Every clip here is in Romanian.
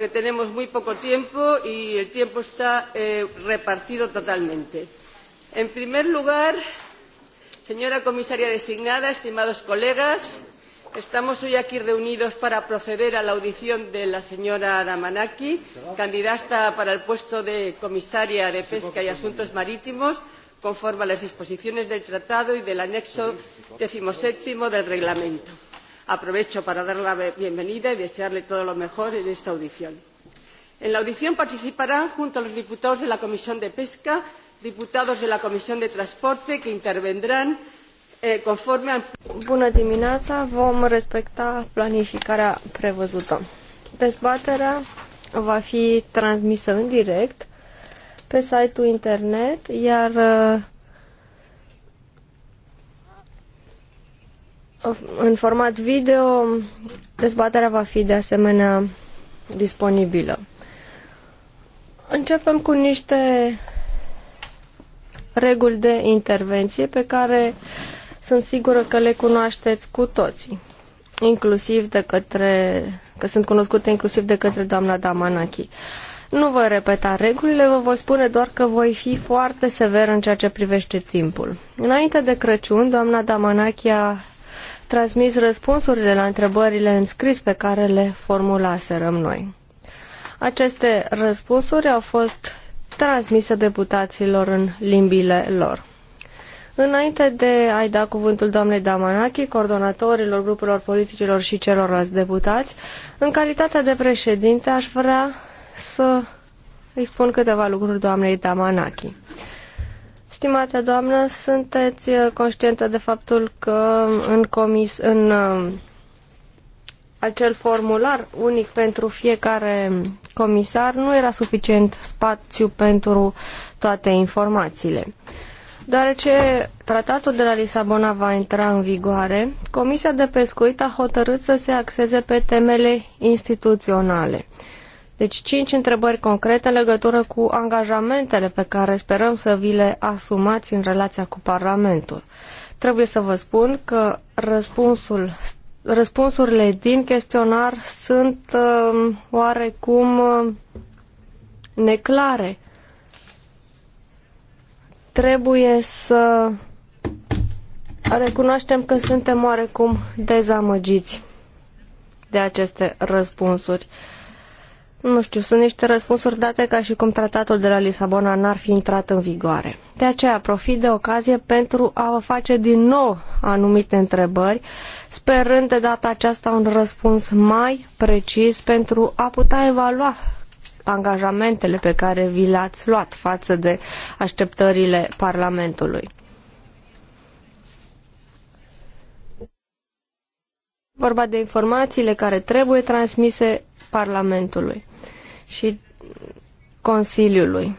que tenemos muy poco tiempo y el tiempo está eh, repartido totalmente. En primer lugar, señora comisaria designada, estimados colegas, estamos hoy aquí reunidos para proceder a la audición de la señora Damanaki, candidata para el puesto de comisaria de Pesca y Asuntos Marítimos, conforme a las disposiciones del Tratado y del anexo XVII del reglamento aprovecho para darle la bienvenida y desearle todo lo mejor en esta audición. en la audición participarán junto a los diputados de la comisión de pesca diputados de la comisión de transporte que intervendrán eh, conforme a... Bună dimineața, vom respecta planificarea prevăzută. Dezbaterea va fi transmisă în direct pe site-ul internet, iar uh, în format video, dezbaterea va fi de asemenea disponibilă. Începem cu niște reguli de intervenție pe care sunt sigură că le cunoașteți cu toții, inclusiv de către, că sunt cunoscute inclusiv de către doamna Damanaki. Nu voi repeta regulile, vă voi spune doar că voi fi foarte sever în ceea ce privește timpul. Înainte de Crăciun, doamna Damanaki a transmis răspunsurile la întrebările în scris pe care le formulaserăm noi. Aceste răspunsuri au fost transmise deputaților în limbile lor. Înainte de a-i da cuvântul doamnei Damanaki, coordonatorilor grupurilor politicilor și celorlalți deputați, în calitatea de președinte aș vrea să îi spun câteva lucruri doamnei Damanaki. Stimată doamnă, sunteți uh, conștientă de faptul că în comis, în um, acel formular unic pentru fiecare comisar nu era suficient spațiu pentru toate informațiile. Deoarece tratatul de la Lisabona va intra în vigoare, Comisia de Pescuit a hotărât să se axeze pe temele instituționale. Uh, deci cinci întrebări concrete în legătură cu angajamentele pe care sperăm să vi le asumați în relația cu Parlamentul. Trebuie să vă spun că răspunsul, răspunsurile din chestionar sunt uh, oarecum uh, neclare. Trebuie să recunoaștem că suntem oarecum dezamăgiți de aceste răspunsuri. Uh, nu știu, sunt niște răspunsuri date ca și cum tratatul de la Lisabona n-ar fi intrat în vigoare. De aceea profit de ocazie pentru a vă face din nou anumite întrebări, sperând de data aceasta un răspuns mai precis pentru a putea evalua angajamentele pe care vi le-ați luat față de așteptările Parlamentului. Vorba de informațiile care trebuie transmise Parlamentului și Consiliului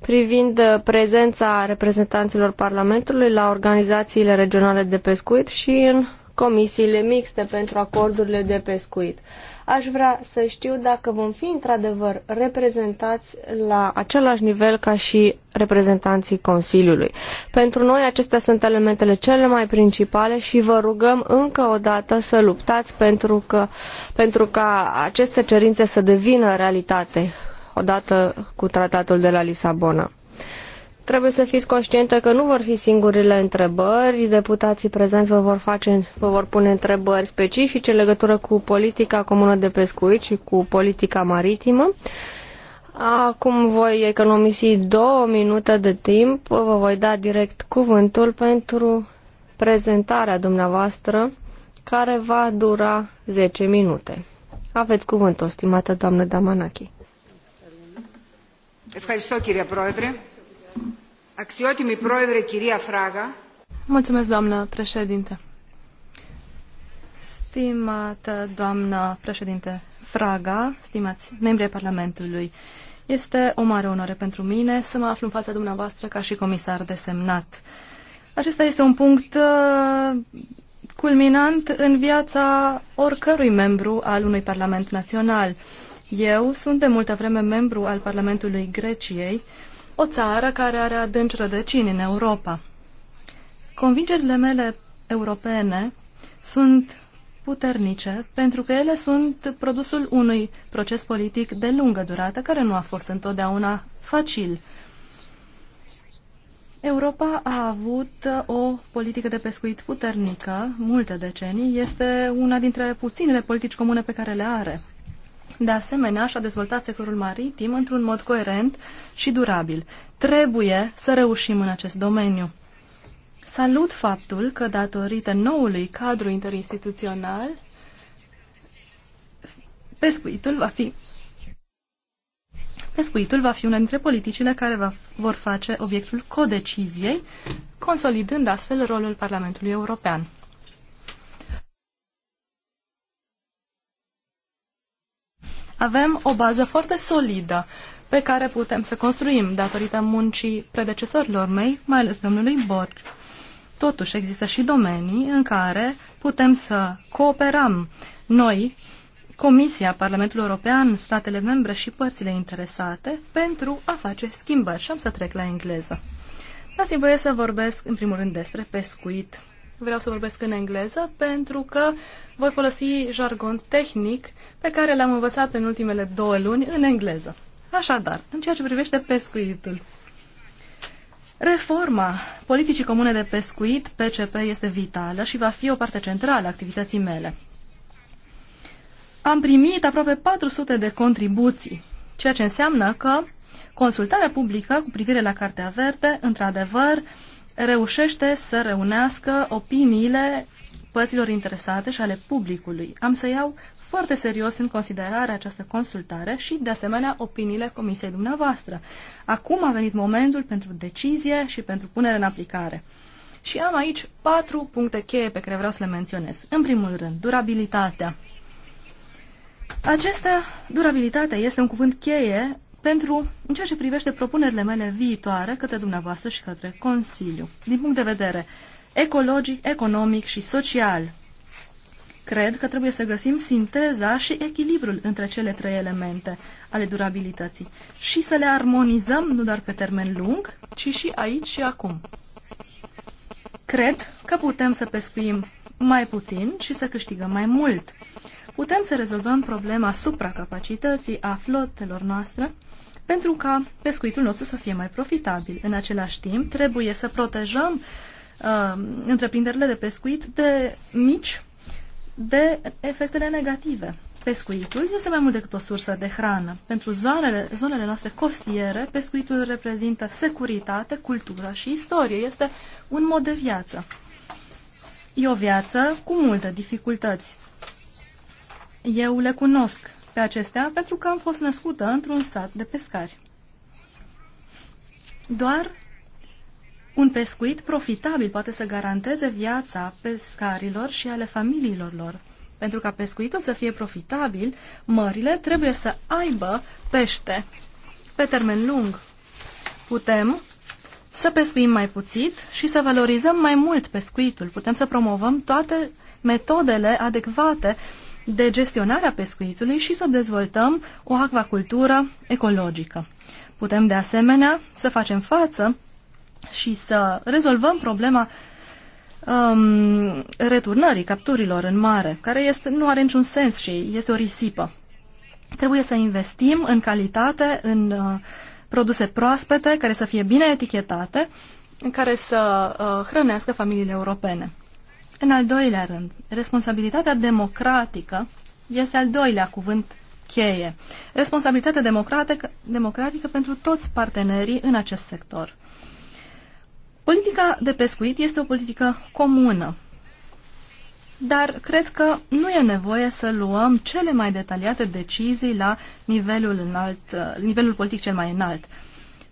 privind uh, prezența reprezentanților Parlamentului la organizațiile regionale de pescuit și în comisiile mixte pentru acordurile de pescuit. Aș vrea să știu dacă vom fi într-adevăr reprezentați la același nivel ca și reprezentanții Consiliului. Pentru noi acestea sunt elementele cele mai principale și vă rugăm încă o dată să luptați pentru, că, pentru ca aceste cerințe să devină realitate odată cu tratatul de la Lisabona. Trebuie să fiți conștientă că nu vor fi singurile întrebări. Deputații prezenți vă vor, face, vă vor pune întrebări specifice legătură cu politica comună de pescuit și cu politica maritimă. Acum voi economisi două minute de timp. Vă voi da direct cuvântul pentru prezentarea dumneavoastră, care va dura 10 minute. Aveți cuvântul, stimată doamnă Damanachi. Ευχαριστώ κύριε Πρόεδρε. Αξιότιμη πρόεδρε, κυρία Φράγα. Mulțumesc, doamnă președinte. Stimată doamnă președinte Fraga, stimați membrii Parlamentului, este o mare onoare pentru mine să mă aflu în fața dumneavoastră ca și comisar desemnat. Acesta este un punct uh, culminant în viața oricărui membru al unui Parlament național. Eu sunt de multă vreme membru al Parlamentului Greciei o țară care are adânci rădăcini în Europa. Convingerile mele europene sunt puternice pentru că ele sunt produsul unui proces politic de lungă durată care nu a fost întotdeauna facil. Europa a avut o politică de pescuit puternică multe decenii. Este una dintre puținele politici comune pe care le are. De asemenea, și-a dezvoltat sectorul maritim într-un mod coerent și durabil. Trebuie să reușim în acest domeniu. Salut faptul că, datorită noului cadru interinstituțional, pescuitul va fi Pescuitul va fi una dintre politicile care va, vor face obiectul codeciziei, consolidând astfel rolul Parlamentului European. avem o bază foarte solidă pe care putem să construim datorită muncii predecesorilor mei, mai ales domnului Borg. Totuși, există și domenii în care putem să cooperăm noi, Comisia, Parlamentul European, statele membre și părțile interesate pentru a face schimbări. Și am să trec la engleză. Dați-mi voie să vorbesc, în primul rând, despre pescuit. Vreau să vorbesc în engleză pentru că voi folosi jargon tehnic pe care l-am învățat în ultimele două luni în engleză. Așadar, în ceea ce privește pescuitul, Reforma politicii comune de pescuit, PCP, este vitală și va fi o parte centrală a activității mele. Am primit aproape 400 de contribuții, ceea ce înseamnă că consultarea publică cu privire la Cartea Verde, într-adevăr, reușește să reunească opiniile părților interesate și ale publicului. Am să iau foarte serios în considerare această consultare și, de asemenea, opiniile comisiei dumneavoastră. Acum a venit momentul pentru decizie și pentru punere în aplicare. Și am aici patru puncte cheie pe care vreau să le menționez. În primul rând, durabilitatea. Acesta, durabilitatea, este un cuvânt cheie pentru, în ceea ce privește propunerile mele viitoare către dumneavoastră și către Consiliu. Din punct de vedere uh, ecologic, economic și social. Cred că trebuie să găsim sinteza și echilibrul între cele trei elemente ale durabilității și să le armonizăm nu doar pe termen lung, ci și aici și acum. Cred că putem să pescuim mai puțin și să câștigăm mai mult. Putem să rezolvăm problema supracapacității a flotelor noastre pentru ca pescuitul nostru să fie mai profitabil. În același timp, trebuie să protejăm uh, uh, întreprinderile de pescuit de mici de efectele negative. Pescuitul este mai mult decât o sursă de hrană. Pentru zonele, zonele noastre costiere, pescuitul reprezintă securitate, cultură și istorie. Este un mod de viață. E o viață cu multe dificultăți. Eu le cunosc pe acestea pentru că am fost născută într-un sat de pescari. Doar un pescuit profitabil poate să garanteze viața pescarilor și ale familiilor lor. Pentru ca pescuitul să fie profitabil, mările trebuie să aibă pește. Pe termen lung, putem să pescuim mai puțin și să valorizăm mai mult pescuitul. Putem să promovăm toate metodele adecvate de gestionare a pescuitului și să dezvoltăm o acvacultură ecologică. Putem de asemenea să facem față și să rezolvăm problema um, returnării capturilor în mare, care este, nu are niciun sens și este o risipă. Trebuie să investim în calitate, în uh, produse proaspete, care să fie bine etichetate, care să uh, hrănească familiile europene. În al doilea rând, responsabilitatea democratică este al doilea cuvânt cheie. Responsabilitatea democratică, democratică pentru toți partenerii în acest sector. Politica de pescuit este o politică comună, dar cred că nu e nevoie să luăm cele mai detaliate decizii la nivelul, înalt, nivelul politic cel mai înalt.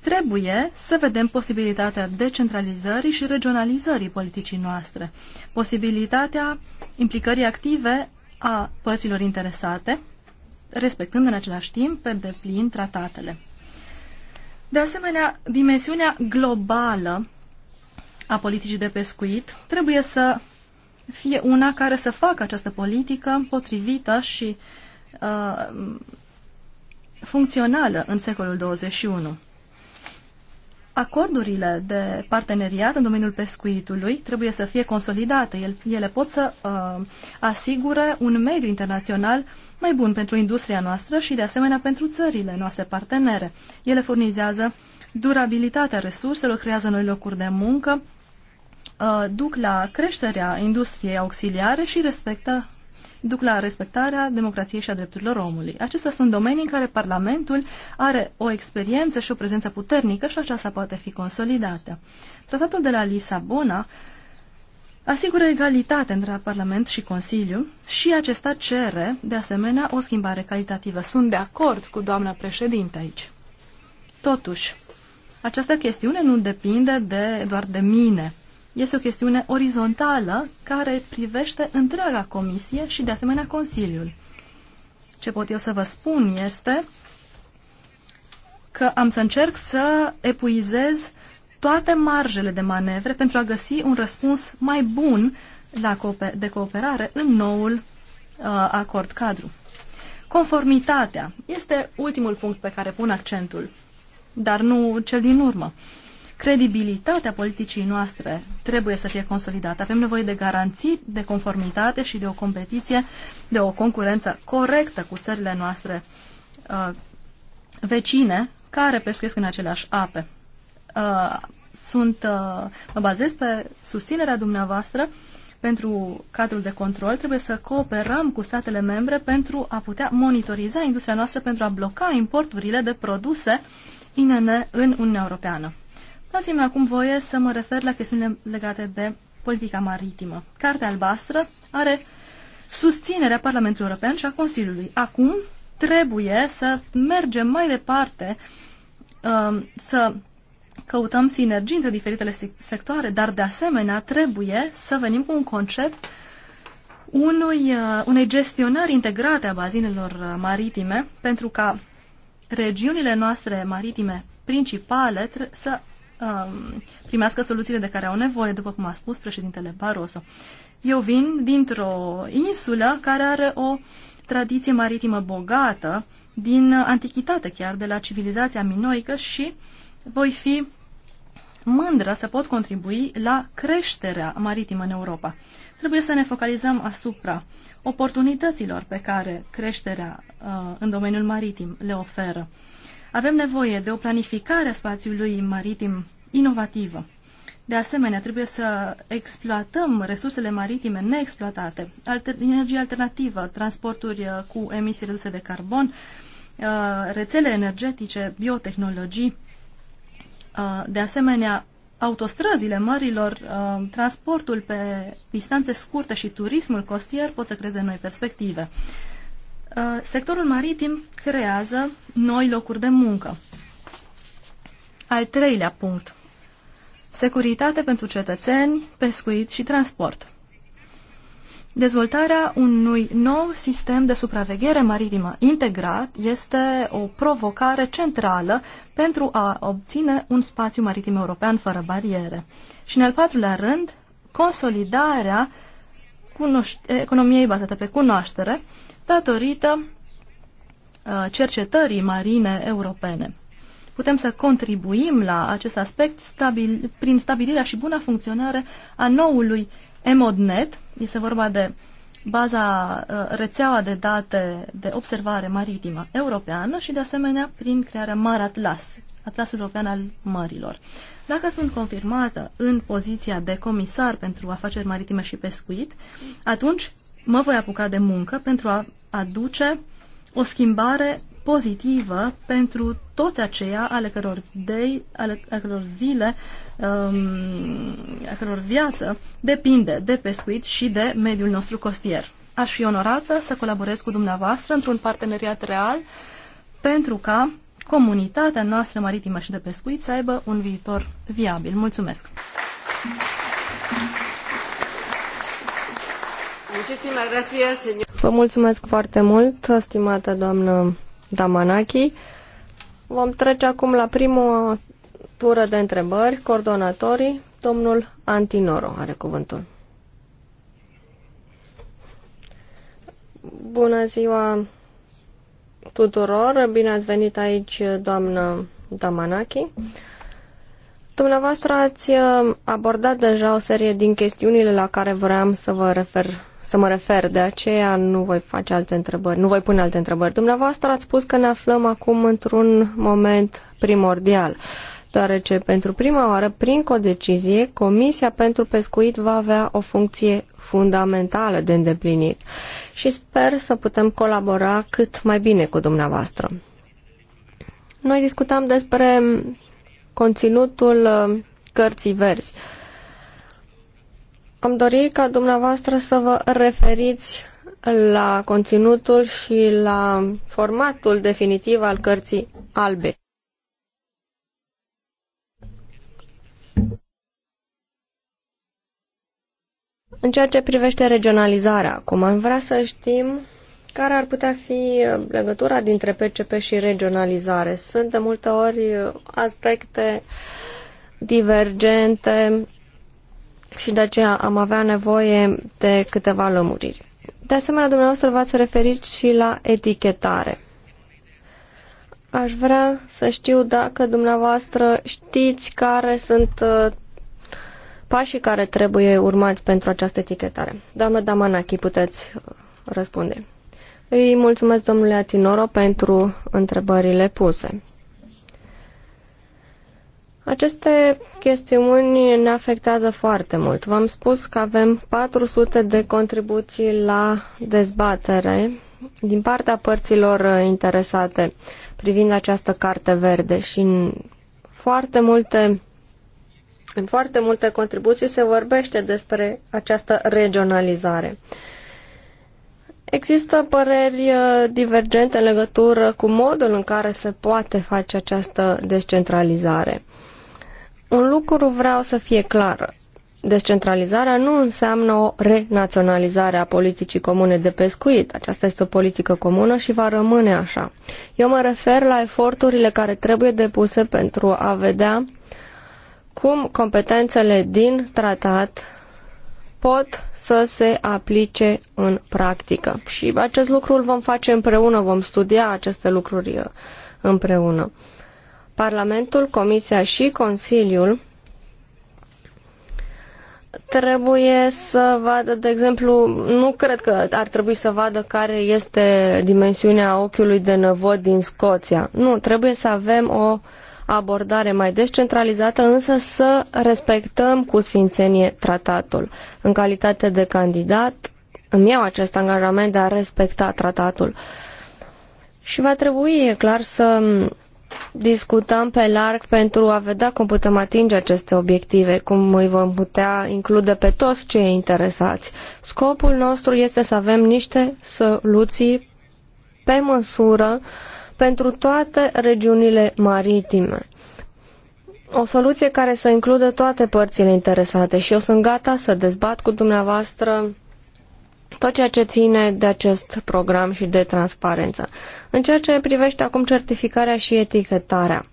Trebuie să vedem posibilitatea decentralizării și regionalizării politicii noastre, posibilitatea implicării active a părților interesate, respectând în același timp pe deplin tratatele. De asemenea, dimensiunea globală a politicii de pescuit trebuie să fie una care să facă această politică potrivită și uh, funcțională în secolul 21. Acordurile de parteneriat în domeniul pescuitului trebuie să fie consolidate. Ele pot să uh, asigure un mediu internațional mai bun pentru industria noastră și, de asemenea, pentru țările noastre partenere. Ele furnizează durabilitatea resurselor, creează noi locuri de muncă, Uh, duc la creșterea industriei auxiliare și respectă, duc la respectarea democrației și a drepturilor omului. Acestea sunt domenii în care Parlamentul are o experiență și o prezență puternică și aceasta poate fi consolidată. Tratatul de la Lisabona asigură egalitate între Parlament și Consiliu și acesta cere, de asemenea, o schimbare calitativă. Sunt de acord cu doamna președinte aici. Totuși, această chestiune nu depinde de, doar de mine. Este o chestiune orizontală care privește întreaga comisie și de asemenea Consiliul. Ce pot eu să vă spun este că am să încerc să epuizez toate marjele de manevre pentru a găsi un răspuns mai bun la cooper- de cooperare în noul uh, acord cadru. Conformitatea este ultimul punct pe care pun accentul, dar nu cel din urmă. Uh, credibilitatea politicii noastre trebuie să fie consolidată. Avem nevoie de garanții, de conformitate și de o competiție, de o concurență corectă cu țările noastre uh, vecine care pescuiesc în aceleași ape. Uh, sunt, uh, mă bazez pe susținerea dumneavoastră pentru cadrul de control, trebuie să cooperăm cu statele membre pentru a putea monitoriza industria noastră pentru a bloca importurile de produse INN în Uniunea Europeană. Dați-mi acum voie să mă refer la chestiunile legate de politica maritimă. Cartea albastră are susținerea Parlamentului European și a Consiliului. Acum trebuie să mergem mai departe, um, să căutăm sinergii între diferitele sectoare, dar de asemenea trebuie să venim cu un concept unui, uh, unei gestionări integrate a bazinelor uh, maritime pentru ca regiunile noastre maritime principale să Um, primească soluțiile de care au nevoie, după cum a spus președintele Barroso. Eu vin dintr-o insulă care are o tradiție maritimă bogată, din antichitate chiar, de la civilizația minoică și voi fi mândră să pot contribui la creșterea maritimă în Europa. Trebuie să ne focalizăm asupra oportunităților pe care creșterea uh, în domeniul maritim le oferă. Avem nevoie de o planificare a spațiului maritim inovativă. De asemenea, trebuie să exploatăm resursele maritime neexploatate, alter, energie alternativă, transporturi uh, cu emisii reduse de carbon, uh, rețele energetice, biotehnologii, uh, de asemenea, autostrăzile mărilor, transportul pe distanțe scurte și turismul costier pot să creeze noi perspective. Uh, sectorul maritim creează noi locuri de muncă. Al treilea punct. Securitate pentru cetățeni, pescuit și transport. Dezvoltarea unui nou sistem de supraveghere maritimă integrat este o provocare centrală pentru a obține un spațiu maritim european fără bariere. Și în al patrulea rând, consolidarea economiei bazate pe cunoaștere, datorită uh, cercetării marine europene. Putem să contribuim la acest aspect stabil, prin stabilirea și buna funcționare a noului EMODNET. Este vorba de baza, uh, rețeaua de date de observare maritimă europeană și, de asemenea, prin crearea Mar Atlas, Atlasul European al Mărilor. Dacă sunt confirmată în poziția de comisar pentru afaceri maritime și pescuit, atunci mă voi apuca de muncă pentru a aduce o schimbare pozitivă pentru toți aceia ale căror, dei, ale, ale căror zile, um, a căror viață depinde de pescuit și de mediul nostru costier. Aș fi onorată să colaborez cu dumneavoastră într-un parteneriat real pentru ca comunitatea noastră maritimă și de pescuit să aibă un viitor viabil. Mulțumesc! Thank you. Vă mulțumesc foarte mult, stimată doamnă Damanaki. Vom trece acum la prima tură de întrebări. Coordonatorii, domnul Antinoro are cuvântul. Bună ziua tuturor, bine ați venit aici, doamnă Damanaki. Dumneavoastră ați abordat deja o serie din chestiunile la care vreau să vă refer să mă refer, de aceea nu voi face alte întrebări, nu voi pune alte întrebări. Dumneavoastră ați spus că ne aflăm acum într-un moment primordial, deoarece pentru prima oară, prin codecizie, Comisia pentru Pescuit va avea o funcție fundamentală de îndeplinit și sper să putem colabora cât mai bine cu dumneavoastră. Noi discutam despre conținutul uh, cărții verzi. Uh, am dorit ca dumneavoastră să vă referiți la conținutul și la formatul definitiv al cărții albe. În ceea ce privește regionalizarea, acum am vrea să știm care ar putea fi legătura dintre PCP și regionalizare. Sunt de multe ori uh, aspecte divergente și de aceea am avea nevoie de câteva lămuriri. De asemenea, dumneavoastră v-ați referit și la etichetare. Aș vrea să știu dacă dumneavoastră știți care sunt uh, pașii care trebuie urmați pentru această etichetare. Doamnă Damanachi, puteți uh, răspunde. Îi mulțumesc domnule Atinoro pentru întrebările puse. Aceste chestiuni ne afectează foarte mult. V-am spus că avem 400 de contribuții la dezbatere din partea părților interesate privind această carte verde și în foarte multe în foarte multe contribuții se vorbește despre această regionalizare. Există păreri uh, divergente în legătură cu modul în care se poate face această descentralizare. Un lucru vreau să fie clar. Descentralizarea nu înseamnă o renaționalizare a politicii comune de pescuit. Aceasta este o politică comună și va rămâne așa. Eu mă refer la eforturile care trebuie depuse pentru a vedea cum competențele din tratat pot să se aplice în practică. Și acest lucru îl vom face împreună, vom studia aceste lucruri uh, împreună. Parlamentul, Comisia și Consiliul trebuie să vadă, de exemplu, nu cred că ar trebui să vadă care este dimensiunea ochiului de năvod din Scoția. Nu, trebuie să avem o abordare mai descentralizată, însă să respectăm cu sfințenie tratatul. În calitate de candidat, îmi iau acest angajament de a respecta tratatul. Și va trebui, e clar, să discutăm pe larg pentru a vedea cum putem atinge aceste obiective, cum îi vom putea include pe toți cei interesați. Scopul nostru este să avem niște soluții pe măsură pentru toate regiunile maritime. O soluție care să includă toate părțile interesate și eu sunt gata să dezbat cu dumneavoastră tot ceea ce ține de acest program și de transparență. În ceea ce privește acum certificarea și etichetarea,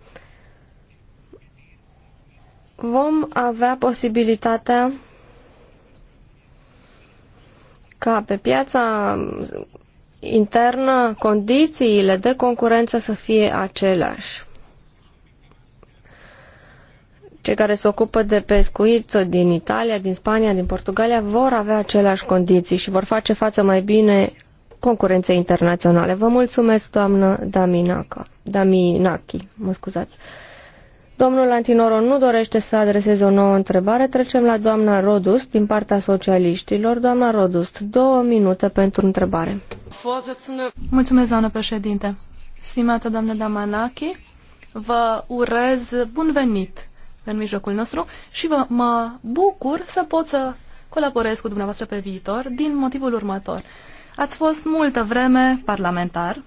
vom avea posibilitatea ca pe piața internă condițiile de concurență să fie aceleași. Cei care se ocupă de pescuit din Italia, din Spania, din Portugalia vor avea aceleași condiții și vor face față mai bine concurenței internaționale. Vă mulțumesc, doamnă Daminaca, Daminachi. Mă scuzați. Domnul Antinoro nu dorește să adreseze o nouă întrebare. Trecem la doamna Rodust din partea socialiștilor. Doamna Rodust, două minute pentru întrebare. Mulțumesc, doamnă președinte. Stimată doamnă Damanaki, vă urez bun venit în mijlocul nostru și vă, mă bucur să pot să colaborez cu dumneavoastră pe viitor din motivul următor. Ați fost multă vreme parlamentar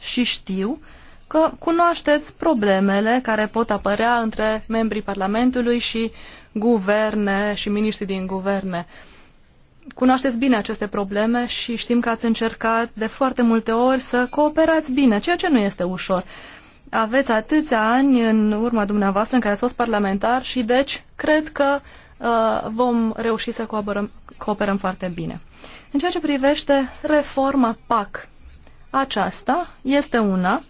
și știu că cunoașteți problemele care pot apărea între membrii Parlamentului și guverne și miniștrii din guverne. Cunoașteți bine aceste probleme și știm că ați încercat de foarte multe ori să cooperați bine, ceea ce nu este ușor aveți atâția ani în urma dumneavoastră în care ați fost parlamentar și deci cred că uh, vom reuși să cooperăm, cooperăm foarte bine. În ceea ce privește reforma PAC, aceasta este una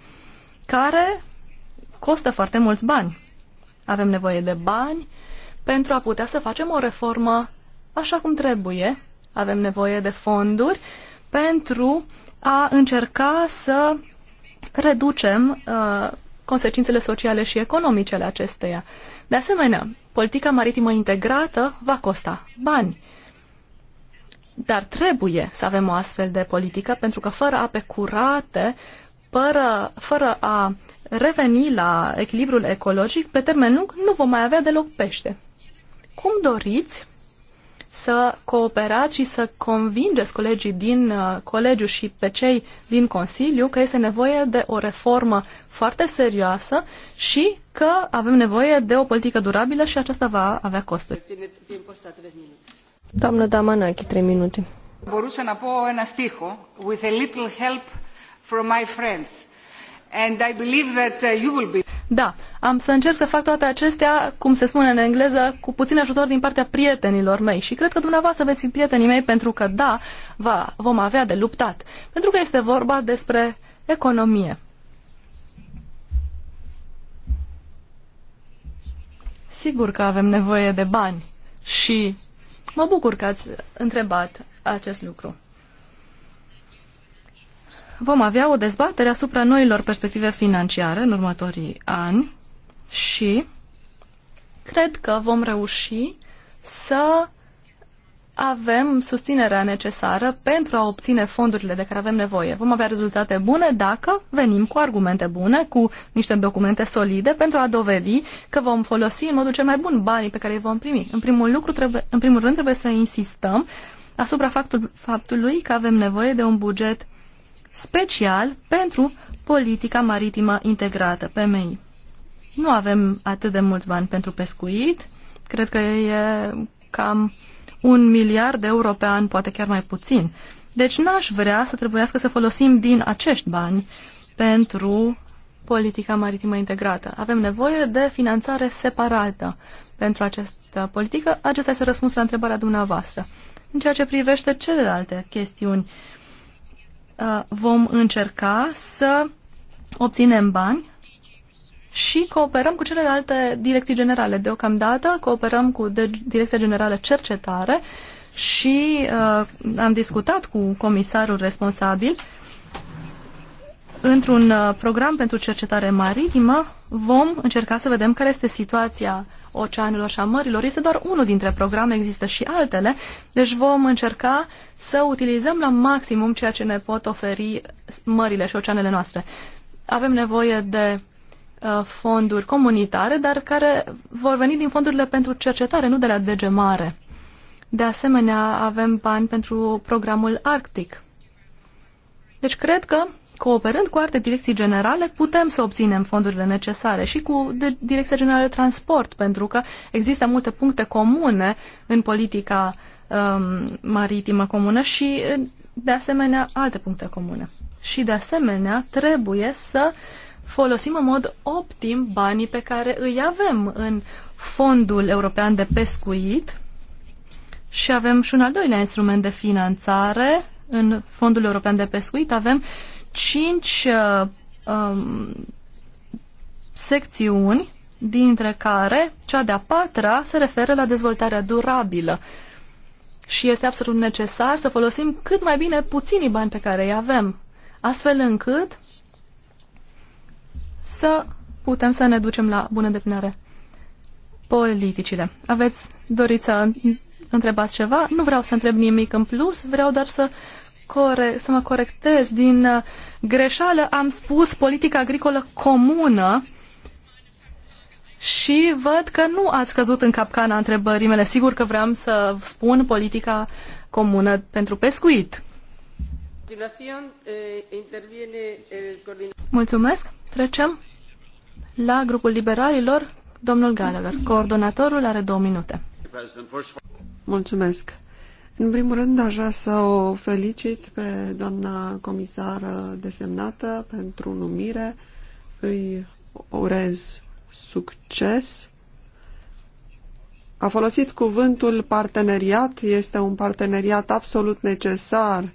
care costă foarte mulți bani. Avem nevoie de bani pentru a putea să facem o reformă așa cum trebuie. Avem nevoie de fonduri pentru a încerca să reducem uh, consecințele sociale și economice ale acesteia. De asemenea, politica maritimă integrată va costa bani. Dar trebuie să avem o astfel de politică, pentru că fără ape curate, fără, fără a reveni la echilibrul ecologic, pe termen lung nu vom mai avea deloc pește. Cum doriți să cooperați și să convingeți colegii din uh, colegiu și pe cei din Consiliu că este nevoie de o reformă foarte serioasă și că avem nevoie de o politică durabilă și aceasta va avea costuri. Doamnă Damanachi, trei minute. Μπορούσα να πω ένα στίχο, with a little help from my friends. And I believe that uh, you will be da, am să încerc să fac toate acestea, cum se spune în engleză, cu puțin ajutor din partea prietenilor mei. Și cred că dumneavoastră veți fi prietenii mei pentru că, da, va, vom avea de luptat. Pentru că este vorba despre economie. Sigur că avem nevoie de bani și mă bucur că ați întrebat acest lucru vom avea o dezbatere asupra noilor perspective financiare în următorii ani și cred că vom reuși să avem susținerea necesară pentru a obține fondurile de care avem nevoie. Vom avea rezultate bune dacă venim cu argumente bune, cu niște documente solide pentru a dovedi că vom folosi în modul cel mai bun banii pe care îi vom primi. În primul, lucru trebuie, în primul rând trebuie să insistăm asupra faptul, faptului că avem nevoie de un buget special pentru politica maritimă integrată, PMI. Nu avem atât de mult bani pentru pescuit, cred că e cam un miliard de euro pe an, poate chiar mai puțin. Deci n-aș vrea să trebuiască să folosim din acești bani pentru politica maritimă integrată. Avem nevoie de finanțare separată pentru această politică. Acesta este răspunsul la întrebarea dumneavoastră. În ceea ce privește celelalte chestiuni, uh, Uh, vom încerca să obținem bani și cooperăm cu celelalte direcții generale. Deocamdată cooperăm cu Direcția Generală Cercetare și uh, am discutat cu comisarul responsabil uh, într-un uh, program pentru cercetare maritimă vom încerca să vedem care este situația oceanelor și a mărilor. Este doar unul dintre programe, există și altele, deci vom încerca să utilizăm la maximum ceea ce ne pot oferi mările și oceanele noastre. Avem nevoie de uh, fonduri comunitare, dar care vor veni din fondurile pentru cercetare, nu de la DG Mare. De asemenea, avem bani pentru programul Arctic. Deci cred că Cooperând cu alte direcții generale, putem să obținem fondurile necesare și cu Direcția Generală Transport, pentru că există multe puncte comune în politica um, maritimă comună și, de asemenea, alte puncte comune. Și, de asemenea, trebuie să folosim în mod optim banii pe care îi avem în Fondul European de Pescuit și avem și un al doilea instrument de finanțare în Fondul European de Pescuit. Avem uh, cinci uh, um, secțiuni, dintre care cea de-a patra se referă la dezvoltarea durabilă. Și este absolut necesar să folosim cât mai bine puținii bani pe care îi avem, astfel încât să putem să ne ducem la bună deplinare politicile. Aveți dorit să întrebați ceva? Nu vreau să întreb nimic în plus, vreau doar să core- să mă corectez. Din uh, greșeală am spus politica agricolă comună și văd că nu ați căzut în capcana întrebării mele. Sigur că vreau să spun politica comună pentru pescuit. Eh, Mulțumesc. Trecem la grupul liberalilor. Domnul Gallagher, coordonatorul, are două minute. Mulțumesc. În primul rând, aș vrea să o felicit pe doamna comisară desemnată pentru numire. Îi urez succes. A folosit cuvântul parteneriat, este un parteneriat absolut necesar,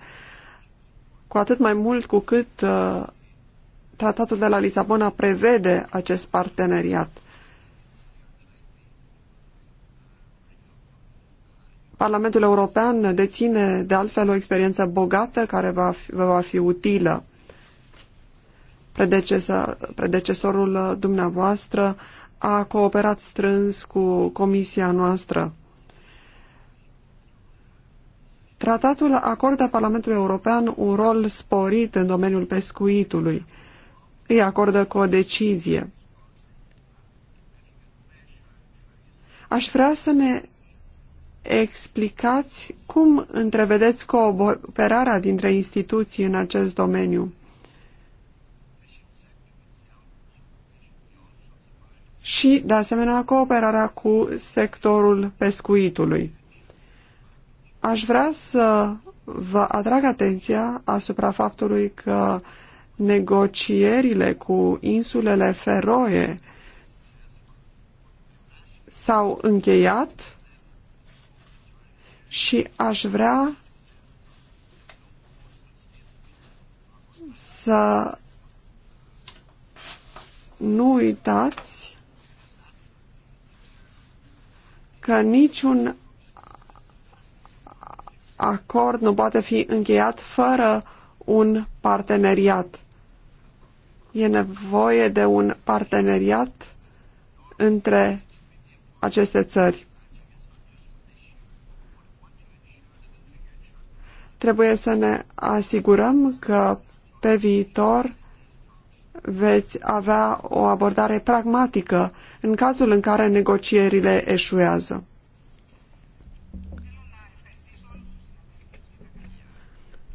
cu atât mai mult cu cât uh, tratatul de la Lisabona prevede acest parteneriat. Parlamentul European deține de altfel o experiență bogată care va fi, va fi utilă. Predecesorul dumneavoastră a cooperat strâns cu comisia noastră. Tratatul acordă Parlamentului European un rol sporit în domeniul pescuitului. Îi acordă cu o decizie. Aș vrea să ne explicați cum întrevedeți cooperarea dintre instituții în acest domeniu. Și, de asemenea, cooperarea cu sectorul pescuitului. Aș vrea să vă atrag atenția asupra faptului că negocierile cu insulele Feroe s-au încheiat și aș vrea să nu uitați că niciun acord nu poate fi încheiat fără un parteneriat. E nevoie de un parteneriat între aceste țări. Trebuie să ne asigurăm că pe viitor veți avea o abordare pragmatică în cazul în care negocierile eșuează.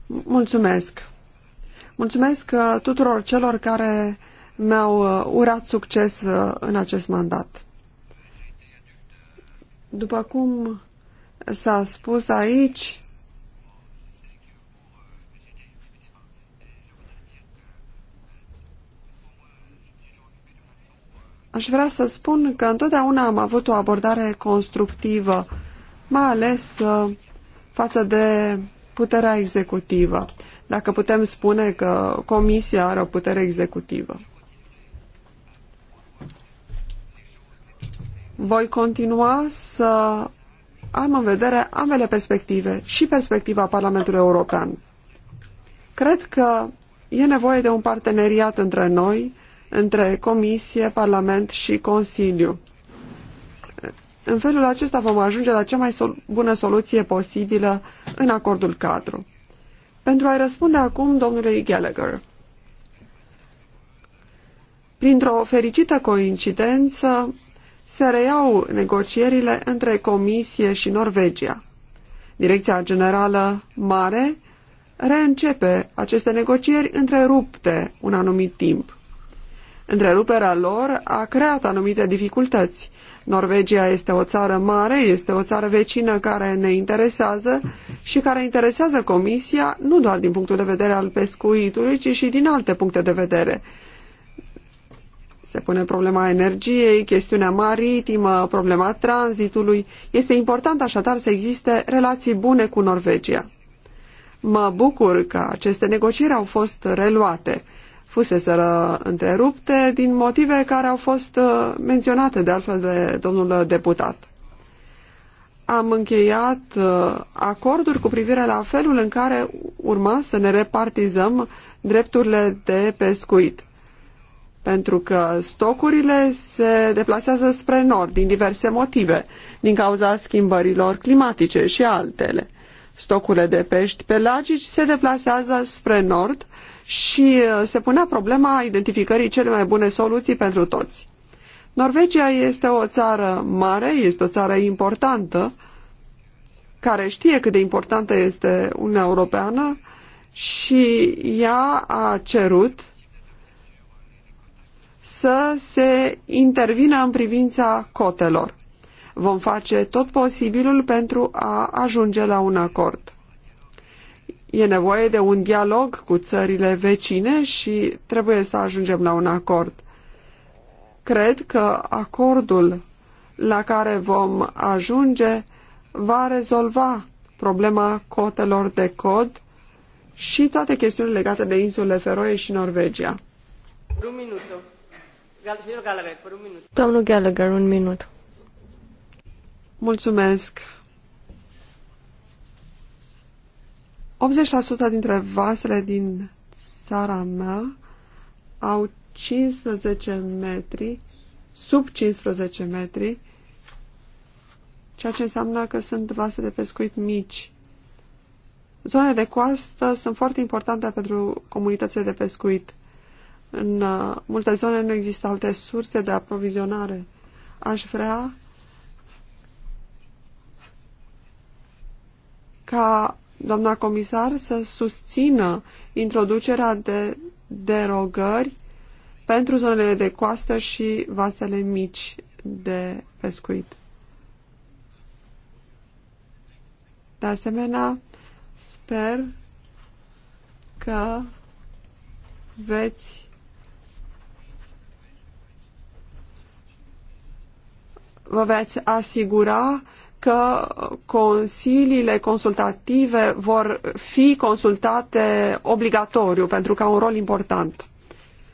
Mulțumesc! Mulțumesc uh, tuturor celor care mi-au uh, urat succes uh, în acest mandat. După cum s-a spus aici, aș vrea să spun că întotdeauna am avut o abordare constructivă, mai ales uh, față de puterea executivă, dacă putem spune că Comisia are o putere executivă. Voi continua să am în vedere ambele perspective și perspectiva Parlamentului European. Cred că e nevoie de un parteneriat între noi între Comisie, Parlament și Consiliu. În felul acesta vom ajunge la cea mai sol bună soluție posibilă în acordul cadru. Pentru a-i răspunde acum domnului Gallagher. Printr-o fericită coincidență, se reiau negocierile între Comisie și Norvegia. Direcția Generală Mare reîncepe aceste negocieri întrerupte un anumit timp. Întreruperea lor a creat anumite dificultăți. Norvegia este o țară mare, este o țară vecină care ne interesează și care interesează Comisia nu doar din punctul de vedere al pescuitului, ci și din alte puncte de vedere. Se pune problema energiei, chestiunea maritimă, problema tranzitului. Este important așadar să existe relații bune cu Norvegia. Mă bucur că aceste negocieri au fost reluate fuseseră întrerupte din motive care au fost uh, menționate de altfel de domnul deputat. Am încheiat uh, acorduri cu privire la felul în care urma să ne repartizăm drepturile de pescuit. Pentru că stocurile se deplasează spre nord din diverse motive, din cauza schimbărilor climatice și altele. Stocurile de pești pelagici se deplasează spre nord și uh, se punea problema identificării cele mai bune soluții pentru toți. Norvegia este o țară mare, este o țară importantă, care știe cât de importantă este Uniunea Europeană și ea a cerut să se intervină în privința cotelor. Vom face tot posibilul pentru a ajunge la un acord. E nevoie de un dialog cu țările vecine și trebuie să ajungem la un acord. Cred că acordul la care vom ajunge va rezolva problema cotelor de cod și toate chestiunile legate de insulele Feroe și Norvegia. Un minut. Domnul Gallagher, un minut. Mulțumesc. 80% dintre vasele din țara mea au 15 metri, sub 15 metri, ceea ce înseamnă că sunt vase de pescuit mici. Zonele de coastă sunt foarte importante pentru comunitățile de pescuit. În uh, multe zone nu există alte surse de aprovizionare. Aș vrea ca doamna comisar să susțină introducerea de derogări pentru zonele de coastă și vasele mici de pescuit. De asemenea, sper că veți vă veți asigura că consiliile consultative vor fi consultate obligatoriu pentru că au un rol important.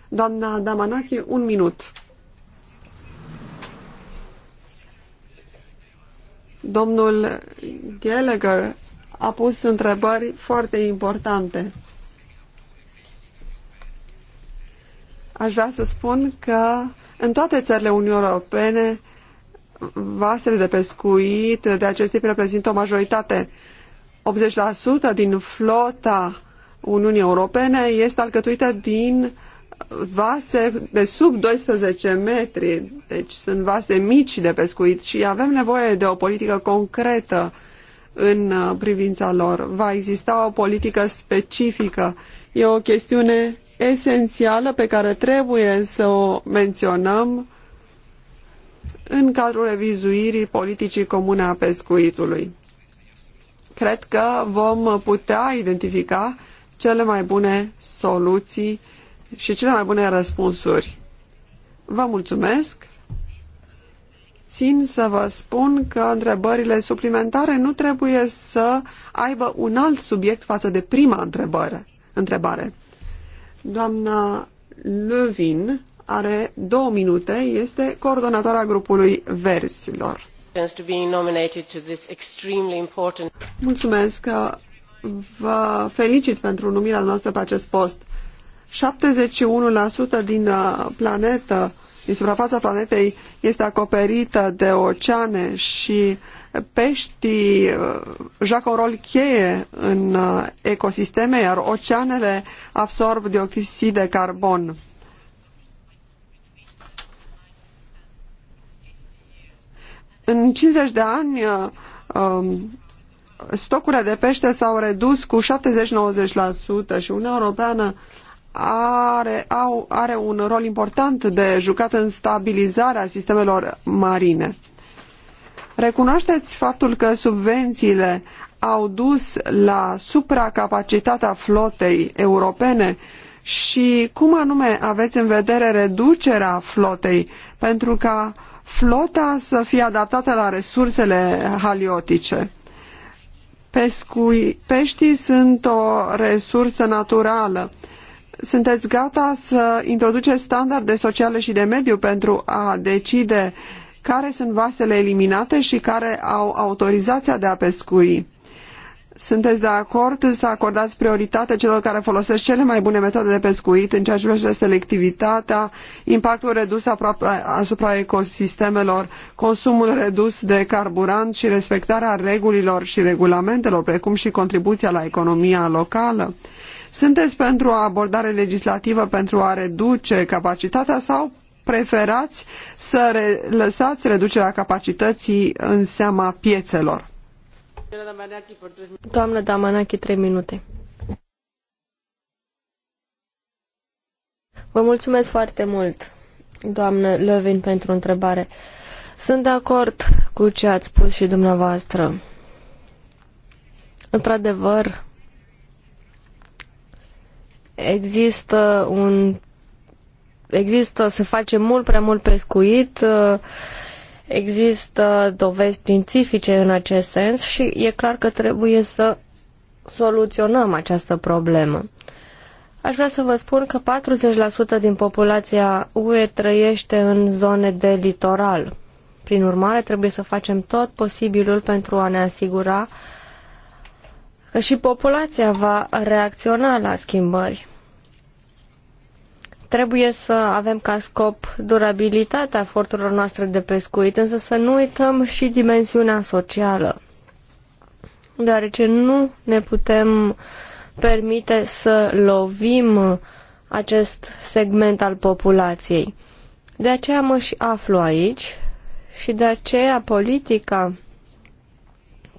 Doamna Damanachi, un minut. Domnul Gallagher a pus întrebări foarte importante. Aș vrea să spun că în toate țările Uniunii Europene vasele de pescuit de acest tip reprezintă o majoritate. 80% din flota Uniunii Europene este alcătuită din vase de sub 12 metri, deci sunt vase mici de pescuit și avem nevoie de o politică concretă în privința lor. Va exista o politică specifică. E o chestiune esențială pe care trebuie să o menționăm în cadrul revizuirii politicii comune a pescuitului. Cred că vom putea identifica cele mai bune soluții și cele mai bune răspunsuri. Vă mulțumesc! Țin să vă spun că întrebările suplimentare nu trebuie să aibă un alt subiect față de prima întrebare. întrebare. Doamna Lövin are două minute, este coordonatoarea grupului Versilor. Mulțumesc că vă felicit pentru numirea noastră pe acest post. 71% din uh, planetă, din suprafața planetei, este acoperită de oceane și peștii uh, joacă un rol cheie în uh, ecosisteme, iar oceanele absorb dioxid de carbon. În 50 de ani, uh, um, stocurile de pește s-au redus cu 70-90% și Uniunea Europeană are, au, are un rol important de jucat în stabilizarea sistemelor marine. Recunoașteți faptul că subvențiile au dus la supracapacitatea flotei europene și cum anume aveți în vedere reducerea flotei pentru ca flota să fie adaptată la resursele haliotice. Pescui, peștii sunt o resursă naturală. Sunteți gata să introduceți standarde sociale și de mediu pentru a decide care sunt vasele eliminate și care au autorizația de a pescui? Sunteți de acord să acordați prioritate celor care folosesc cele mai bune metode de pescuit în ceea ce privește selectivitatea, impactul redus asupra ecosistemelor, consumul redus de carburant și respectarea regulilor și regulamentelor, precum și contribuția la economia locală? Sunteți pentru o abordare legislativă pentru a reduce capacitatea sau preferați să re lăsați reducerea capacității în seama piețelor? Doamnă Damanachi, trei minute. Vă mulțumesc foarte mult, doamnă Lövin, pentru întrebare. Sunt de acord cu ce ați spus și dumneavoastră. Într-adevăr, există un există, se face mult prea mult pescuit uh, Există dovezi științifice în acest sens și e clar că trebuie să soluționăm această problemă. Aș vrea să vă spun că 40% din populația UE trăiește în zone de litoral. Prin urmare, trebuie să facem tot posibilul pentru a ne asigura că și populația va reacționa la schimbări. Trebuie să avem ca scop durabilitatea eforturilor noastre de pescuit, însă să nu uităm și dimensiunea socială, deoarece nu ne putem permite să lovim acest segment al populației. De aceea mă și aflu aici și de aceea politica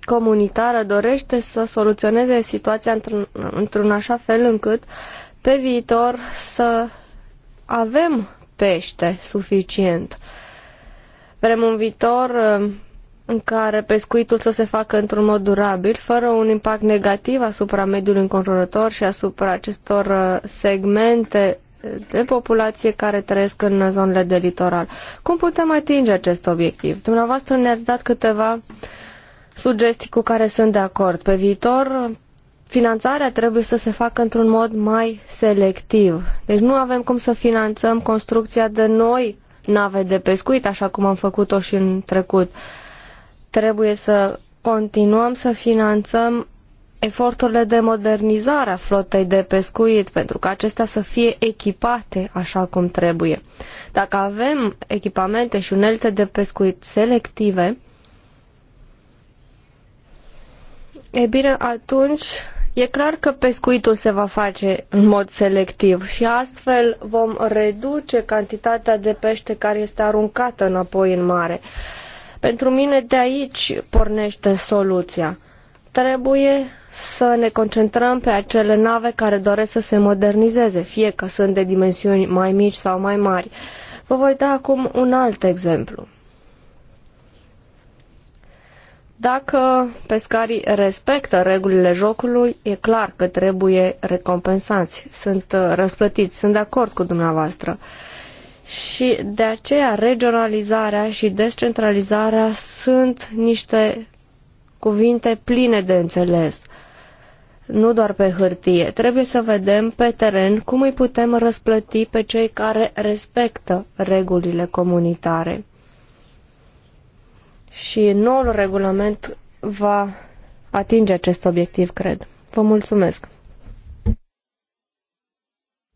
comunitară dorește să soluționeze situația într-un, într așa fel încât pe viitor să avem pește suficient. Vrem un viitor uh, în care pescuitul să se facă într-un mod durabil, fără un impact negativ asupra mediului înconjurător și asupra acestor uh, segmente de populație care trăiesc în zonele de litoral. Cum putem atinge acest obiectiv? Dumneavoastră ne-ați dat câteva sugestii cu care sunt de acord. Pe viitor Finanțarea trebuie să se facă într-un mod mai selectiv. Deci nu avem cum să finanțăm construcția de noi nave de pescuit, așa cum am făcut-o și în trecut. Trebuie să continuăm să finanțăm eforturile de modernizare a flotei de pescuit, pentru că acestea să fie echipate așa cum trebuie. Dacă avem echipamente și unelte de pescuit selective, e bine, atunci E clar că pescuitul se va face în mod selectiv și astfel vom reduce cantitatea de pește care este aruncată înapoi în mare. Pentru mine de aici pornește soluția. Trebuie să ne concentrăm pe acele nave care doresc să se modernizeze, fie că sunt de dimensiuni mai mici sau mai mari. Vă voi da acum un alt exemplu. Dacă pescarii respectă regulile jocului, e clar că trebuie recompensați, sunt uh, răsplătiți, sunt de acord cu dumneavoastră. Și de aceea regionalizarea și descentralizarea sunt niște cuvinte pline de înțeles nu doar pe hârtie. Trebuie să vedem pe teren cum îi putem răsplăti pe cei care respectă regulile comunitare și noul regulament va atinge acest obiectiv, cred. Vă mulțumesc.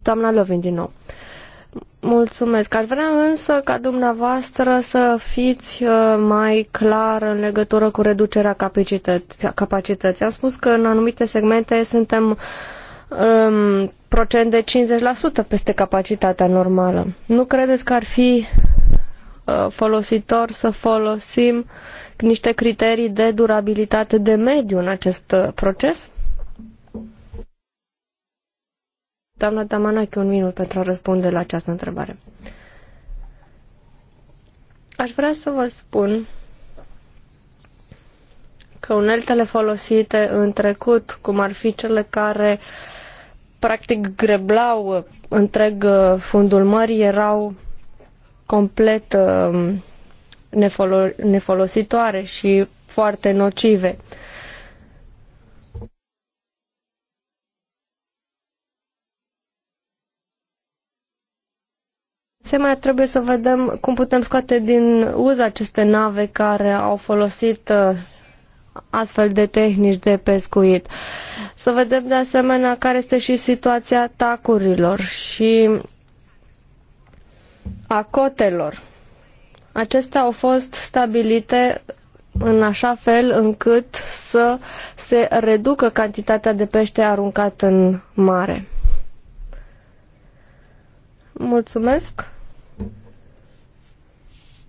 Doamna Lovin, din nou. Mulțumesc. Aș vrea însă ca dumneavoastră să fiți uh, mai clar în legătură cu reducerea capacității. Am spus că în anumite segmente suntem um, procent de 50% peste capacitatea normală. Nu credeți că ar fi Uh, folositor să folosim niște criterii de durabilitate de mediu în acest uh, proces? Doamna Tamanache, un minut pentru a răspunde la această întrebare. Aș vrea să vă spun că uneltele folosite în trecut, cum ar fi cele care practic greblau întreg uh, fundul mării, erau complet uh, nefolo- nefolositoare și foarte nocive. Se mai trebuie să vedem cum putem scoate din uz aceste nave care au folosit uh, astfel de tehnici de pescuit. Să vedem de asemenea care este și situația tacurilor și a cotelor. Acestea au fost stabilite în așa fel încât să se reducă cantitatea de pește aruncat în mare. Mulțumesc.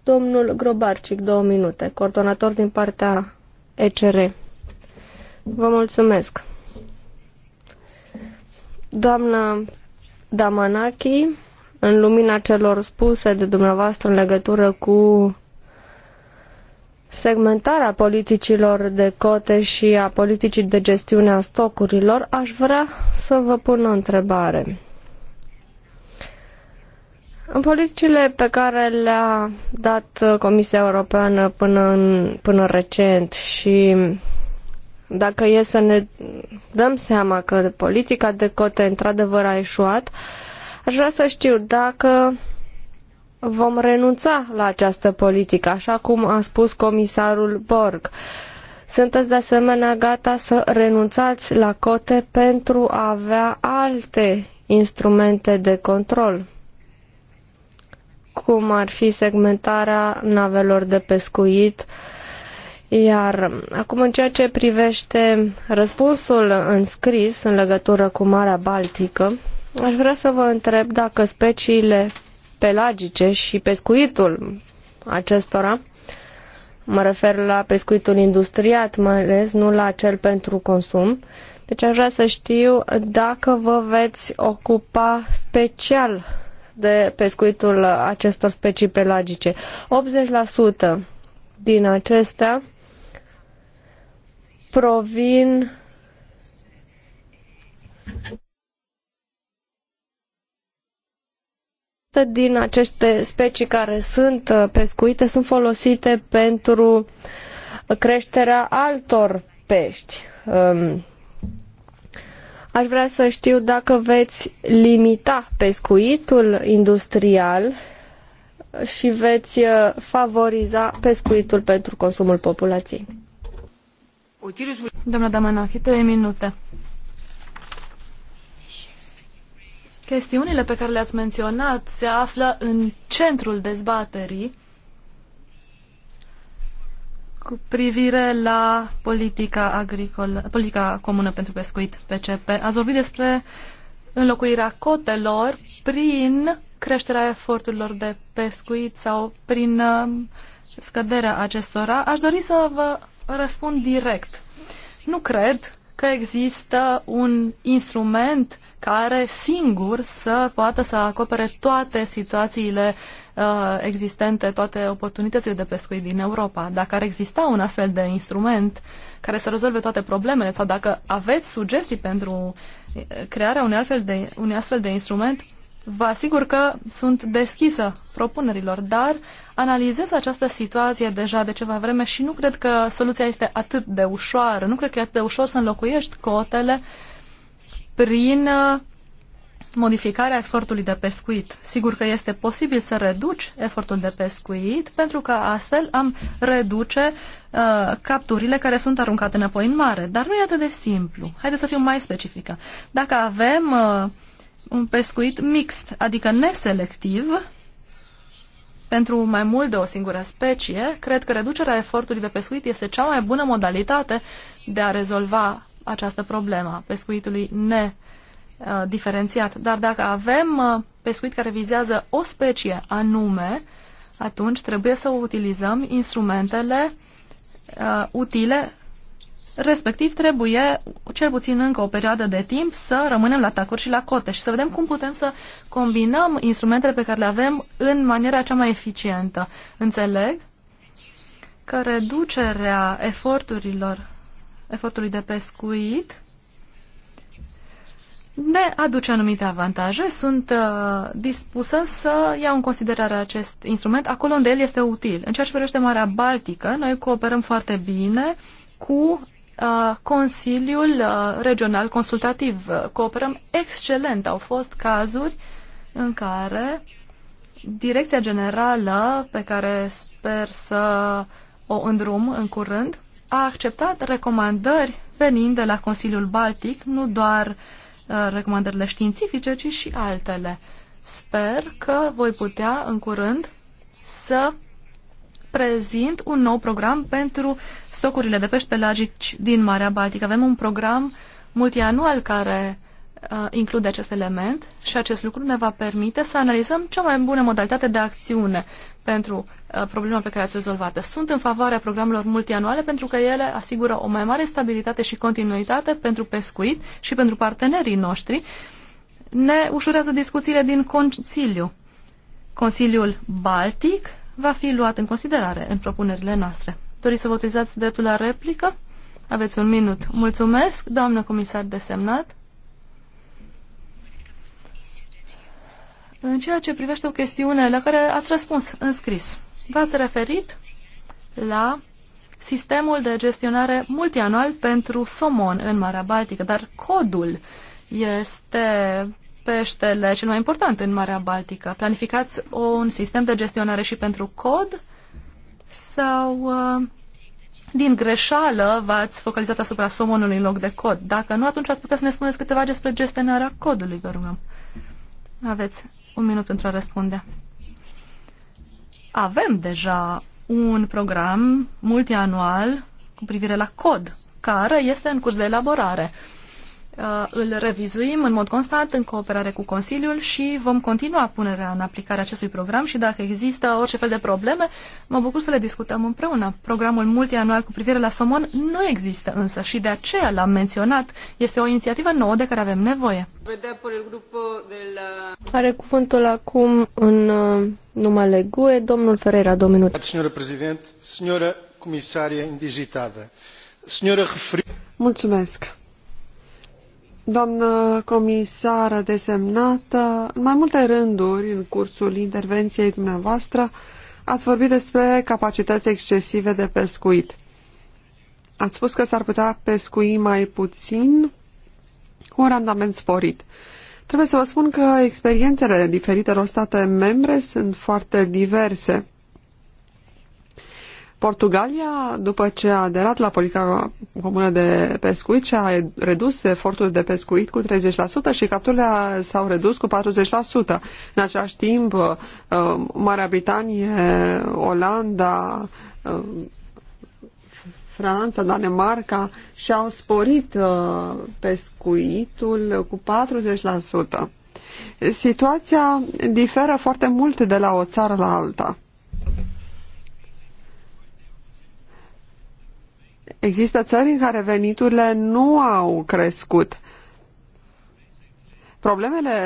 Domnul Grobarcic, două minute, coordonator din partea ECR. Vă mulțumesc. Doamna Damanaki, în lumina celor spuse de dumneavoastră în legătură cu segmentarea politicilor de cote și a politicii de gestiune a stocurilor, aș vrea să vă pun o întrebare. În politicile pe care le-a dat Comisia Europeană până, în, până recent și dacă e să ne dăm seama că politica de cote într-adevăr a eșuat, uh, Aș vrea să știu dacă vom renunța la această politică, așa cum a spus comisarul Borg. Sunteți de asemenea gata să renunțați la cote pentru a avea alte instrumente de control, cum ar fi segmentarea navelor de pescuit, iar acum în ceea ce privește răspunsul înscris în legătură cu Marea Baltică, Aș vrea să vă întreb dacă speciile pelagice și pescuitul acestora, mă refer la pescuitul industriat mai ales, nu la cel pentru consum, deci aș vrea să știu dacă vă veți ocupa special de pescuitul acestor specii pelagice. 80% din acestea provin din aceste specii care sunt uh, pescuite sunt folosite pentru creșterea altor pești. Um, aș vrea să știu dacă veți limita pescuitul industrial și veți uh, favoriza pescuitul pentru consumul populației. Doamna Damanaki, trei minute. Chestiunile pe care le-ați menționat se află în centrul dezbaterii cu privire la politica, agricolă, politica comună pentru pescuit, PCP. Ați vorbit despre înlocuirea cotelor prin creșterea eforturilor de pescuit sau prin um, scăderea acestora. Aș dori să vă răspund direct. Nu cred că există un instrument care singur să poată să acopere toate situațiile uh, existente, toate oportunitățile de pescuit din Europa. Dacă ar exista un astfel de instrument care să rezolve toate problemele sau dacă aveți sugestii pentru uh, crearea unui, altfel de, unui astfel de instrument, vă asigur că sunt deschisă propunerilor, dar analizez această situație deja de ceva vreme și nu cred că soluția este atât de ușoară. Nu cred că e atât de ușor să înlocuiești cotele uh, prin uh, modificarea efortului de pescuit. Sigur că este posibil să reduci efortul de pescuit, pentru că astfel am reduce uh, capturile care sunt aruncate înapoi în mare. Dar nu e atât de simplu. Haideți să fiu mai specifică. Dacă avem uh, un pescuit mixt, adică neselectiv, pentru mai mult de o singură specie, cred că reducerea efortului de pescuit este cea mai bună modalitate de a rezolva această problemă a pescuitului nediferențiat. Dar dacă avem uh, pescuit care vizează o specie anume, atunci trebuie să utilizăm instrumentele uh, utile, respectiv trebuie, cel puțin încă o perioadă de timp, să rămânem la tacuri și la cote și să vedem cum putem să combinăm instrumentele pe care le avem în maniera cea mai eficientă. Înțeleg că reducerea eforturilor efortului de pescuit ne aduce anumite avantaje. Sunt uh, dispusă să iau în considerare acest instrument acolo unde el este util. În ceea ce privește Marea Baltică, noi cooperăm foarte bine cu uh, Consiliul uh, Regional Consultativ. Cooperăm excelent. Au fost cazuri în care Direcția Generală, pe care sper să o îndrum în curând, a acceptat recomandări venind de la Consiliul Baltic, nu doar uh, recomandările științifice, ci și altele. Sper că voi putea în curând să prezint un nou program pentru stocurile de pești pelagici din Marea Baltică. Avem un program multianual care uh, include acest element și acest lucru ne va permite să analizăm cea mai bună modalitate de acțiune pentru Uh, problema pe care ați rezolvat-o. Sunt în favoarea programelor multianuale pentru că ele asigură o mai mare stabilitate și continuitate pentru pescuit și pentru partenerii noștri. Ne ușurează discuțiile din Consiliu. Consiliul Baltic va fi luat în considerare în propunerile noastre. Doriți să vă utilizați dreptul la replică? Aveți un minut. Mulțumesc, doamnă comisar desemnat. În ceea ce privește o chestiune la care ați răspuns în scris, V-ați referit la sistemul de gestionare multianual pentru somon în Marea Baltică, dar codul este peștele cel mai important în Marea Baltică. Planificați un sistem de gestionare și pentru cod sau uh, din greșeală v-ați focalizat asupra somonului în loc de cod? Dacă nu, atunci ați putea să ne spuneți câteva despre gestionarea codului, vă rugăm. Aveți un minut pentru a răspunde avem deja un program multianual cu privire la cod, care este în curs de elaborare. Uh, îl revizuim în mod constant în cooperare cu Consiliul și vom continua punerea în aplicare acestui program și dacă există orice fel de probleme, mă bucur să le discutăm împreună. Programul multianual cu privire la somon nu există însă și de aceea l-am menționat. Este o inițiativă nouă de care avem nevoie. Are cuvântul acum în uh, numele GUE, domnul Ferreira, două minute. Senhora președinte, senhora indigitată, Indigitada, senhora Mulțumesc. Doamnă comisară desemnată, în mai multe rânduri, în cursul intervenției dumneavoastră, ați vorbit despre capacități excesive de pescuit. Ați spus că s-ar putea pescui mai puțin cu un randament sporit. Trebuie să vă spun că experiențele diferitelor state membre sunt foarte diverse. Portugalia, după ce a aderat la politica comună de pescuit, și-a redus efortul de pescuit cu 30% și capturile s-au redus cu 40%. În același timp, uh, Marea Britanie, Olanda, uh, Franța, Danemarca și-au sporit uh, pescuitul cu 40%. Situația diferă foarte mult de la o țară la alta. Există țări în care veniturile nu au crescut. Problemele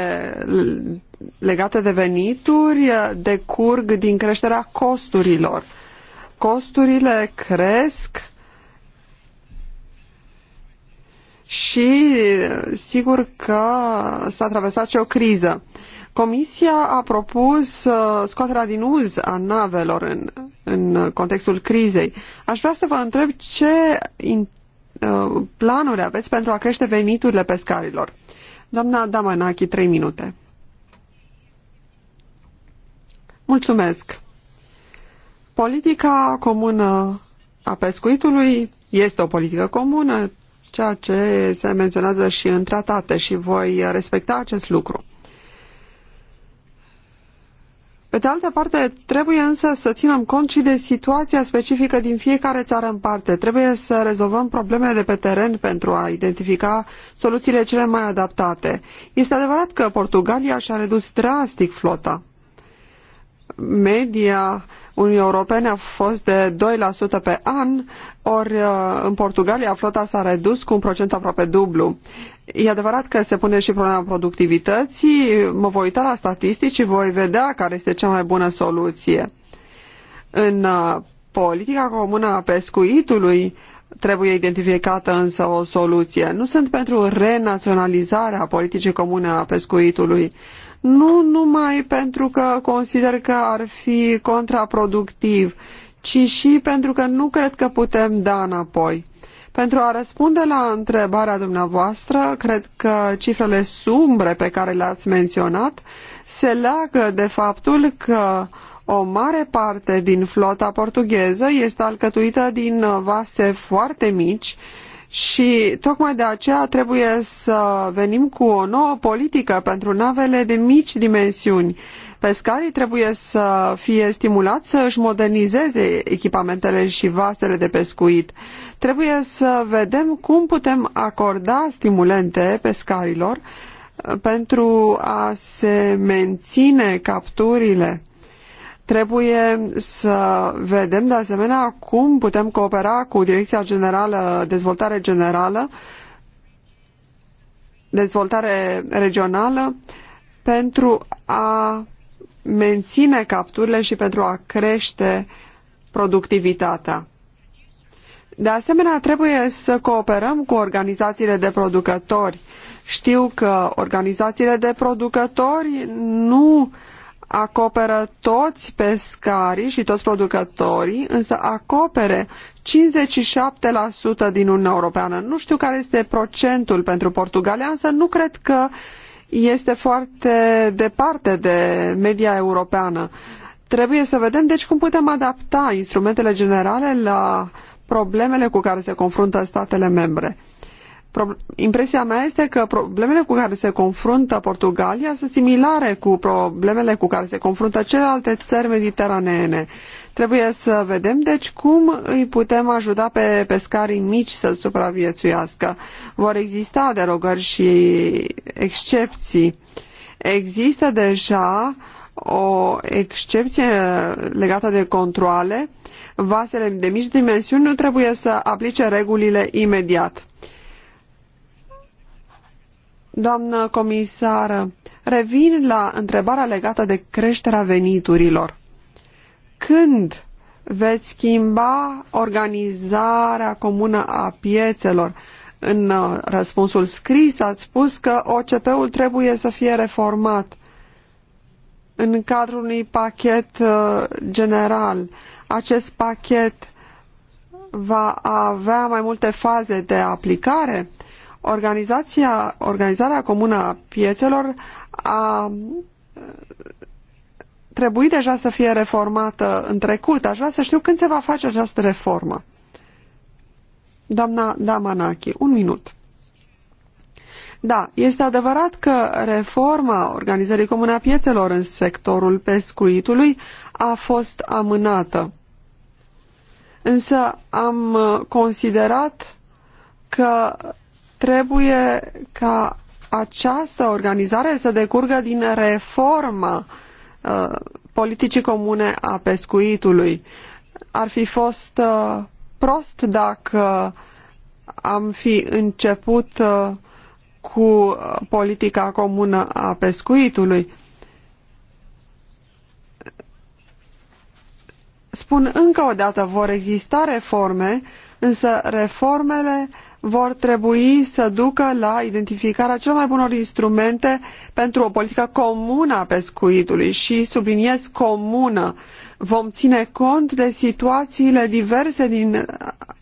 legate de venituri decurg din creșterea costurilor. Costurile cresc și sigur că s-a traversat și o criză. Comisia a propus uh, scoaterea din uz a navelor în, în contextul crizei. Aș vrea să vă întreb ce uh, planuri aveți pentru a crește veniturile pescarilor. Doamna Damanachi, trei minute. Mulțumesc. Politica comună a pescuitului este o politică comună, ceea ce se menționează și în tratate și voi respecta acest lucru. Pe de altă parte, trebuie însă să ținem cont și de situația specifică din fiecare țară în parte. Trebuie să rezolvăm problemele de pe teren pentru a identifica soluțiile cele mai adaptate. Este adevărat că Portugalia și-a redus drastic flota media Uniunii Europene a fost de 2% pe an, ori uh, în Portugalia flota s-a redus cu un procent aproape dublu. E adevărat că se pune și problema productivității, mă voi uita la statistici și voi vedea care este cea mai bună soluție. În uh, politica comună a pescuitului trebuie identificată însă o soluție. Nu sunt pentru renaționalizarea politicii comune a pescuitului nu numai pentru că consider că ar fi contraproductiv, ci și pentru că nu cred că putem da înapoi. Pentru a răspunde la întrebarea dumneavoastră, cred că cifrele sumbre pe care le-ați menționat se leagă de faptul că o mare parte din flota portugheză este alcătuită din vase foarte mici și tocmai de aceea trebuie să venim cu o nouă politică pentru navele de mici dimensiuni. Pescarii trebuie să fie stimulați să își modernizeze echipamentele și vasele de pescuit. Trebuie să vedem cum putem acorda stimulente pescarilor pentru a se menține capturile Trebuie să vedem, de asemenea, cum putem coopera cu Direcția Generală Dezvoltare Generală, Dezvoltare Regională, pentru a menține capturile și pentru a crește productivitatea. De asemenea, trebuie să cooperăm cu organizațiile de producători. Știu că organizațiile de producători nu uh, acoperă toți pescarii și toți producătorii, însă acopere 57% din Uniunea Europeană. Nu știu care este procentul pentru Portugalia, însă nu cred că este foarte departe de media europeană. Trebuie să vedem, deci, cum putem adapta instrumentele generale la problemele cu care se confruntă statele membre impresia mea este că problemele cu care se confruntă Portugalia sunt similare cu problemele cu care se confruntă celelalte țări mediteraneene. Trebuie să vedem, deci, cum îi putem ajuta pe pescarii mici să supraviețuiască. Vor exista derogări și excepții. Există deja o excepție legată de controle. Vasele de mici dimensiuni nu trebuie să aplice regulile imediat Doamnă comisară, revin la întrebarea legată de creșterea veniturilor. Când veți schimba organizarea comună a piețelor? În uh, răspunsul scris ați spus că OCP-ul trebuie să fie reformat în cadrul unui pachet uh, general. Acest pachet va avea mai multe faze de aplicare? Organizația, organizarea comună a piețelor a trebuit deja să fie reformată în trecut. Aș vrea să știu când se va face această reformă. Doamna Damanachi, un minut. Da, este adevărat că reforma organizării comune a piețelor în sectorul pescuitului a fost amânată. Însă am considerat că Trebuie ca această organizare să decurgă din reforma uh, politicii comune a pescuitului. Ar fi fost uh, prost dacă am fi început uh, cu politica comună a pescuitului. Spun încă o dată, vor exista reforme, însă reformele uh, vor trebui să ducă la identificarea cel mai bunor instrumente pentru o politică comună a pescuitului și subliniez comună. Vom ține cont de situațiile diverse din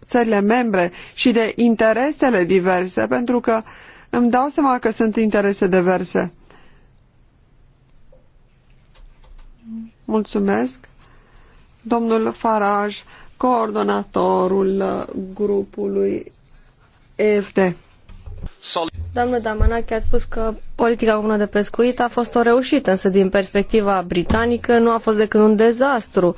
țările membre și de interesele diverse, pentru că îmi dau seama că sunt interese diverse. Mulțumesc. Domnul Faraj, coordonatorul grupului EFD. Doamnă Damanache, spus că politica comună de pescuit a fost o reușită, însă din perspectiva britanică nu a fost decât un dezastru.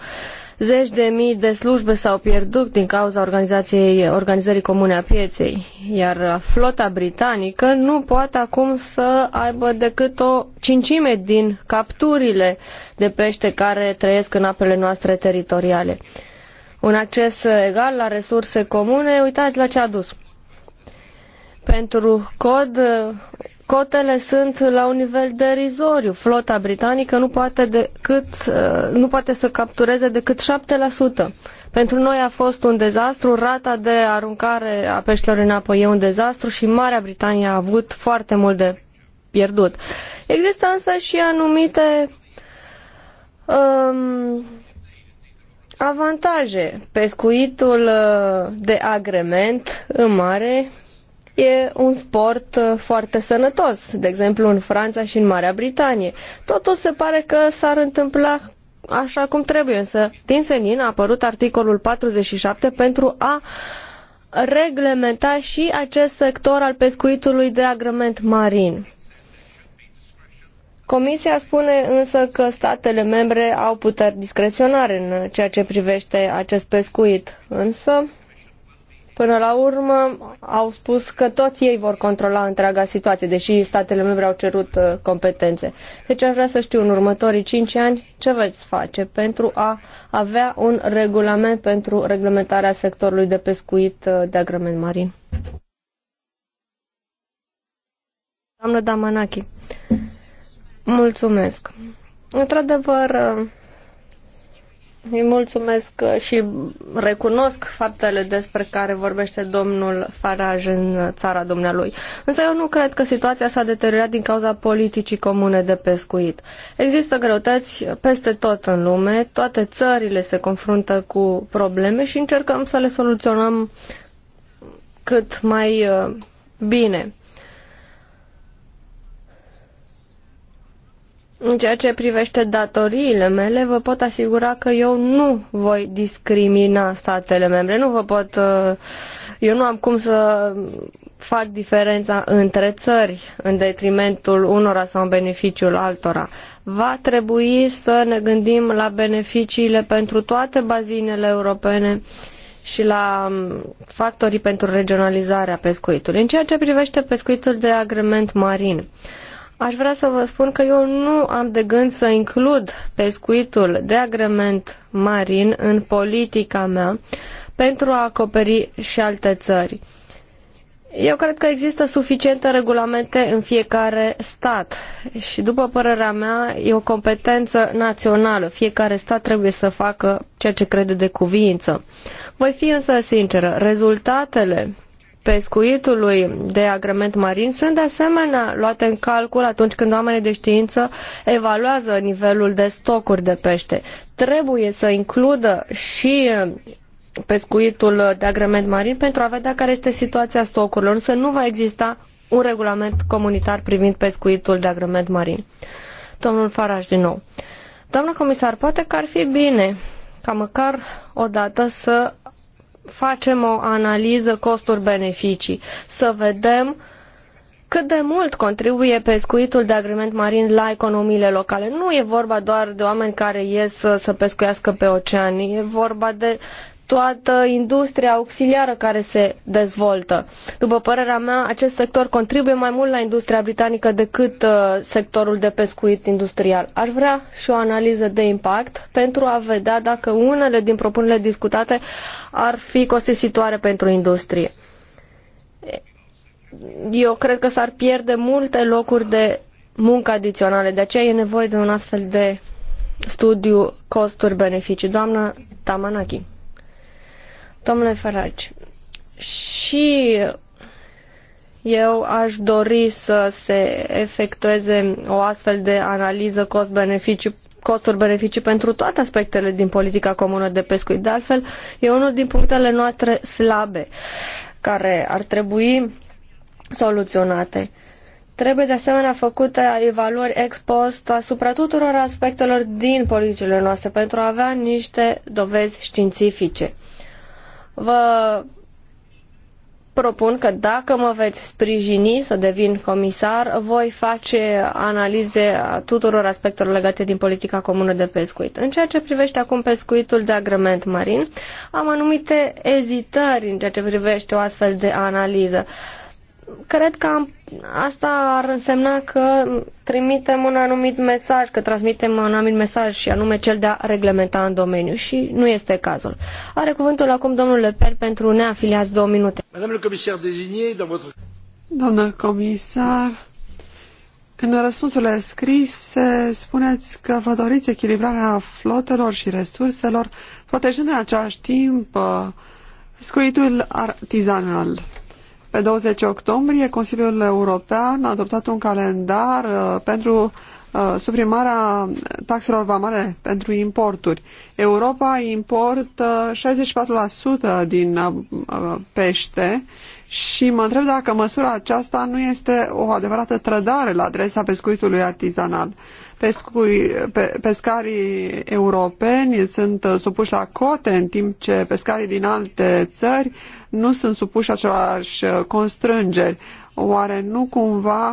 Zeci de mii de slujbe s-au pierdut din cauza organizației, organizării comune a pieței, iar flota britanică nu poate acum să aibă decât o cincime din capturile de pește care trăiesc în apele noastre teritoriale. Un acces egal la resurse comune, uitați la ce a dus pentru cod, cotele sunt la un nivel derizoriu. Flota britanică nu poate, decât, uh, nu poate să captureze decât 7%. Pentru noi a fost un dezastru, rata de aruncare a peștilor în apă e un dezastru și Marea Britanie a avut foarte mult de pierdut. Există însă și anumite um, avantaje. Pescuitul uh, de agrement în mare e un sport uh, foarte sănătos, de exemplu în Franța și în Marea Britanie. Totul se pare că s-ar întâmpla așa cum trebuie, însă din senin a apărut articolul 47 pentru a reglementa și acest sector al pescuitului de agrement marin. Comisia spune însă că statele membre au puteri discreționare în ceea ce privește acest pescuit, însă Până la urmă, au spus că toți ei vor controla întreaga situație, deși statele membre au cerut uh, competențe. Deci aș vrea să știu în următorii 5 ani ce veți face pentru a avea un regulament pentru reglementarea sectorului de pescuit uh, de agrement marin. Doamnă Damanachi, mulțumesc. Într-adevăr, uh, îi mulțumesc uh, și recunosc faptele despre care vorbește domnul Faraj în uh, țara dumnealui. Însă eu nu cred că situația s-a deteriorat din cauza politicii comune de pescuit. Există greutăți peste tot în lume, toate țările se confruntă cu probleme și încercăm să le soluționăm cât mai uh, bine. În ceea ce privește datoriile mele, vă pot asigura că eu nu voi discrimina statele membre. Nu vă pot. Uh, eu nu am cum să fac diferența între țări în detrimentul unora sau în beneficiul altora. Va trebui să ne gândim la beneficiile pentru toate bazinele europene și la um, factorii pentru regionalizarea pescuitului. În ceea ce privește pescuitul de agrement marin, Aș vrea să vă spun că eu nu am de gând să includ pescuitul de agrement marin în politica mea pentru a acoperi și alte țări. Eu cred că există suficiente regulamente în fiecare stat și, după părerea mea, e o competență națională. Fiecare stat trebuie să facă ceea ce crede de cuvință. Voi fi însă sinceră, rezultatele pescuitului de agrement marin sunt de asemenea luate în calcul atunci când oamenii de știință evaluează nivelul de stocuri de pește. Trebuie să includă și pescuitul de agrement marin pentru a vedea care este situația stocurilor, însă nu va exista un regulament comunitar privind pescuitul de agrement marin. Domnul Faraj, din nou. Doamna comisar, poate că ar fi bine ca măcar o dată să facem o analiză costuri-beneficii, să vedem cât de mult contribuie pescuitul de agrement marin la economiile locale. Nu e vorba doar de oameni care ies să, să pescuiască pe ocean, e vorba de toată industria auxiliară care se dezvoltă. După părerea mea, acest sector contribuie mai mult la industria britanică decât uh, sectorul de pescuit industrial. Aș vrea și o analiză de impact pentru a vedea dacă unele din propunerile discutate ar fi costisitoare pentru industrie. Eu cred că s-ar pierde multe locuri de muncă adiționale, de aceea e nevoie de un astfel de studiu costuri-beneficii. Doamna Tamanaki. Domnule Farage, și eu aș dori să se efectueze o astfel de analiză cost-beneficiu costuri-beneficii pentru toate aspectele din politica comună de pescuit. De altfel, e unul din punctele noastre slabe care ar trebui soluționate. Trebuie de asemenea făcute evaluări ex post asupra tuturor aspectelor din politicile noastre pentru a avea niște dovezi științifice vă propun că dacă mă veți sprijini să devin comisar, voi face analize a tuturor aspectelor legate din politica comună de pescuit. În ceea ce privește acum pescuitul de agrement marin, am anumite ezitări în ceea ce privește o astfel de analiză. Cred că am Asta ar însemna că trimitem un anumit mesaj, că transmitem un anumit mesaj și anume cel de a reglementa în domeniu și nu este cazul. Are cuvântul acum domnul Leper pentru neafiliați două minute. Doamna comisar, în răspunsurile scrise spuneți că vă doriți echilibrarea flotelor și resurselor, protejând în același timp uh, scuitul artizanal. Pe 20 octombrie, Consiliul European a adoptat un calendar uh, pentru uh, suprimarea taxelor vamale pentru importuri. Europa importă 64% din uh, pește și mă întreb dacă măsura aceasta nu este o adevărată trădare la adresa pescuitului artizanal pescui, pe, pescarii europeni sunt uh, supuși la cote, în timp ce pescarii din alte țări nu sunt supuși același uh, constrângeri. Oare nu cumva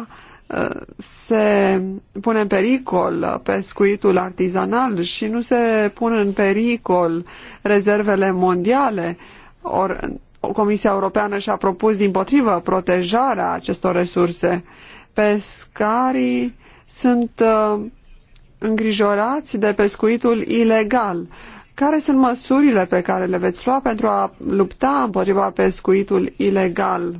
uh, se pune în pericol pescuitul artizanal și nu se pun în pericol rezervele mondiale? Or, Comisia Europeană și-a propus din potrivă protejarea acestor resurse. Pescarii sunt uh, îngrijorați de pescuitul ilegal. Care sunt măsurile pe care le veți lua pentru a lupta împotriva pescuitul ilegal?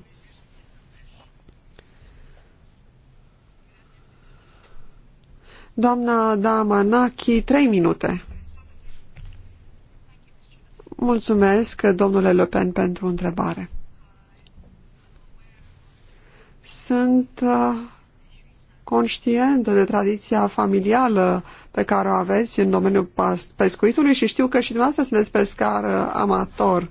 Doamna Naki, trei minute. Mulțumesc, domnule Le Pen, pentru întrebare. Sunt uh, conștientă de tradiția familială pe care o aveți în domeniul pescuitului și știu că și dumneavoastră sunteți pescar uh, amator.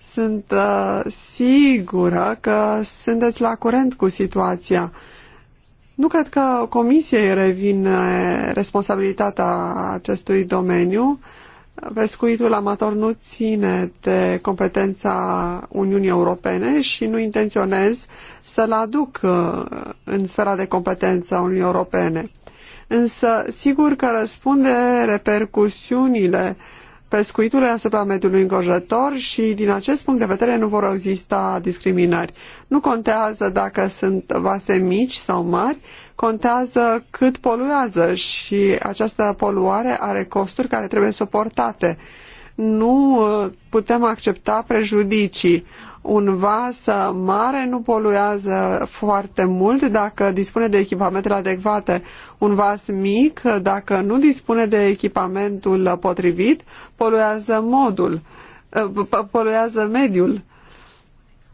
Sunt uh, sigură că sunteți la curent cu situația. Nu cred că comisiei revine responsabilitatea acestui domeniu. Uh, Pescuitul amator nu ține de competența Uniunii Europene și nu intenționez să-l aduc uh, în sfera de competență a Uniunii Europene. Însă, sigur că răspunde repercusiunile uh, pescuitului asupra mediului înconjurător și din acest punct de vedere nu vor exista discriminări. Nu contează dacă sunt vase mici sau mari, contează cât poluează și această poluare are costuri care trebuie suportate. Nu uh, putem accepta prejudicii un vas mare nu poluează foarte mult dacă dispune de echipamentele adecvate. Un vas mic, dacă nu dispune de echipamentul potrivit, poluează modul, eh, poluează mediul.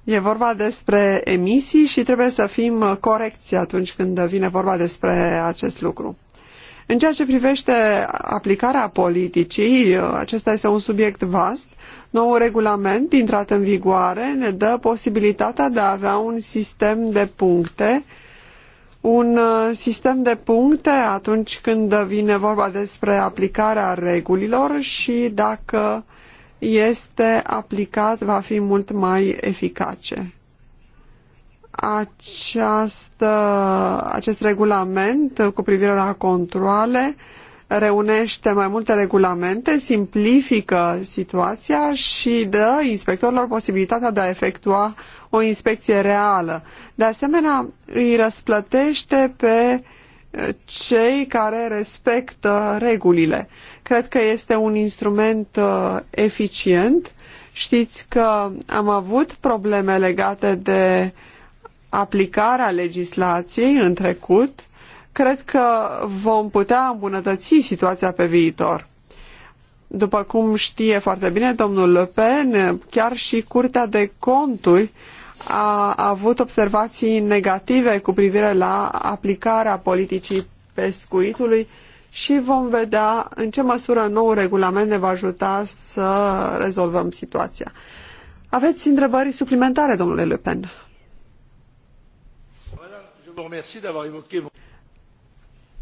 E vorba despre emisii și trebuie să fim corecți atunci când vine vorba despre acest lucru. În ceea ce privește aplicarea politicii, acesta este un subiect vast, noul regulament intrat în vigoare ne dă posibilitatea de a avea un sistem de puncte un uh, sistem de puncte atunci când vine vorba despre aplicarea regulilor și dacă este aplicat va fi mult mai eficace această, acest regulament cu privire la controle reunește mai multe regulamente, simplifică situația și dă inspectorilor posibilitatea de a efectua o inspecție reală. De asemenea, îi răsplătește pe cei care respectă regulile. Cred că este un instrument uh, eficient. Știți că am avut probleme legate de uh, aplicarea legislației în trecut, cred că vom putea îmbunătăți situația pe viitor. După cum știe foarte bine domnul Le Pen, chiar și Curtea de Conturi a avut observații negative cu privire la aplicarea politicii pescuitului și vom vedea în ce măsură nou regulament ne va ajuta să rezolvăm situația. Aveți întrebări suplimentare, domnule Le Pen?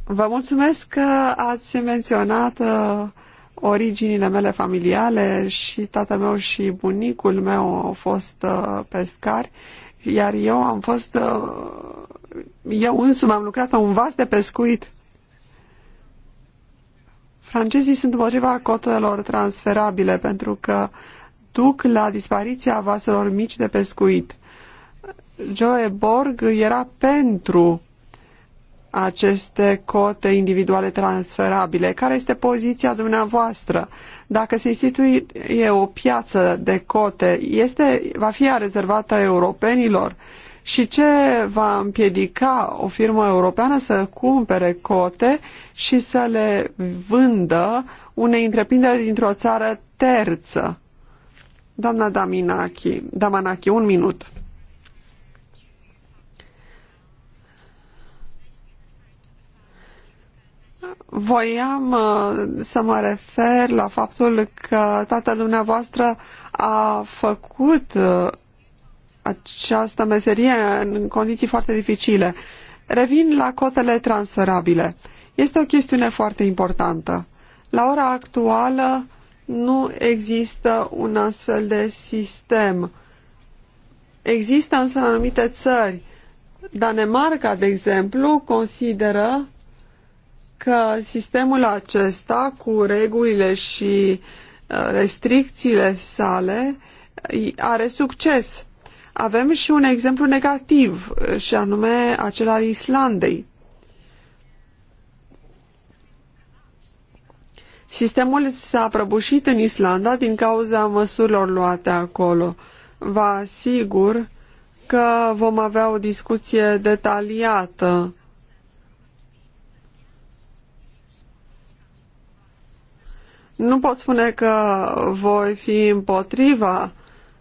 Vă mulțumesc că ați menționat uh, originile mele familiale și tatăl meu și bunicul meu au fost uh, pescari, iar eu am fost... Uh, eu însumi am lucrat pe un vas de pescuit. Francezii sunt împotriva cotelor transferabile pentru că duc la dispariția vaselor mici de pescuit. Joe Borg era pentru aceste cote individuale transferabile. Care este poziția dumneavoastră? Dacă se instituie o piață de cote, este, va fi rezervată europenilor? Și ce va împiedica o firmă europeană să cumpere cote și să le vândă unei întreprinderi dintr-o țară terță? Doamna Daminachi, Damanachi, un minut. voiam uh, să mă refer la faptul că tatăl dumneavoastră a făcut uh, această meserie în condiții foarte dificile. Revin la cotele transferabile. Este o chestiune foarte importantă. La ora actuală nu există un astfel de sistem. Există însă în anumite țări. Danemarca, de exemplu, consideră că sistemul acesta, cu regulile și uh, restricțiile sale, are succes. Avem și un exemplu negativ, uh, și anume acela al Islandei. Sistemul s-a prăbușit în Islanda din cauza măsurilor luate acolo. Vă asigur că vom avea o discuție detaliată Nu pot spune că voi fi împotriva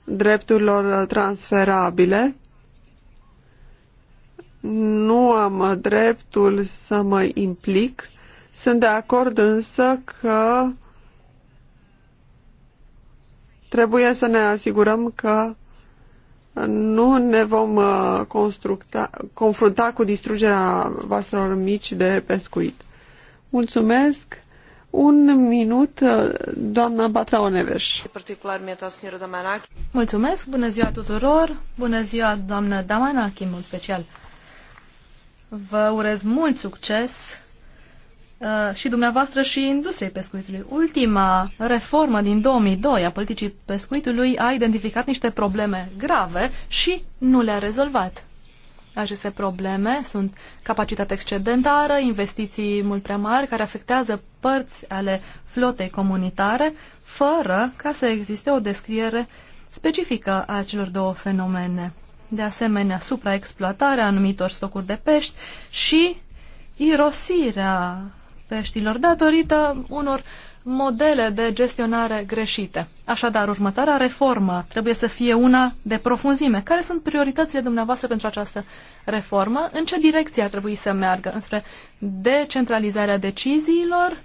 drepturilor transferabile. Nu am dreptul să mă implic. Sunt de acord însă că trebuie să ne asigurăm că nu ne vom uh, confrunta cu distrugerea vaselor mici de pescuit. Mulțumesc! Un minut, uh, doamna Batraoneveș. Mulțumesc, bună ziua tuturor, bună ziua doamnă Damanachi, în mod special. Vă urez mult succes uh, și dumneavoastră și industriei pescuitului. Ultima reformă din 2002 a politicii pescuitului a identificat niște probleme grave și nu le-a rezolvat aceste probleme. Sunt capacitate excedentară, investiții mult prea mari care afectează părți ale flotei comunitare, fără ca să existe o descriere specifică a celor două fenomene. De asemenea, supraexploatarea anumitor stocuri de pești și irosirea peștilor datorită unor modele de gestionare greșite. Așadar, următoarea reformă trebuie să fie una de profunzime. Care sunt prioritățile dumneavoastră pentru această reformă? În ce direcție ar trebui să meargă? Înspre decentralizarea deciziilor,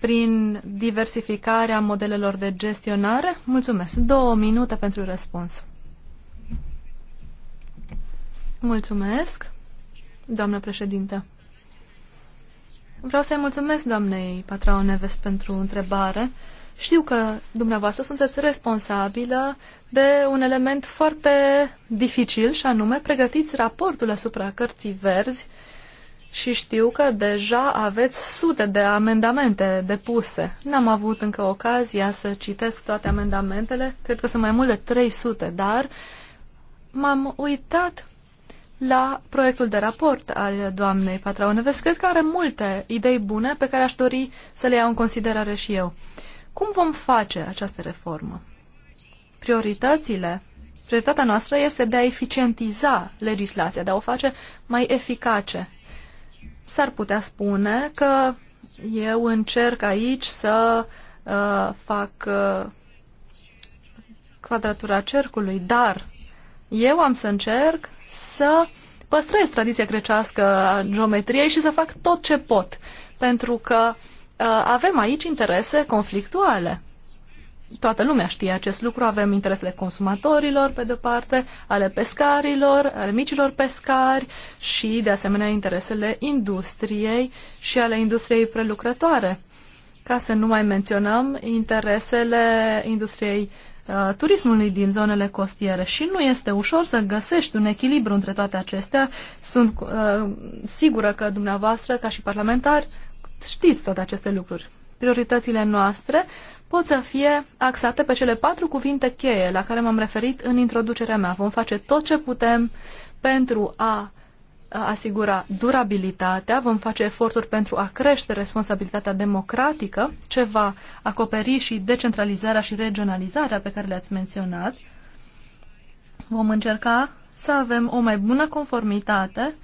prin diversificarea modelelor de gestionare? Mulțumesc. Două minute pentru răspuns. Mulțumesc, doamnă președinte. Vreau să-i mulțumesc doamnei Patrao Neves pentru întrebare. Știu că dumneavoastră sunteți responsabilă de un element foarte dificil și anume pregătiți raportul asupra cărții verzi și știu că deja aveți sute de amendamente depuse. N-am avut încă ocazia să citesc toate amendamentele, cred că sunt mai mult de 300, dar m-am uitat la proiectul de raport al doamnei Patraoneves. Cred că are multe idei bune pe care aș dori să le iau în considerare și eu. Cum vom face această reformă? Prioritățile Prioritatea noastră este de a eficientiza legislația, de a o face mai eficace. S-ar putea spune că eu încerc aici să uh, fac uh, quadratura cercului, dar eu am să încerc să păstrez tradiția grecească a geometriei și să fac tot ce pot, pentru că uh, avem aici interese conflictuale. Toată lumea știe acest lucru, avem interesele consumatorilor, pe de-o parte, ale pescarilor, ale micilor pescari și, de asemenea, interesele industriei și ale industriei prelucrătoare. Ca să nu mai menționăm interesele industriei uh, Uh, turismului din zonele costiere și nu este ușor să găsești un echilibru între toate acestea. Sunt uh, sigură că dumneavoastră, ca și parlamentari, știți toate aceste lucruri. Prioritățile noastre pot să fie axate pe cele patru cuvinte cheie la care m-am referit în introducerea mea. Vom face tot ce putem pentru a asigura durabilitatea, vom face eforturi pentru a crește responsabilitatea democratică, ce va acoperi și decentralizarea și regionalizarea pe care le-ați menționat. Vom încerca să avem o mai bună conformitate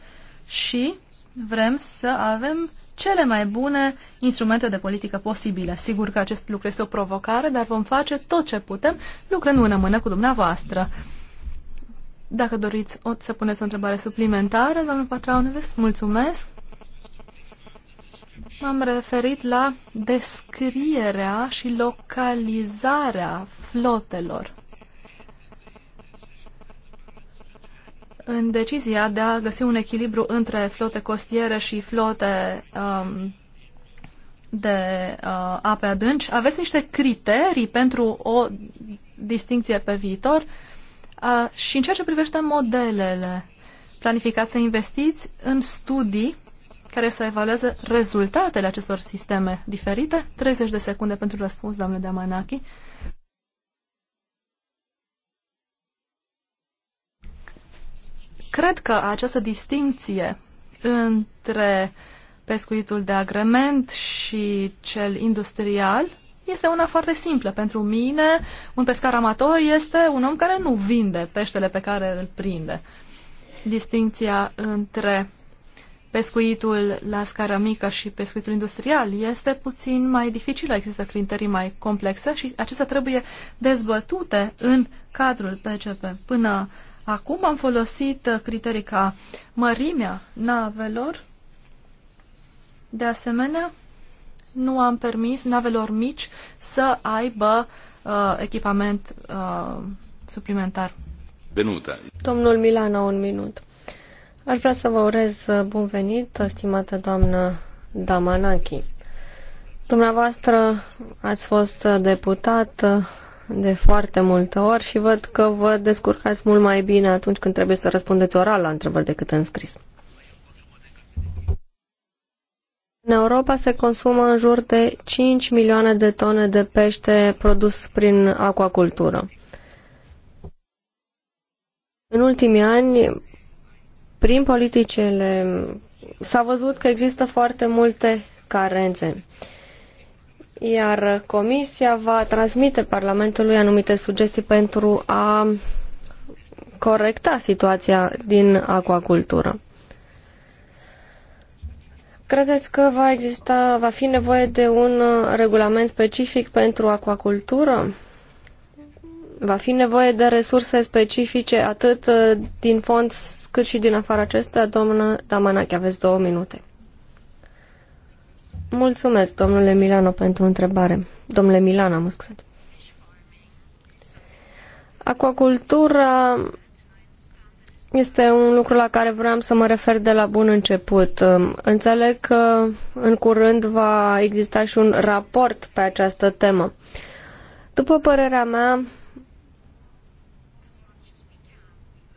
și vrem să avem cele mai bune instrumente de politică posibile. Sigur că acest lucru este o provocare, dar vom face tot ce putem lucrând mână-mână cu dumneavoastră. Dacă doriți o, să puneți o întrebare suplimentară, nu Patrauneves, mulțumesc. M-am referit la descrierea și localizarea flotelor. În decizia de a găsi un echilibru între flote costiere și flote um, de uh, ape adânci, aveți niște criterii pentru o distinție pe viitor? Uh, a, și în ceea ce privește modelele, planificați să investiți în studii care să evalueze rezultatele acestor sisteme diferite. 30 de secunde pentru răspuns, doamne Damanachi. Cred că această distinție între pescuitul de agrement și cel industrial este una foarte simplă. Pentru mine, un pescar amator este un om care nu vinde peștele pe care îl prinde. Distinția între pescuitul la scară mică și pescuitul industrial este puțin mai dificilă. Există criterii mai complexe și acestea trebuie dezbătute în cadrul PCP. Până acum am folosit criterii ca mărimea navelor, de asemenea, nu am permis navelor mici să aibă uh, echipament uh, suplimentar. Benuta. Domnul Milana, un minut. Aș vrea să vă urez uh, bun venit, stimată doamnă Damananchi. Dumneavoastră ați fost uh, deputat uh, de foarte multe ori și văd că vă descurcați mult mai bine atunci când trebuie să răspundeți oral la întrebări decât în scris. În Europa se consumă în jur de 5 milioane de tone de pește produs prin aquacultură. În ultimii ani, prin politicele, s-a văzut că există foarte multe carențe. Iar Comisia va transmite Parlamentului anumite sugestii pentru a corecta situația din aquacultură. Credeți că va exista, va fi nevoie de un uh, regulament specific pentru aquacultură? Va fi nevoie de resurse specifice atât uh, din fond cât și din afara acestea? Doamnă Damanache, aveți două minute. Mulțumesc, domnule Milano, pentru întrebare. Domnule Milano, mă scuzați. Acuacultura este un lucru la care vreau să mă refer de la bun început. Înțeleg că în curând va exista și un raport pe această temă. După părerea mea,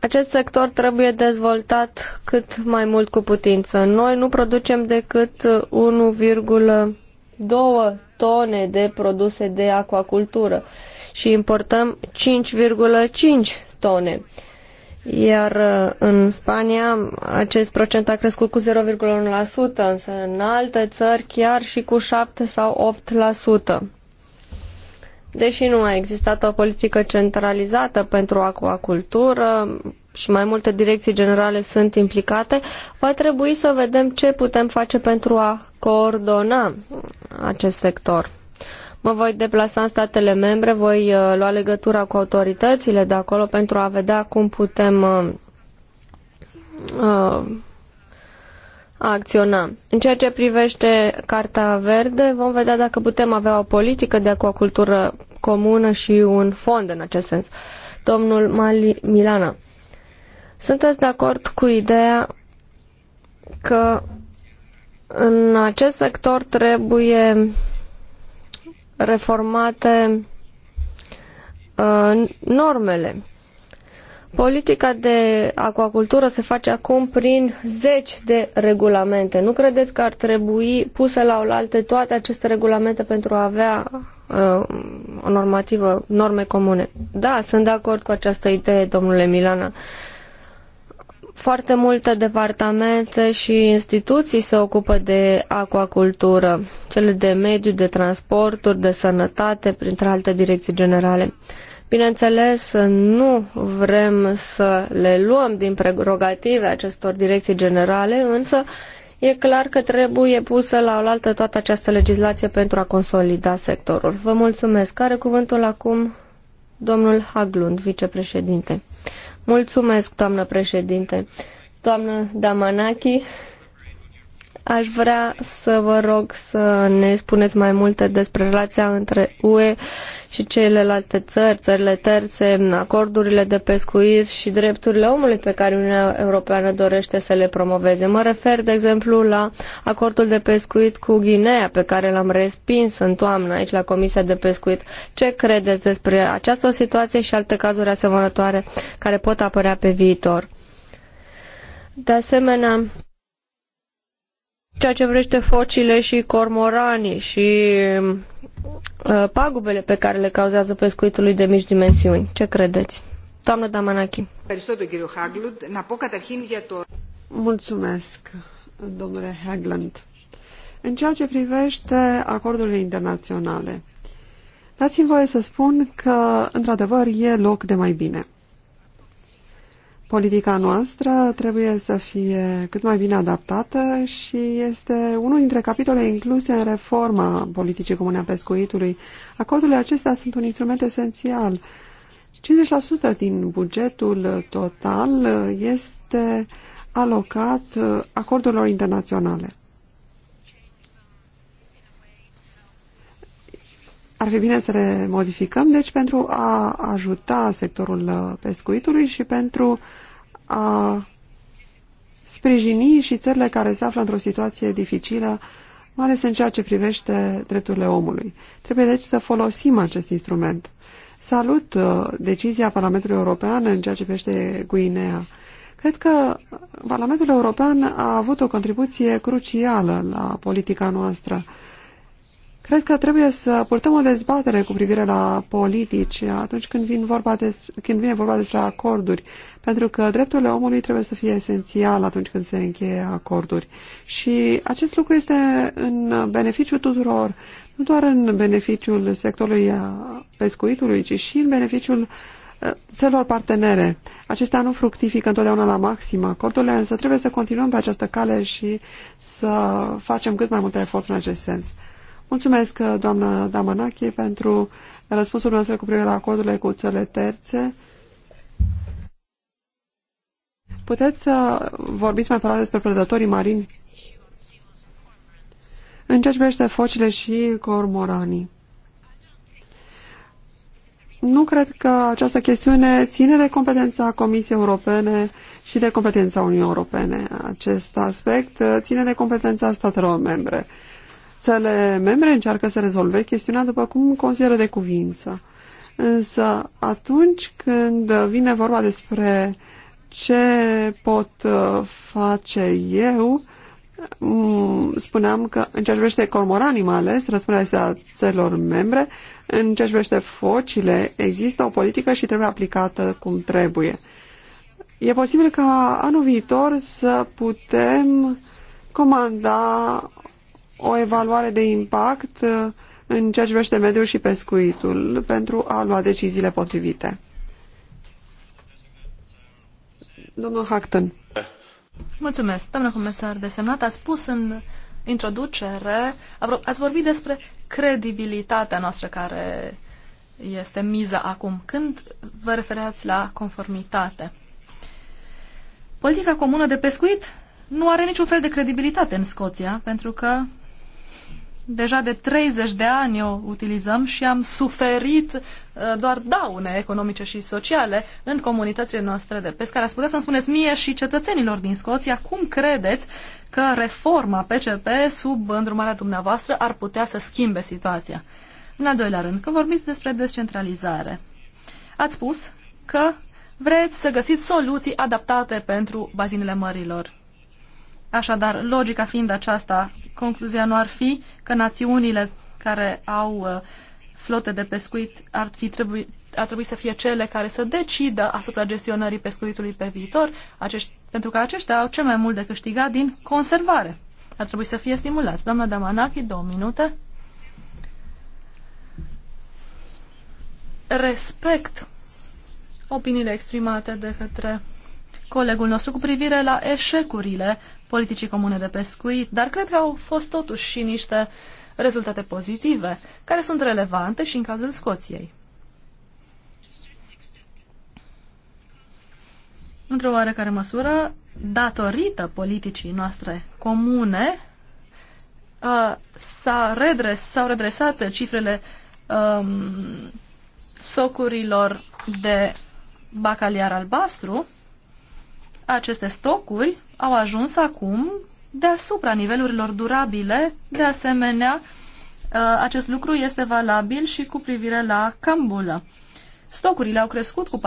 acest sector trebuie dezvoltat cât mai mult cu putință. Noi nu producem decât 1,2 tone de produse de aquacultură și importăm 5,5 tone. Iar uh, în Spania acest procent a crescut cu 0,1%, însă în alte țări chiar și cu 7 sau 8%. Deși nu a existat o politică centralizată pentru acuacultură și mai multe direcții generale sunt implicate, va trebui să vedem ce putem face pentru a coordona acest sector. Mă voi deplasa în statele membre, voi uh, lua legătura cu autoritățile de acolo pentru a vedea cum putem uh, uh acționa. În ceea ce privește Carta Verde, vom vedea dacă putem avea o politică de acuacultură comună și un fond în acest sens. Domnul Mali Milana, sunteți de acord cu ideea că în acest sector trebuie reformate uh, normele. Politica de acuacultură se face acum prin zeci de regulamente. Nu credeți că ar trebui puse la oaltă toate aceste regulamente pentru a avea uh, o normativă, norme comune? Da, sunt de acord cu această idee, domnule Milana. Uh, foarte multe departamente și instituții se ocupă de aquacultură, cele de mediu, de transporturi, de sănătate, printre alte direcții generale. Bineînțeles, nu vrem să le luăm din prerogative acestor direcții generale, însă e clar că trebuie pusă la oaltă toată această legislație pentru a consolida sectorul. Vă mulțumesc. Care cuvântul acum domnul Haglund, vicepreședinte. Mulțumesc, doamnă președinte. Doamnă Damanaki, Aș vrea să vă rog să ne spuneți mai multe despre relația între UE și celelalte țări, țările terțe, acordurile de pescuit și drepturile omului pe care Uniunea Europeană dorește să le promoveze. Mă refer, de exemplu, la acordul de pescuit cu Guinea, pe care l-am respins în toamnă aici la Comisia de Pescuit. Ce credeți despre această situație și alte cazuri asemănătoare care pot apărea pe viitor? De asemenea, ceea ce vrește focile și cormoranii și uh, pagubele pe care le cauzează pescuitului de mici dimensiuni. Ce credeți? Doamnă Damanachi. Mulțumesc, domnule Hagland. În ceea ce privește acordurile internaționale, dați-mi voie să spun că, într-adevăr, e loc de mai bine politica noastră trebuie să fie cât mai bine adaptată și este unul dintre capitole incluse în reforma politicii comune a pescuitului. Acordurile acestea sunt un instrument esențial. 50% din bugetul total este alocat acordurilor internaționale. ar fi bine să le modificăm, deci pentru a ajuta sectorul uh, pescuitului și pentru a sprijini și țările care se află într-o situație dificilă, mai ales în ceea ce privește drepturile omului. Trebuie deci să folosim acest instrument. Salut uh, decizia Parlamentului European în ceea ce privește Guinea. Cred că Parlamentul European a avut o contribuție crucială la politica noastră. Cred că trebuie să purtăm o dezbatere cu privire la politici atunci când, vin vorba de când vine vorba despre acorduri, pentru că drepturile omului trebuie să fie esențial atunci când se încheie acorduri. Și acest lucru este în beneficiu tuturor, nu doar în beneficiul sectorului pescuitului, ci și în beneficiul celor eh, partenere. Acestea nu fructifică întotdeauna la maxim acordurile, însă trebuie să continuăm pe această cale și să facem cât mai multe eforturi în acest sens. Mulțumesc, uh, doamna Damanache, pentru răspunsul noastră cu privire la acordurile cu țările terțe. Puteți să vorbiți mai parat despre prădătorii marini? În ceea ce privește focile și cormoranii. Nu cred că această chestiune ține de competența Comisiei Europene și de competența Uniunii Europene. Acest aspect uh, ține de competența statelor membre forțele membre încearcă să rezolve chestiunea după cum consideră de cuvință. Însă atunci când vine vorba despre ce pot uh, face eu, mm, spuneam că în ceea ce privește cormoranii mai ales, răspunderea este a țărilor membre, în ceea ce privește focile, există o politică și trebuie aplicată cum trebuie. E posibil ca anul viitor să putem comanda o evaluare de impact uh, în ceea ce privește mediul și pescuitul pentru a lua deciziile potrivite. Domnul Hacton. Mulțumesc, domnule comisar desemnat. Ați spus în introducere, ați vorbit despre credibilitatea noastră care este miza acum. Când vă refereați la conformitate? Politica comună de pescuit nu are niciun fel de credibilitate în Scoția, pentru că Deja de 30 de ani o utilizăm și am suferit uh, doar daune economice și sociale în comunitățile noastre de pescar. Ați putea să-mi spuneți mie și cetățenilor din Scoția cum credeți că reforma PCP sub îndrumarea dumneavoastră ar putea să schimbe situația? În al doilea rând, când vorbiți despre descentralizare, ați spus că vreți să găsiți soluții adaptate pentru bazinele mărilor. Așadar, logica fiind aceasta, concluzia nu ar fi că națiunile care au uh, flote de pescuit ar, fi trebui, ar trebui să fie cele care să decidă asupra gestionării pescuitului pe viitor, acești, pentru că aceștia au cel mai mult de câștigat din conservare. Ar trebui să fie stimulați. Doamna Damanachi, două minute. Respect opiniile exprimate de către colegul nostru cu privire la eșecurile politicii comune de pescuit, dar cred că au fost totuși și niște rezultate pozitive, care sunt relevante și în cazul Scoției. Într-o oarecare măsură, datorită politicii noastre comune, s-au redres, redresat cifrele um, socurilor de bacaliar albastru, aceste stocuri au ajuns acum deasupra nivelurilor durabile. De asemenea, uh, acest lucru este valabil și cu privire la cambulă. Stocurile au crescut cu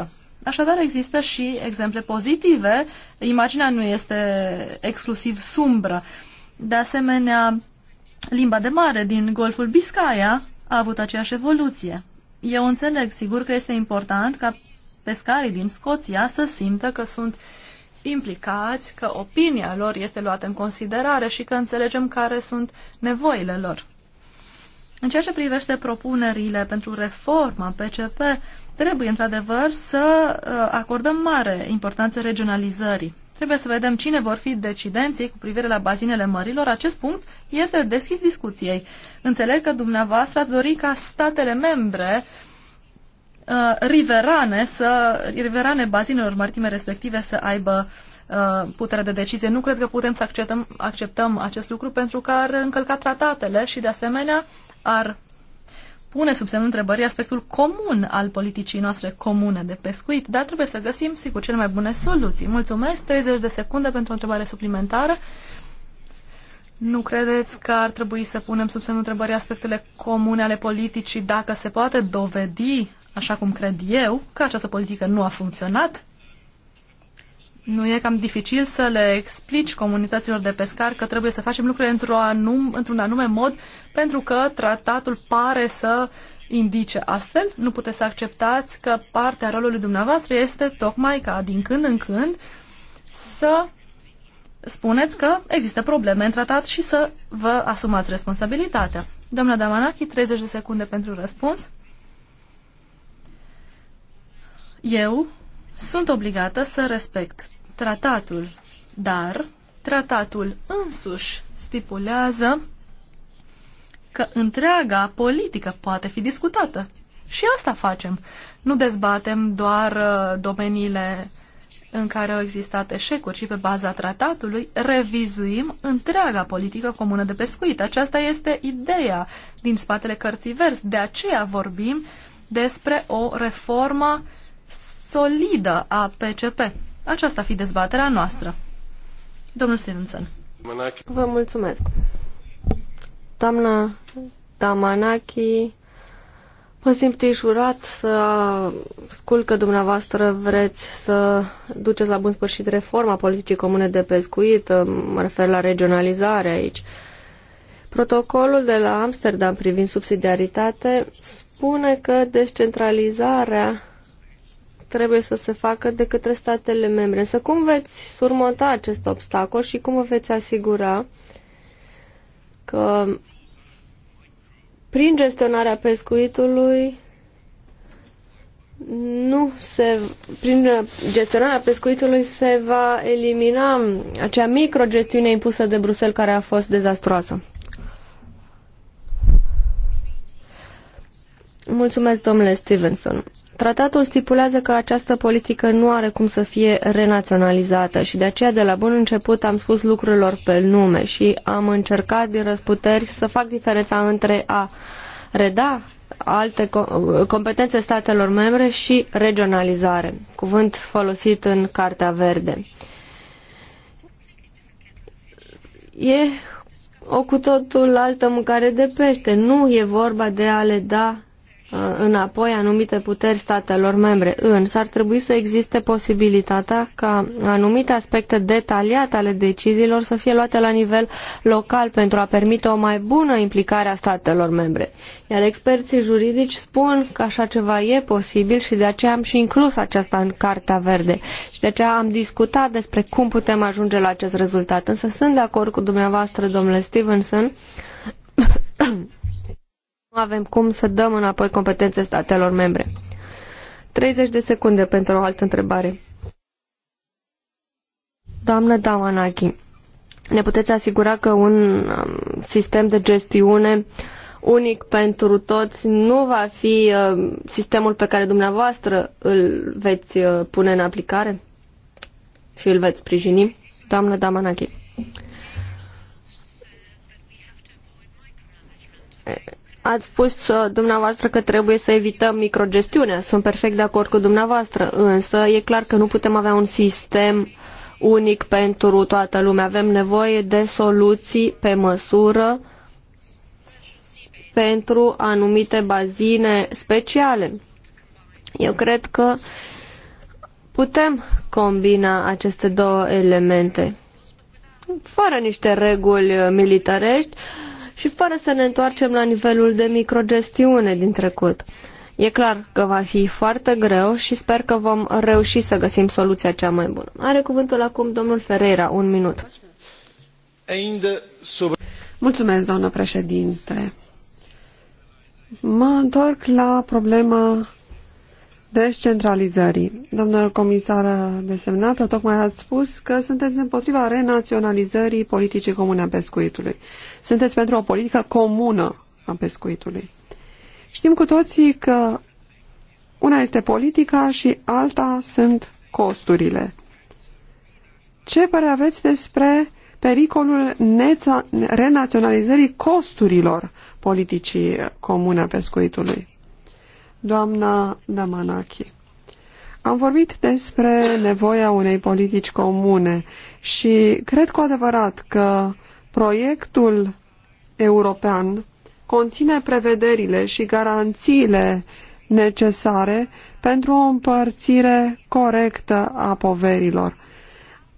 40%. Așadar, există și exemple pozitive. Imaginea nu este exclusiv sumbră. De asemenea, limba de mare din Golful Biscaya a avut aceeași evoluție. Eu înțeleg, sigur că este important ca pescarii din Scoția să simtă că sunt implicați, că opinia lor este luată în considerare și că înțelegem care sunt nevoile lor. În ceea ce privește propunerile pentru reforma PCP, trebuie într-adevăr să uh, acordăm mare importanță regionalizării. Trebuie să vedem cine vor fi decidenții cu privire la bazinele mărilor. Acest punct este deschis discuției. Înțeleg că dumneavoastră ați dori ca statele membre Uh, riverane, să, riverane bazinelor maritime respective să aibă uh, putere de decizie. Nu cred că putem să acceptăm, acceptăm acest lucru pentru că ar încălca tratatele și, de asemenea, ar pune sub semnul întrebării aspectul comun al politicii noastre comune de pescuit, dar trebuie să găsim, sigur, cele mai bune soluții. Mulțumesc, 30 de secunde pentru o întrebare suplimentară. Nu credeți că ar trebui să punem sub semnul întrebării aspectele comune ale politicii dacă se poate dovedi așa cum cred eu, că această politică nu a funcționat, nu e cam dificil să le explici comunităților de pescar că trebuie să facem lucrurile într-un anum, într anume mod pentru că tratatul pare să indice astfel. Nu puteți să acceptați că partea rolului dumneavoastră este tocmai ca din când în când să spuneți că există probleme în tratat și să vă asumați responsabilitatea. Doamna Damanachi, 30 de secunde pentru răspuns. Eu sunt obligată să respect tratatul, dar tratatul însuși stipulează că întreaga politică poate fi discutată. Și asta facem. Nu dezbatem doar uh, domeniile în care au existat eșecuri și pe baza tratatului revizuim întreaga politică comună de pescuit. Aceasta este ideea din spatele cărții vers. De aceea vorbim despre o reformă solidă a PCP. Aceasta fi dezbaterea noastră. Domnul Stevenson. Vă mulțumesc. Doamna Tamanaki, Mă simt înșurat să scul că dumneavoastră vreți să duceți la bun sfârșit reforma politicii comune de pescuit, mă refer la regionalizare aici. Protocolul de la Amsterdam privind subsidiaritate spune că descentralizarea trebuie să se facă de către statele membre. Să cum veți surmonta acest obstacol și cum vă veți asigura că prin gestionarea pescuitului nu se, prin gestionarea pescuitului se va elimina acea microgestiune impusă de Bruxelles care a fost dezastroasă. Mulțumesc, domnule Stevenson. Tratatul stipulează că această politică nu are cum să fie renaționalizată și de aceea de la bun început am spus lucrurilor pe nume și am încercat din răsputeri să fac diferența între a reda alte competențe statelor membre și regionalizare, cuvânt folosit în Cartea Verde. E o cu totul altă mâncare de pește. Nu e vorba de a le da Uh, înapoi anumite puteri statelor membre, însă ar trebui să existe posibilitatea ca anumite aspecte detaliate ale deciziilor să fie luate la nivel local pentru a permite o mai bună implicare a statelor membre. Iar experții juridici spun că așa ceva e posibil și de aceea am și inclus aceasta în Cartea Verde și de aceea am discutat despre cum putem ajunge la acest rezultat. Însă sunt de acord cu dumneavoastră, domnule Stevenson, nu avem cum să dăm înapoi competențe statelor membre. 30 de secunde pentru o altă întrebare. Doamnă Damanaki, ne puteți asigura că un um, sistem de gestiune unic pentru toți nu va fi um, sistemul pe care dumneavoastră îl veți uh, pune în aplicare și îl veți sprijini? Doamnă Damanaki. Ați spus uh, dumneavoastră că trebuie să evităm microgestiunea. Sunt perfect de acord cu dumneavoastră, însă e clar că nu putem avea un sistem unic pentru toată lumea. Avem nevoie de soluții pe măsură pentru anumite bazine speciale. Eu cred că putem combina aceste două elemente fără niște reguli militarești, uh, și fără să ne întoarcem la nivelul de microgestiune din trecut. E clar că va fi foarte greu și sper că vom reuși să găsim soluția cea mai bună. Are cuvântul acum domnul Ferreira, un minut. Mulțumesc, doamnă președinte. Mă întorc la problema descentralizării. Doamnă comisară desemnată, tocmai ați spus că sunteți împotriva renaționalizării politicii comune a pescuitului sunteți pentru o politică comună a pescuitului. Știm cu toții că una este politica și alta sunt costurile. Ce părere aveți despre pericolul renaționalizării costurilor politicii comune a pescuitului? Doamna Damanachi, am vorbit despre nevoia unei politici comune și cred cu adevărat că Proiectul european conține prevederile și garanțiile necesare pentru o împărțire corectă a poverilor.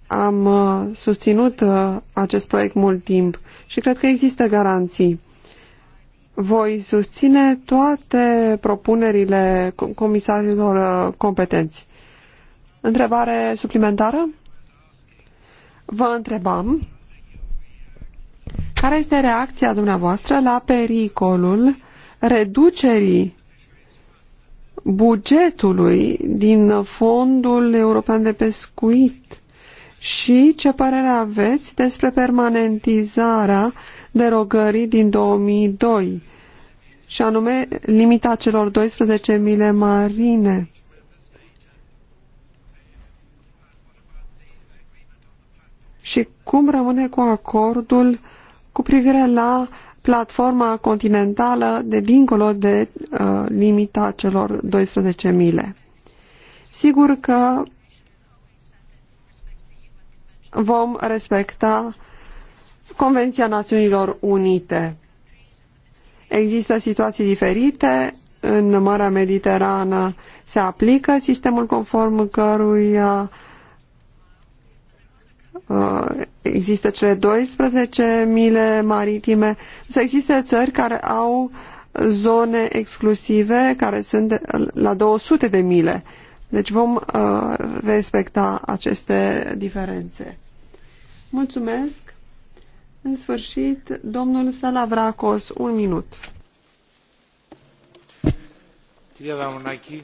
Am uh, susținut uh, acest proiect mult timp și cred că există garanții. Voi susține toate propunerile comisarilor uh, competenți. Întrebare suplimentară? Vă întrebam care este reacția dumneavoastră la pericolul reducerii bugetului din Fondul European de Pescuit? Și ce părere aveți despre permanentizarea derogării din 2002, și anume limita celor 12 mile marine? Și cum rămâne cu acordul cu privire la platforma continentală de dincolo de uh, limita celor 12.000. Sigur că vom respecta Convenția Națiunilor Unite. Există situații diferite. În Marea Mediterană se aplică sistemul conform căruia uh, Uh, există cele 12 mile maritime, să existe țări care au zone exclusive care sunt la 200 de mile. Deci vom uh, respecta aceste diferențe. Mulțumesc. În sfârșit, domnul Salavracos, un minut. un Δαμονάκη,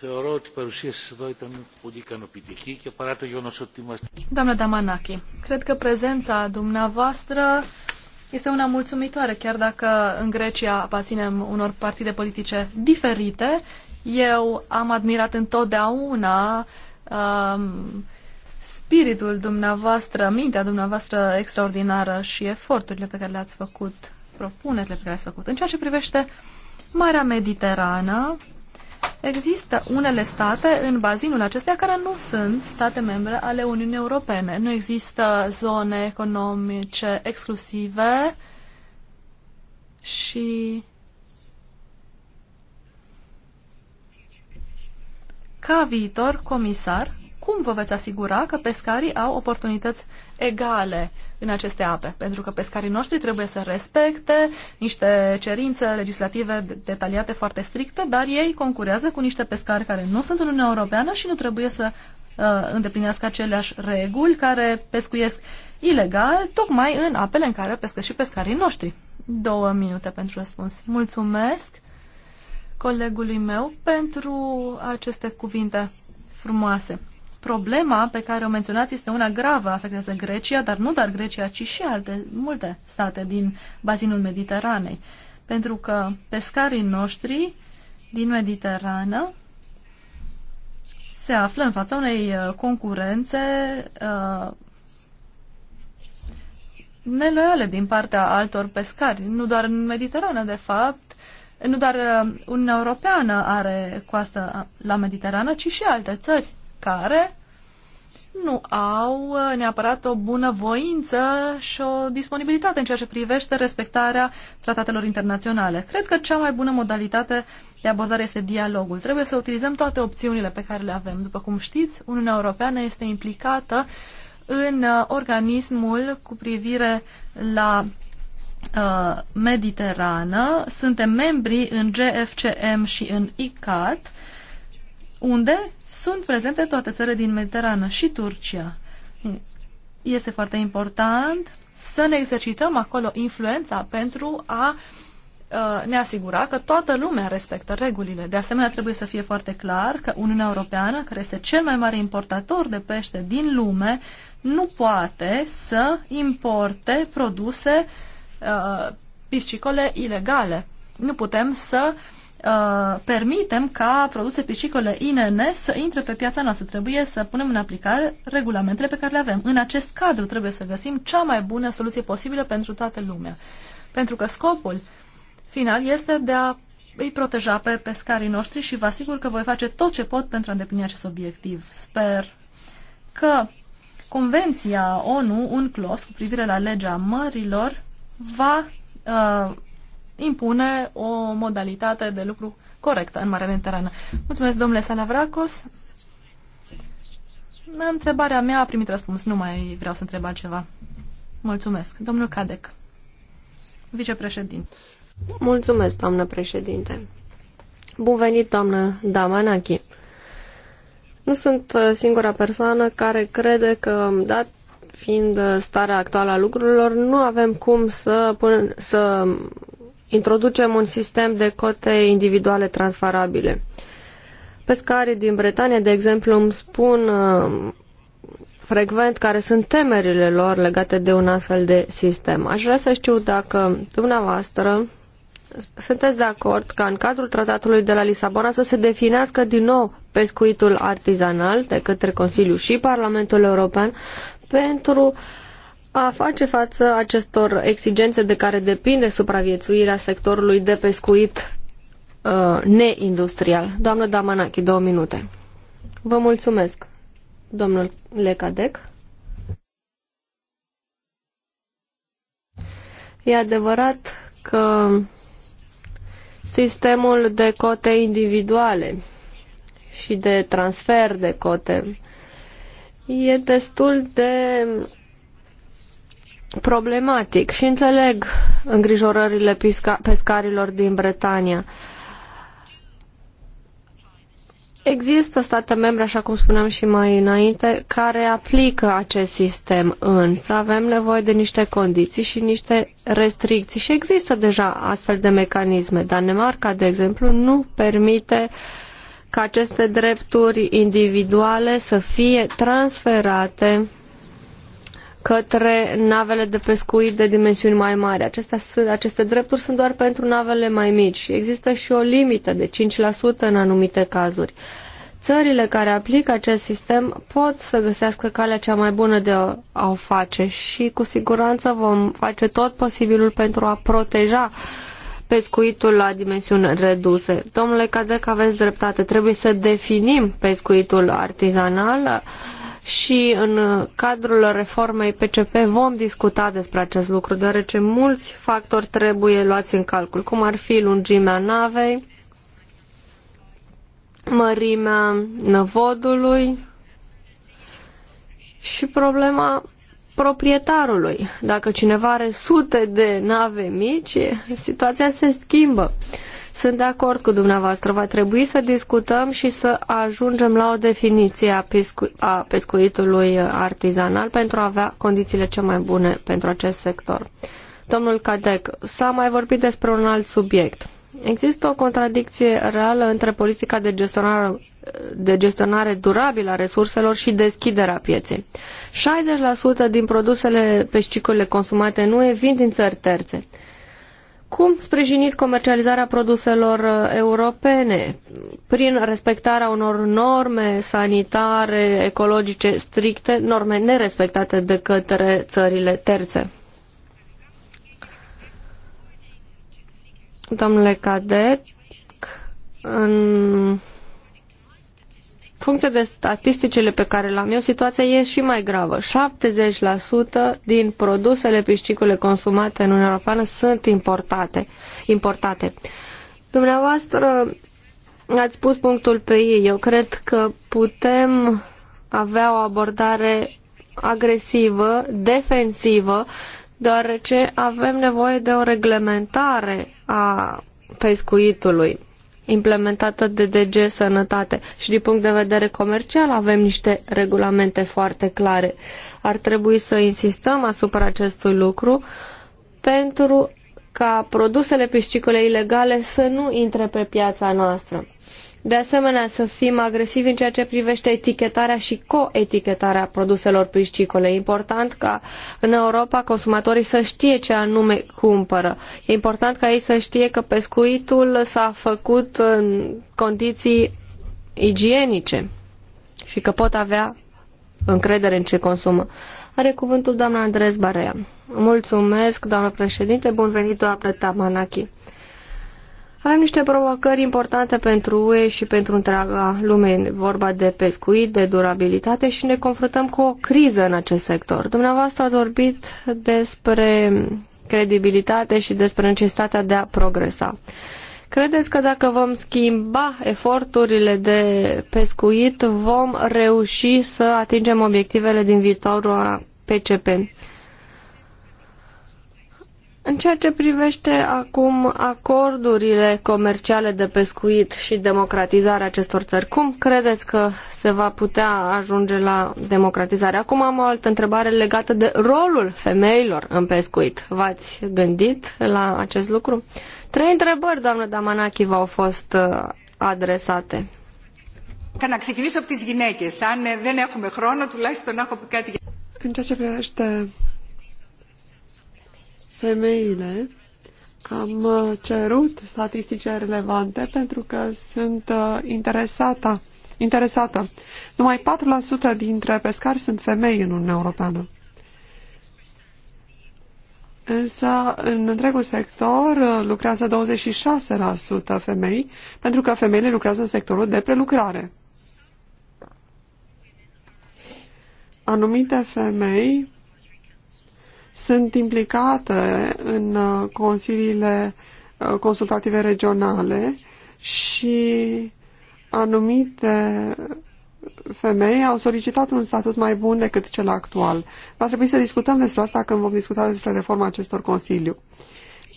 Θεωρώ ότι η παρουσία σας εδώ ήταν πολύ ικανοποιητική και παρά το ότι είμαστε... Doamna Damanaki, cred că prezența dumneavoastră este una mulțumitoare, chiar dacă în Grecia aparținem unor partide politice diferite. Eu am admirat întotdeauna um, spiritul dumneavoastră, mintea dumneavoastră extraordinară și eforturile pe care le-ați făcut, propunerile pe care le-ați făcut. În ceea ce privește Marea Mediterană, Există unele state în bazinul acestea care nu sunt state membre ale Uniunii Europene. Nu există zone economice exclusive și ca viitor comisar, cum vă veți asigura că pescarii au oportunități egale în aceste ape, pentru că pescarii noștri trebuie să respecte niște cerințe legislative detaliate foarte stricte, dar ei concurează cu niște pescari care nu sunt în Uniunea Europeană și nu trebuie să uh, îndeplinească aceleași reguli care pescuiesc ilegal, tocmai în apele în care pescă și pescarii noștri. Două minute pentru răspuns. Mulțumesc colegului meu pentru aceste cuvinte frumoase. Problema pe care o menționați este una gravă, afectează Grecia, dar nu doar Grecia, ci și alte multe state din bazinul Mediteranei. Pentru că pescarii noștri din Mediterană se află în fața unei uh, concurențe uh, neloiale din partea altor pescari, nu doar în Mediterană, de fapt, nu doar uh, Uniunea Europeană are coastă uh, la Mediterană, ci și alte țări care nu au uh, neapărat o bună voință și o disponibilitate în ceea ce privește respectarea tratatelor internaționale. Cred că cea mai bună modalitate de abordare este dialogul. Trebuie să utilizăm toate opțiunile pe care le avem. După cum știți, Uniunea Europeană este implicată în uh, organismul cu privire la uh, Mediterană. Suntem membri în GFCM și în ICAT unde sunt prezente toate țările din Mediterană și Turcia. Este foarte important să ne exercităm acolo influența pentru a uh, ne asigura că toată lumea respectă regulile. De asemenea, trebuie să fie foarte clar că Uniunea Europeană, care este cel mai mare importator de pește din lume, nu poate să importe produse uh, piscicole ilegale. Nu putem să uh, Uh, permitem ca produse piscicole INN să intre pe piața noastră. Trebuie să punem în aplicare regulamentele pe care le avem. În acest cadru trebuie să găsim cea mai bună soluție posibilă pentru toată lumea. Pentru că scopul final este de a îi proteja pe pescarii noștri și vă asigur că voi face tot ce pot pentru a îndeplini acest obiectiv. Sper că Convenția ONU, UNCLOS, cu privire la legea mărilor, va uh, impune o modalitate de lucru corectă în Marea Mediterană. Mulțumesc, domnule Salavracos. Întrebarea mea a primit răspuns. Nu mai vreau să întreb altceva. Mulțumesc. Domnul Cadec, vicepreședinte. Mulțumesc, doamnă președinte. Bun venit, doamnă Damanachi. Nu sunt uh, singura persoană care crede că, dat fiind uh, starea actuală a lucrurilor, nu avem cum să, pun, să introducem un sistem de cote individuale transferabile. Pescarii din Bretania, de exemplu, îmi spun uh, frecvent care sunt temerile lor legate de un astfel de sistem. Aș vrea să știu dacă dumneavoastră sunteți de acord ca în cadrul tratatului de la Lisabona să se definească din nou pescuitul artizanal de către Consiliu și Parlamentul European pentru uh, a face față acestor exigențe de care depinde supraviețuirea sectorului de pescuit uh, neindustrial. Doamnă Damanachi, două minute. Vă mulțumesc, domnul Lecadec. E adevărat că sistemul de cote individuale și de transfer de cote e destul de problematic și înțeleg îngrijorările pescarilor din Bretania. Există state membre, așa cum spuneam și mai înainte, care aplică acest sistem, însă avem nevoie de niște condiții și niște restricții și există deja astfel de mecanisme. Danemarca, de exemplu, nu permite ca aceste drepturi individuale să fie transferate către navele de pescuit de dimensiuni mai mari. Acestea sunt, aceste drepturi sunt doar pentru navele mai mici există și o limită de 5% în anumite cazuri. Țările care aplică acest sistem pot să găsească calea cea mai bună de a o face și cu siguranță vom face tot posibilul pentru a proteja pescuitul la dimensiuni reduse. Domnule Cadec, aveți dreptate, trebuie să definim pescuitul artizanal uh, și în cadrul reformei PCP vom discuta despre acest lucru, deoarece mulți factori trebuie luați în calcul, cum ar fi lungimea navei, mărimea năvodului și problema proprietarului. Dacă cineva are sute de nave mici, situația se schimbă. Sunt de acord cu dumneavoastră. Va trebui să discutăm și să ajungem la o definiție a, pescu- a pescuitului artizanal pentru a avea condițiile cele mai bune pentru acest sector. Domnul Cadec, s-a mai vorbit despre un alt subiect. Există o contradicție reală între politica de gestionare, de gestionare durabilă a resurselor și deschiderea pieței. 60% din produsele pescicole consumate nu e vin din țări terțe. Cum sprijiniți comercializarea produselor uh, europene prin respectarea unor norme sanitare, ecologice stricte, norme nerespectate de către țările terțe? Domnule cadet, în funcție de statisticile pe care le-am eu, situația e și mai gravă. 70% din produsele piscicole consumate în Uniunea Europeană sunt importate. importate. Dumneavoastră ați pus punctul pe ei. Eu cred că putem avea o abordare agresivă, defensivă, deoarece avem nevoie de o reglementare a pescuitului implementată de DG Sănătate și din punct de vedere comercial avem niște regulamente foarte clare. Ar trebui să insistăm asupra acestui lucru pentru ca produsele piscicole ilegale să nu intre pe piața noastră. De asemenea, să fim agresivi în ceea ce privește etichetarea și coetichetarea produselor piscicole. E important ca în Europa consumatorii să știe ce anume cumpără. E important ca ei să știe că pescuitul s-a făcut în condiții igienice și că pot avea încredere în ce consumă. Are cuvântul doamna Andres Barea. Mulțumesc, doamnă președinte, bun venit, doamnă Tamanaki. Avem niște provocări importante pentru UE și pentru întreaga lume. E vorba de pescuit, de durabilitate și ne confruntăm cu o criză în acest sector. Dumneavoastră ați vorbit despre credibilitate și despre necesitatea de a progresa. Credeți că dacă vom schimba eforturile de pescuit, vom reuși să atingem obiectivele din viitorul PCP? În ceea ce privește acum acordurile comerciale de pescuit și democratizarea acestor țări, cum credeți că se va putea ajunge la democratizare? Acum am o altă întrebare legată de rolul femeilor în pescuit. V-ați gândit la acest lucru? Trei întrebări, doamnă Damanachi, v-au fost uh, adresate. Ca ξεκινήσω από Αν δεν έχουμε χρόνο, τουλάχιστον έχω πει κάτι. În ceea ce privește femeile, am uh, cerut statistice relevante pentru că sunt uh, interesată. interesată. Numai 4% dintre pescari sunt femei în Uniunea Europeană. Însă, în întregul sector uh, lucrează 26% femei, pentru că femeile lucrează în sectorul de prelucrare. Anumite femei sunt implicate în uh, consiliile uh, consultative regionale și anumite femei au solicitat un statut mai bun decât cel actual. Va trebui să discutăm despre asta când vom discuta despre reforma acestor consiliu,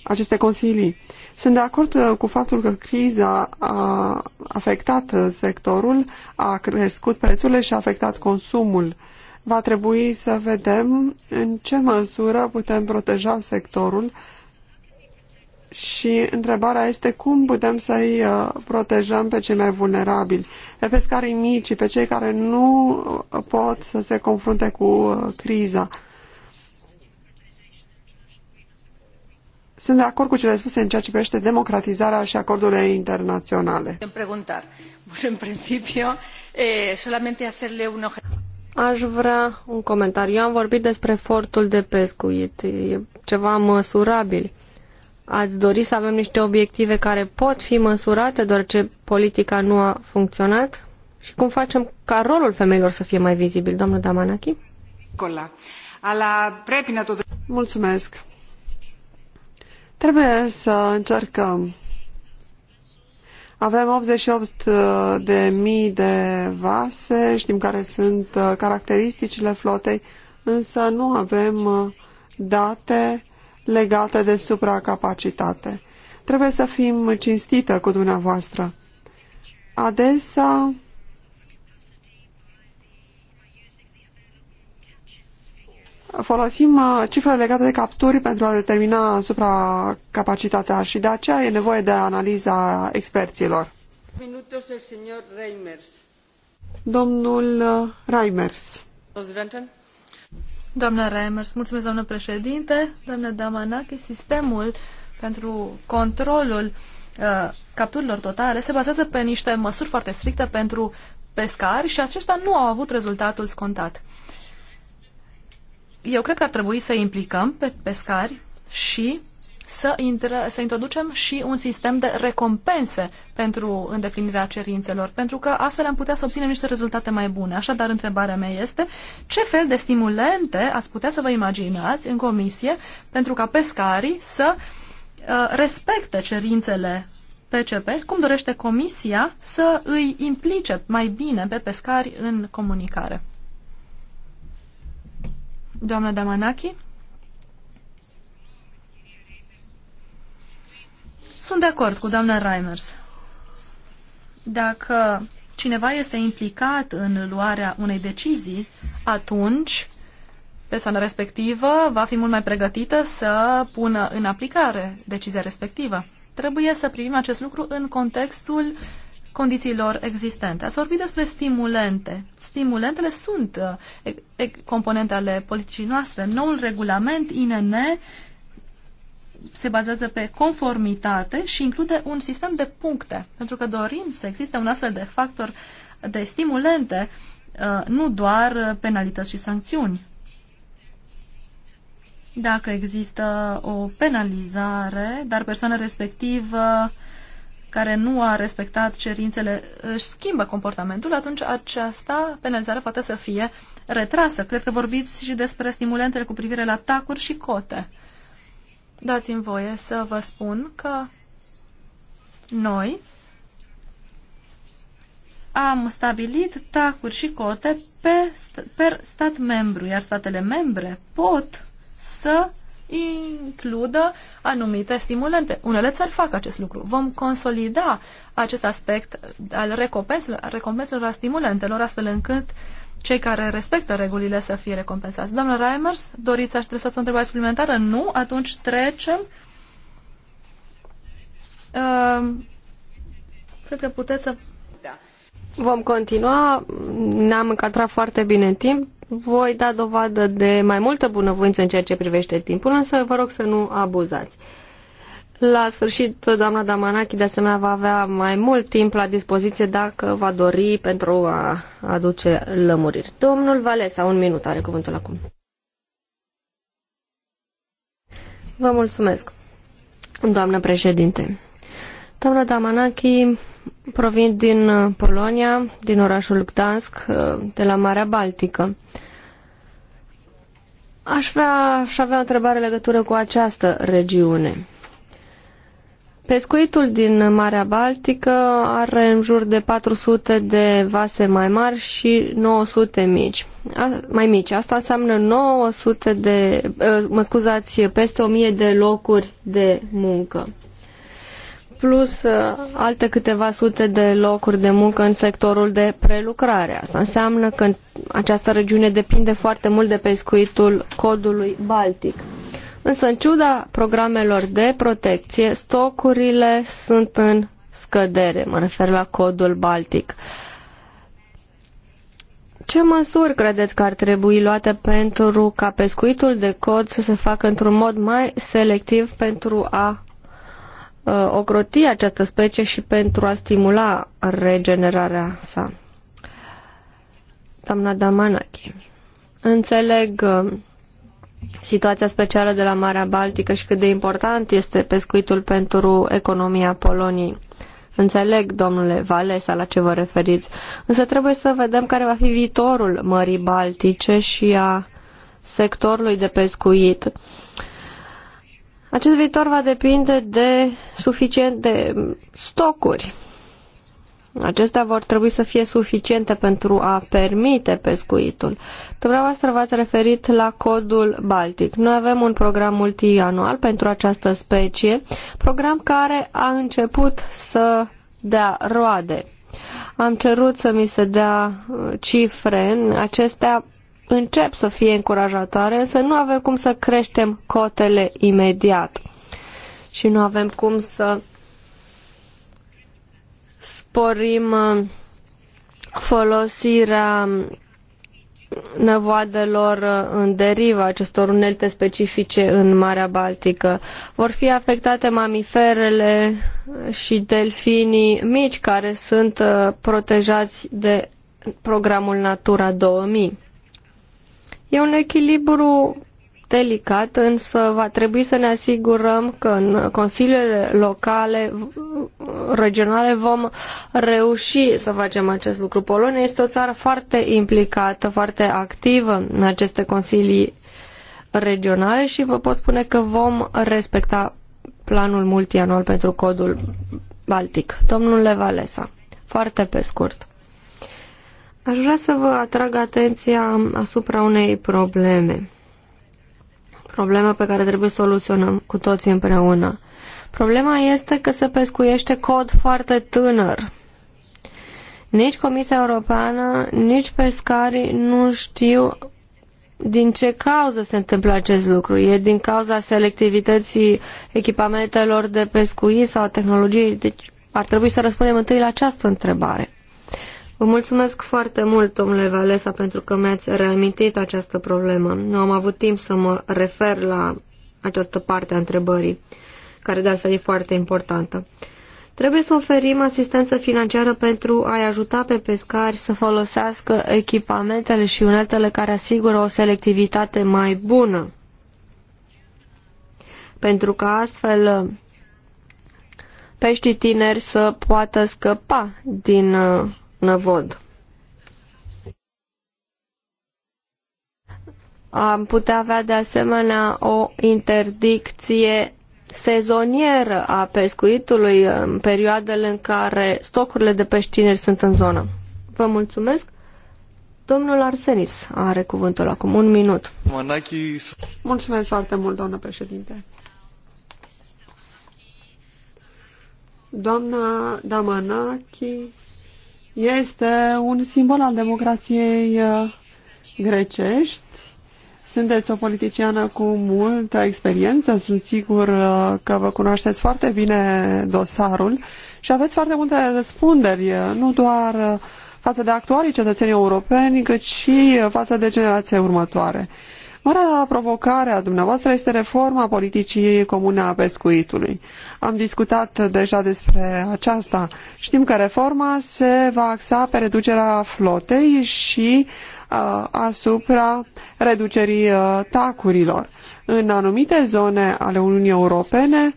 aceste consilii. Sunt de acord uh, cu faptul că criza a afectat sectorul, a crescut prețurile și a afectat consumul va trebui să vedem în ce măsură putem proteja sectorul și întrebarea este cum putem să-i uh, protejăm pe cei mai vulnerabili, pe pescarii mici, pe cei care nu pot să se confrunte cu uh, criza. Sunt de acord cu cele spuse în ceea ce privește democratizarea și acordurile internaționale. Aș vrea un comentariu. Eu am vorbit despre fortul de pescuit. E ceva măsurabil. Ați dori să avem niște obiective care pot fi măsurate, doar ce politica nu a funcționat? Și cum facem ca rolul femeilor să fie mai vizibil, domnul Damanachi? Mulțumesc. Trebuie să încercăm avem 88 uh, de, mii de vase, știm care sunt uh, caracteristicile flotei, însă nu avem uh, date legate de supracapacitate. Trebuie să fim cinstită cu dumneavoastră. Adesea folosim uh, cifrele legate de capturi pentru a determina supracapacitatea și de aceea e nevoie de analiza experților. Reimers. Domnul uh, Reimers. Doamna Reimers, mulțumesc, doamnă președinte, doamnă Damanache. Sistemul pentru controlul uh, capturilor totale se bazează pe niște măsuri foarte stricte pentru pescari și aceștia nu au avut rezultatul scontat eu cred că ar trebui să implicăm pe pescari și să, intră, să introducem și un sistem de recompense pentru îndeplinirea cerințelor, pentru că astfel am putea să obținem niște rezultate mai bune. Așadar, întrebarea mea este ce fel de stimulente ați putea să vă imaginați în comisie pentru ca pescarii să uh, respecte cerințele PCP, cum dorește comisia să îi implice mai bine pe pescari în comunicare. Doamna Damanaki, Sunt de acord cu doamna Reimers. Dacă cineva este implicat în luarea unei decizii, atunci persoana respectivă va fi mult mai pregătită să pună în aplicare decizia respectivă. Trebuie să privim acest lucru în contextul condițiilor existente. Ați vorbit despre stimulente. Stimulentele sunt uh, componente ale politicii noastre. Noul regulament INN se bazează pe conformitate și include un sistem de puncte, pentru că dorim să existe un astfel de factor de stimulente, uh, nu doar uh, penalități și sancțiuni. Dacă există o penalizare, dar persoana respectivă care nu a respectat cerințele își schimbă comportamentul, atunci aceasta, penalizarea poate să fie retrasă. Cred că vorbiți și despre stimulentele cu privire la tacuri și cote. Dați-mi voie să vă spun că noi am stabilit tacuri și cote pe, per stat membru, iar statele membre pot să includă anumite stimulente. Unele țări fac acest lucru. Vom consolida acest aspect al recompenselor, recompenselor al stimulentelor, astfel încât cei care respectă regulile să fie recompensați. Doamna Reimers, doriți să adresați o întrebare suplimentară? Nu? Atunci trecem. Uh, cred că puteți să... Da. Vom continua. Ne-am încadrat foarte bine în timp voi da dovadă de mai multă bunăvoință în ceea ce privește timpul, însă vă rog să nu abuzați. La sfârșit, doamna Damanachi de asemenea va avea mai mult timp la dispoziție dacă va dori pentru a aduce lămuriri. Domnul Valesa, un minut, are cuvântul acum. Vă mulțumesc, doamnă președinte. Doamna Damanaki, provin din uh, Polonia, din orașul Gdansk, uh, de la Marea Baltică. Aș vrea și avea o întrebare legătură cu această regiune. Pescuitul din Marea Baltică are în jur de 400 de vase mai mari și 900 mici. A, mai mici. Asta înseamnă 900 de, uh, mă scuzați, peste 1000 de locuri de muncă plus uh, alte câteva sute de locuri de muncă în sectorul de prelucrare. Asta înseamnă că această regiune depinde foarte mult de pescuitul codului Baltic. Însă, în ciuda programelor de protecție, stocurile sunt în scădere. Mă refer la codul Baltic. Ce măsuri credeți că ar trebui luate pentru ca pescuitul de cod să se facă într-un mod mai selectiv pentru a Uh, ocroti această specie și pentru a stimula regenerarea sa. Doamna Damanache, înțeleg uh, situația specială de la Marea Baltică și cât de important este pescuitul pentru economia Poloniei. Înțeleg, domnule Valesa, la ce vă referiți, însă trebuie să vedem care va fi viitorul Mării Baltice și a sectorului de pescuit. Uh, acest viitor va depinde de suficiente stocuri. Acestea vor trebui să fie suficiente pentru a permite pescuitul. Dumneavoastră v-ați referit la codul Baltic. Noi avem un program multianual pentru această specie, program care a început să dea roade. Am cerut să mi se dea uh, cifre. Acestea încep să fie încurajatoare, însă nu avem cum să creștem cotele imediat. Și nu avem cum să sporim uh, folosirea um, nevoadelor uh, în deriva acestor unelte specifice în Marea Baltică. Vor fi afectate mamiferele și delfinii mici care sunt uh, protejați de programul Natura 2000. E un echilibru delicat, însă va trebui să ne asigurăm că în consiliile locale, regionale vom reuși să facem acest lucru. Polonia este o țară foarte implicată, foarte activă în aceste consilii regionale și vă pot spune că vom respecta planul multianual pentru codul Baltic. domnule Valesa. foarte pe scurt. Aș vrea să vă atrag atenția asupra unei probleme. Problema pe care trebuie să o soluționăm cu toții împreună. Problema este că se pescuiește cod foarte tânăr. Nici Comisia Europeană, nici pescarii nu știu din ce cauză se întâmplă acest lucru? E din cauza selectivității echipamentelor de pescuit sau tehnologiei? Deci ar trebui să răspundem întâi la această întrebare. Vă mulțumesc foarte mult, domnule Valesa, pentru că mi-ați reamintit această problemă. Nu am avut timp să mă refer la această parte a întrebării, care de altfel e foarte importantă. Trebuie să oferim asistență financiară pentru a-i ajuta pe pescari să folosească echipamentele și uneltele care asigură o selectivitate mai bună. Pentru că astfel peștii tineri să poată scăpa din uh, Năvod. Am putea avea de asemenea o interdicție sezonieră a pescuitului în perioadele în care stocurile de peștineri sunt în zonă. Vă mulțumesc. Domnul Arsenis are cuvântul acum. Un minut. Mulțumesc foarte mult, doamnă președinte. Doamna Damanaki este un simbol al democrației uh, grecești. Sunteți o politiciană cu multă experiență, sunt sigur uh, că vă cunoașteți foarte bine dosarul și aveți foarte multe răspunderi, uh, nu doar față de actualii cetățeni europeni, cât și față de generația următoare. Marea provocare a dumneavoastră este reforma politicii comune a pescuitului. Am discutat deja despre aceasta. Știm că reforma se va axa pe reducerea flotei și uh, asupra reducerii uh, tacurilor. În anumite zone ale Uniunii Europene,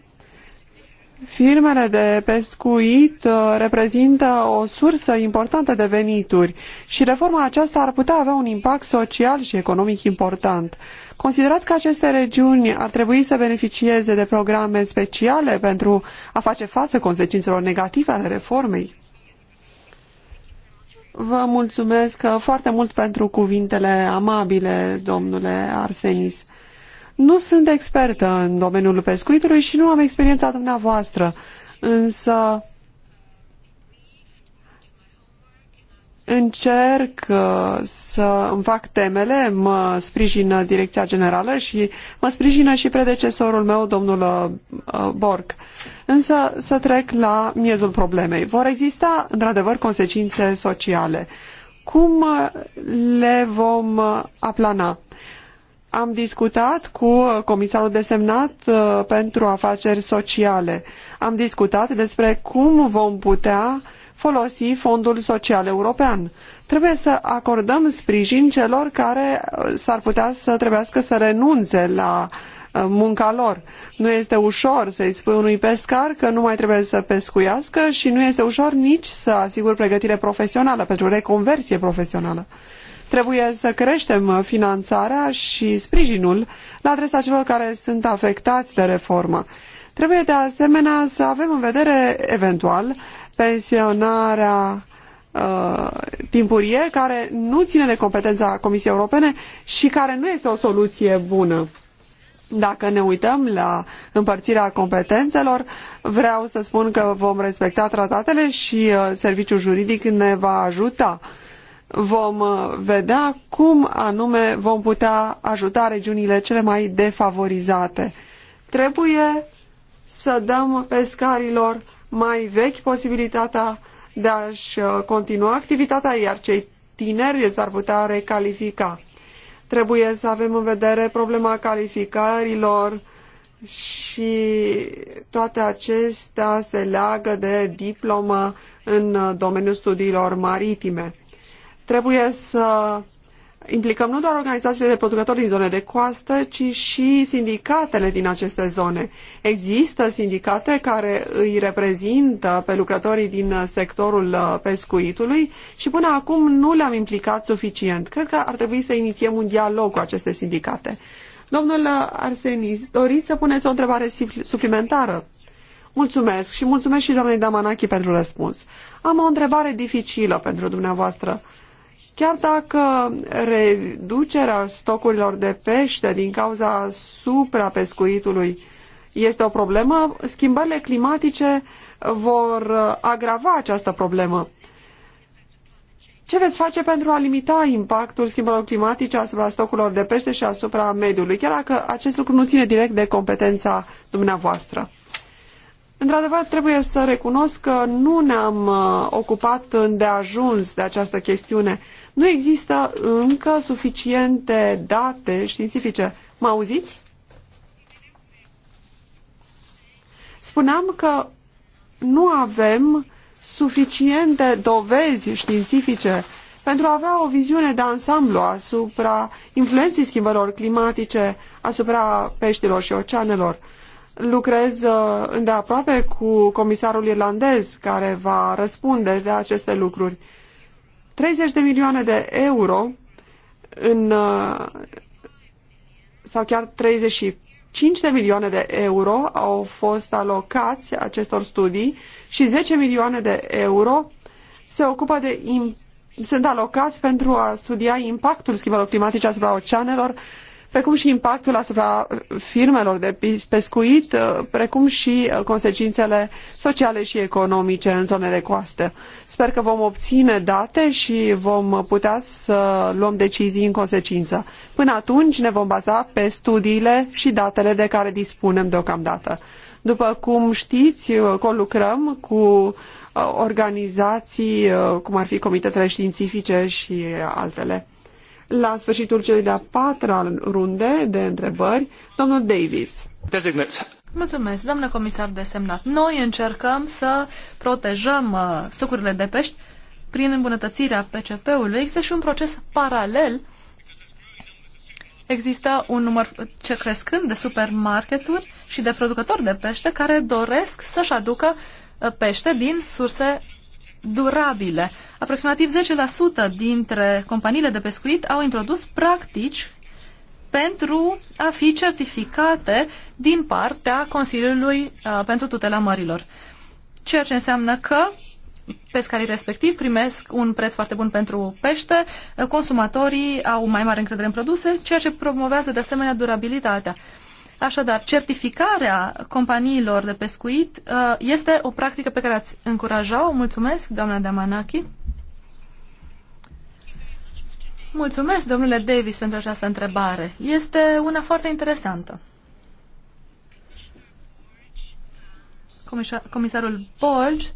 Firmele de pescuit uh, reprezintă o sursă importantă de venituri și reforma aceasta ar putea avea un impact social și economic important. Considerați că aceste regiuni ar trebui să beneficieze de programe speciale pentru a face față consecințelor negative ale reformei? Vă mulțumesc foarte mult pentru cuvintele amabile, domnule Arsenis. Nu sunt expertă în domeniul pescuitului și nu am experiența dumneavoastră, însă încerc uh, să îmi fac temele, mă sprijină Direcția Generală și mă sprijină și predecesorul meu, domnul uh, Borg. Însă să trec la miezul problemei. Vor exista, într-adevăr, consecințe sociale. Cum le vom uh, aplana? am discutat cu comisarul desemnat uh, pentru afaceri sociale. Am discutat despre cum vom putea folosi Fondul Social European. Trebuie să acordăm sprijin celor care uh, s-ar putea să trebuiască să renunțe la uh, munca lor. Nu este ușor să-i spui unui pescar că nu mai trebuie să pescuiască și nu este ușor nici să asiguri pregătire profesională pentru reconversie profesională. Trebuie să creștem finanțarea și sprijinul la adresa celor care sunt afectați de reformă. Trebuie de asemenea să avem în vedere eventual pensionarea uh, timpurie care nu ține de competența Comisiei Europene și care nu este o soluție bună. Dacă ne uităm la împărțirea competențelor, vreau să spun că vom respecta tratatele și uh, serviciul juridic ne va ajuta uh, vom uh, vedea cum anume vom putea ajuta regiunile cele mai defavorizate. Trebuie să dăm pescarilor mai vechi posibilitatea de a-și uh, continua activitatea, iar cei tineri s-ar putea recalifica. Trebuie să avem în vedere problema calificărilor și toate acestea se leagă de diploma în uh, domeniul studiilor maritime. Trebuie să implicăm nu doar organizațiile de producători din zone de coastă, ci și sindicatele din aceste zone. Există sindicate care îi reprezintă pe lucrătorii din sectorul uh, pescuitului și până acum nu le-am implicat suficient. Cred că ar trebui să inițiem un dialog cu aceste sindicate. Domnul Arsenis, doriți să puneți o întrebare suplimentară? Mulțumesc și mulțumesc și doamnei Damanachi pentru răspuns. Am o întrebare dificilă pentru dumneavoastră. Chiar dacă reducerea stocurilor de pește din cauza suprapescuitului este o problemă, schimbările climatice vor agrava această problemă. Ce veți face pentru a limita impactul schimbărilor climatice asupra stocurilor de pește și asupra mediului, chiar dacă acest lucru nu ține direct de competența dumneavoastră? Într-adevăr, trebuie să recunosc că nu ne-am uh, ocupat îndeajuns de această chestiune. Nu există încă suficiente date științifice. Mă auziți? Spuneam că nu avem suficiente dovezi științifice pentru a avea o viziune de ansamblu asupra influenței schimbărilor climatice asupra peștilor și oceanelor. Lucrez uh, îndeaproape cu comisarul irlandez care va răspunde de aceste lucruri. 30 de milioane de euro în, uh, sau chiar 35 de milioane de euro au fost alocați acestor studii și 10 milioane de euro se ocupă de sunt alocați pentru a studia impactul schimbărilor climatice asupra oceanelor precum și impactul asupra uh, firmelor de pescuit, uh, precum și uh, consecințele sociale și economice în zone de coastă. Sper că vom obține date și vom putea să luăm decizii în consecință. Până atunci ne vom baza pe studiile și datele de care dispunem deocamdată. După cum știți, colucrăm cu organizații, cum ar fi comitetele științifice și altele la sfârșitul celei de-a patra runde de întrebări, domnul Davis. Designate. Mulțumesc, domnule comisar de semnat. Noi încercăm să protejăm uh, stocurile de pești prin îmbunătățirea PCP-ului. Există și un proces paralel Există un număr ce crescând de supermarketuri și de producători de pește care doresc să-și aducă uh, pește din surse durabile. Aproximativ 10% dintre companiile de pescuit au introdus practici pentru a fi certificate din partea Consiliului uh, pentru tutela mărilor. Ceea ce înseamnă că pescarii respectiv primesc un preț foarte bun pentru pește, uh, consumatorii au mai mare încredere în produse, ceea ce promovează de asemenea durabilitatea. Așadar, certificarea companiilor de pescuit uh, este o practică pe care ați încuraja-o. Mulțumesc, doamna Damanaki. Mulțumesc, domnule Davis, pentru această întrebare. Este una foarte interesantă. Comisarul Bolge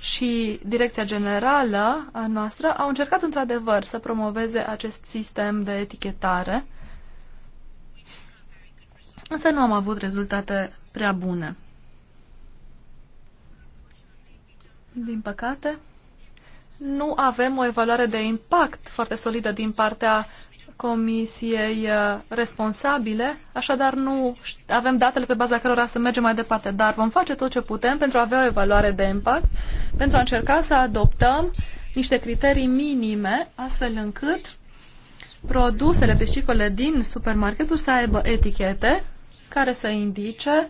și Direcția Generală a noastră au încercat într-adevăr să promoveze acest sistem de etichetare Însă nu am avut rezultate prea bune. Din păcate, nu avem o evaluare de impact foarte solidă din partea comisiei uh, responsabile, așadar nu avem datele pe baza cărora să mergem mai departe, dar vom face tot ce putem pentru a avea o evaluare de impact, pentru a încerca să adoptăm niște criterii minime, astfel încât produsele piscicole din supermarketuri să aibă etichete care să indice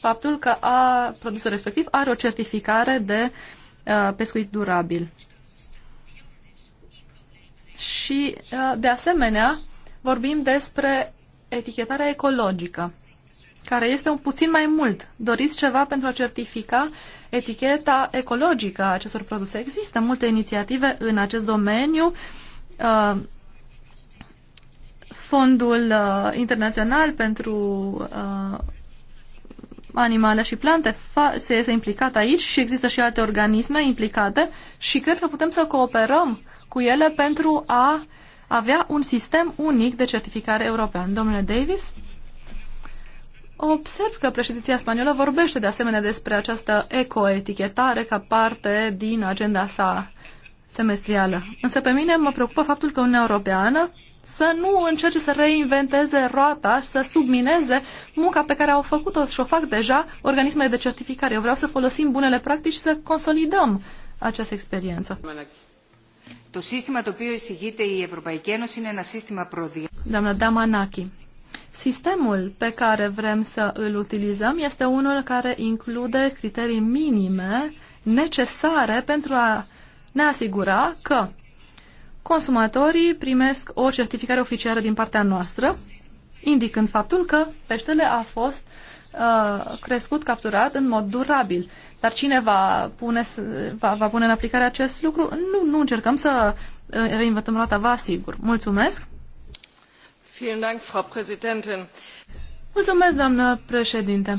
faptul că a, produsul respectiv are o certificare de uh, pescuit durabil. Și, uh, de asemenea, vorbim despre etichetarea ecologică, care este un puțin mai mult. Doriți ceva pentru a certifica eticheta ecologică a acestor produse. Există multe inițiative în acest domeniu. Uh, Fondul uh, Internațional pentru uh, Animale și Plante se este implicat aici și există și alte organisme implicate și cred că putem să cooperăm cu ele pentru a avea un sistem unic de certificare european. Domnule Davis? Observ că președinția spaniolă vorbește de asemenea despre această ecoetichetare ca parte din agenda sa semestrială. Însă pe mine mă preocupă faptul că Uniunea Europeană să nu încerce să reinventeze roata, să submineze munca pe care au făcut-o și o fac deja organismele de certificare. Eu vreau să folosim bunele practici și să consolidăm această experiență. Το σύστημα το οποίο εισηγείται η Ευρωπαϊκή Ένωση είναι ένα σύστημα Doamna Damanaki, sistemul pe care vrem să îl utilizăm este unul care include criterii minime necesare pentru a ne asigura că consumatorii primesc o certificare oficială din partea noastră, indicând faptul că peștele a fost uh, crescut, capturat în mod durabil. Dar cine va pune, va, va pune în aplicare acest lucru? Nu, nu încercăm să uh, reinventăm roata, vă asigur. Mulțumesc! Mulțumesc, doamnă președinte!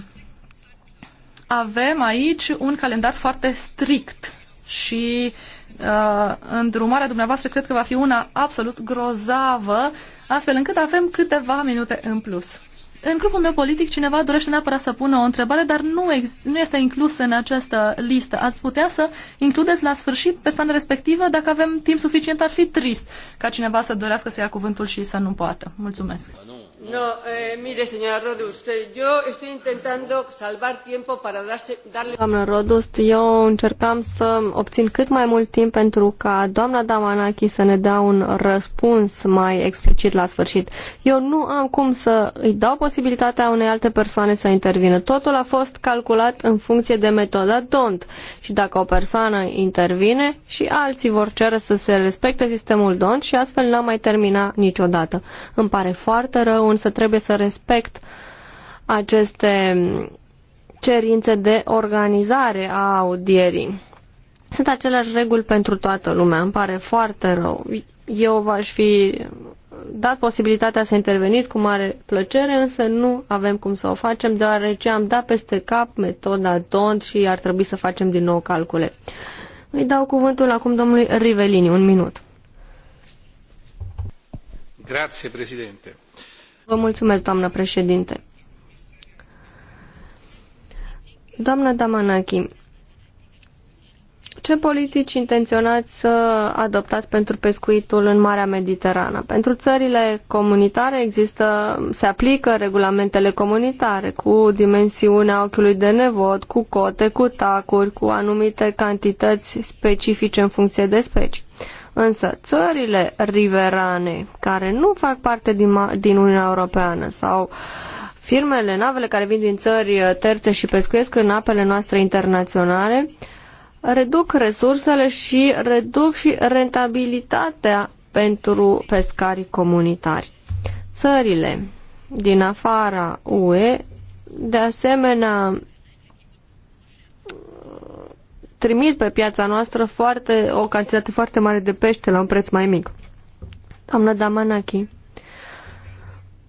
Avem aici un calendar foarte strict și uh, îndrumarea dumneavoastră cred că va fi una absolut grozavă, astfel încât avem câteva minute în plus. În grupul meu politic cineva dorește neapărat să pună o întrebare, dar nu, nu este inclusă în această listă. Ați putea să includeți la sfârșit persoana respectivă, dacă avem timp suficient ar fi trist ca cineva să dorească să ia cuvântul și să nu poată. Mulțumesc. Ba, nu. No, eh, mire, señora Rodust, yo estoy intentando salvar tiempo para darse, darle... Doamna Rodust, eu încercam să obțin cât mai mult timp pentru ca doamna Damanaki să ne dea un răspuns mai explicit la sfârșit. Eu nu am cum să îi dau posibilitatea unei alte persoane să intervină. Totul a fost calculat în funcție de metoda DONT și dacă o persoană intervine și alții vor cere să se respecte sistemul DONT și astfel n-am mai terminat niciodată. Îmi pare foarte rău, însă trebuie să respect aceste cerințe de organizare a audierii. Sunt aceleași reguli pentru toată lumea, îmi pare foarte rău. Eu v-aș fi dat posibilitatea să interveniți cu mare plăcere, însă nu avem cum să o facem, deoarece am dat peste cap metoda DONT și ar trebui să facem din nou calcule. Îi dau cuvântul acum domnului Rivelini, un minut. Grazie, președinte. Vă mulțumesc, doamnă președinte. Doamnă Damanaki, ce politici intenționați să adoptați pentru pescuitul în Marea Mediterană? Pentru țările comunitare există, se aplică regulamentele comunitare cu dimensiunea ochiului de nevod, cu cote, cu tacuri, cu anumite cantități specifice în funcție de specii. Însă țările riverane care nu fac parte din, din Uniunea Europeană sau firmele, navele care vin din țări uh, terțe și pescuiesc în apele noastre internaționale, reduc resursele și reduc și rentabilitatea pentru pescarii comunitari. Țările din afara UE de asemenea trimit pe piața noastră foarte, o cantitate foarte mare de pește la un preț mai mic. Doamna Damanachi,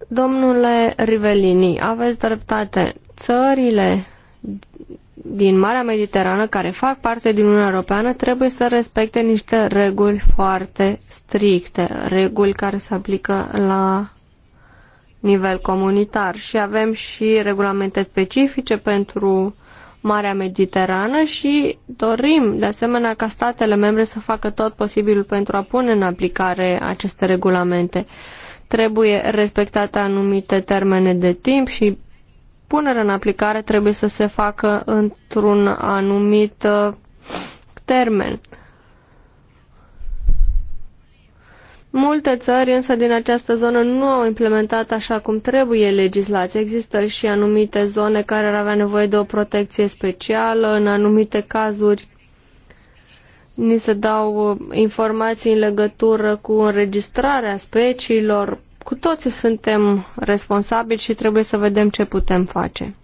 domnule Rivelini, aveți dreptate. Țările din Marea Mediterană, care fac parte din Uniunea Europeană, trebuie să respecte niște reguli foarte stricte, reguli care se aplică la nivel comunitar și avem și regulamente specifice pentru Marea Mediterană și dorim, de asemenea, ca statele membre să facă tot posibilul pentru a pune în aplicare aceste regulamente. Trebuie respectate anumite termene de timp și punerea în aplicare trebuie să se facă într-un anumit uh, termen. Multe țări însă din această zonă nu au implementat așa cum trebuie legislația. Există și anumite zone care ar avea nevoie de o protecție specială. În anumite cazuri ni se dau informații în legătură cu înregistrarea speciilor. Cu toții suntem responsabili și trebuie să vedem ce putem face.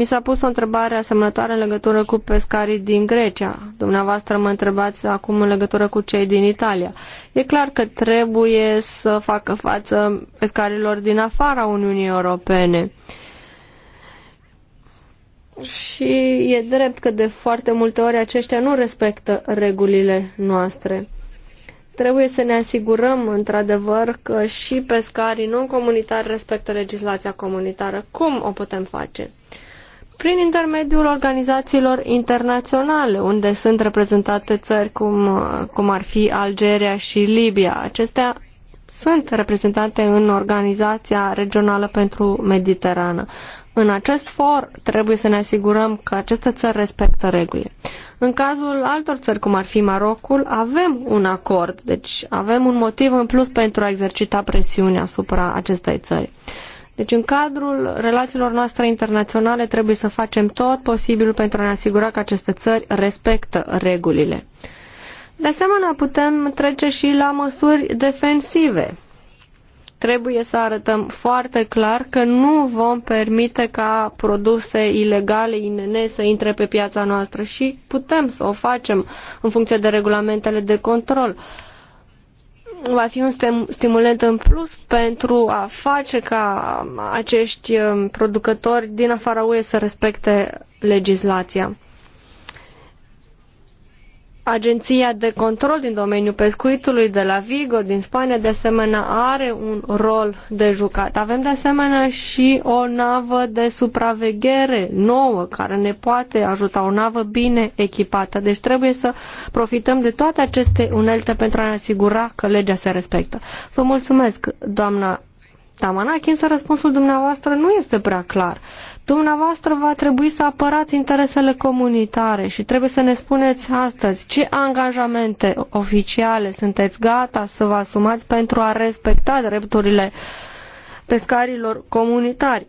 Mi s-a pus o întrebare asemănătoare în legătură cu pescarii din Grecia. Dumneavoastră mă întrebați acum în legătură cu cei din Italia. E clar că trebuie să facă față pescarilor din afara Uniunii Europene. Și e drept că de foarte multe ori aceștia nu respectă regulile noastre trebuie să ne asigurăm, într-adevăr, că și pescarii non-comunitari respectă legislația comunitară. Cum o putem face? prin intermediul organizațiilor internaționale, unde sunt reprezentate țări cum, cum ar fi Algeria și Libia. Acestea sunt reprezentate în Organizația Regională pentru Mediterană. În acest for trebuie să ne asigurăm că aceste țări respectă regulile. În cazul altor țări, cum ar fi Marocul, avem un acord, deci avem un motiv în plus pentru a exercita presiunea asupra acestei țări. Deci în cadrul relațiilor noastre internaționale trebuie să facem tot posibilul pentru a ne asigura că aceste țări respectă regulile. De asemenea, putem trece și la măsuri defensive. Trebuie să arătăm foarte clar că nu vom permite ca produse ilegale, INN, să intre pe piața noastră și putem să o facem în funcție de regulamentele de control. Uh, va fi un stimulent în plus pentru a face ca acești um, producători din afara UE să respecte legislația. Agenția de control din domeniul pescuitului de la Vigo, din Spania, de asemenea, are un rol de jucat. Avem de asemenea și o navă de supraveghere nouă care ne poate ajuta, o navă bine echipată. Deci trebuie să profităm de toate aceste unelte pentru a ne asigura că legea se respectă. Vă mulțumesc, doamna Tamanac, însă răspunsul dumneavoastră nu este prea clar. Dumneavoastră va trebui să apărați interesele comunitare și trebuie să ne spuneți astăzi ce angajamente oficiale sunteți gata să vă asumați pentru a respecta drepturile pescarilor comunitari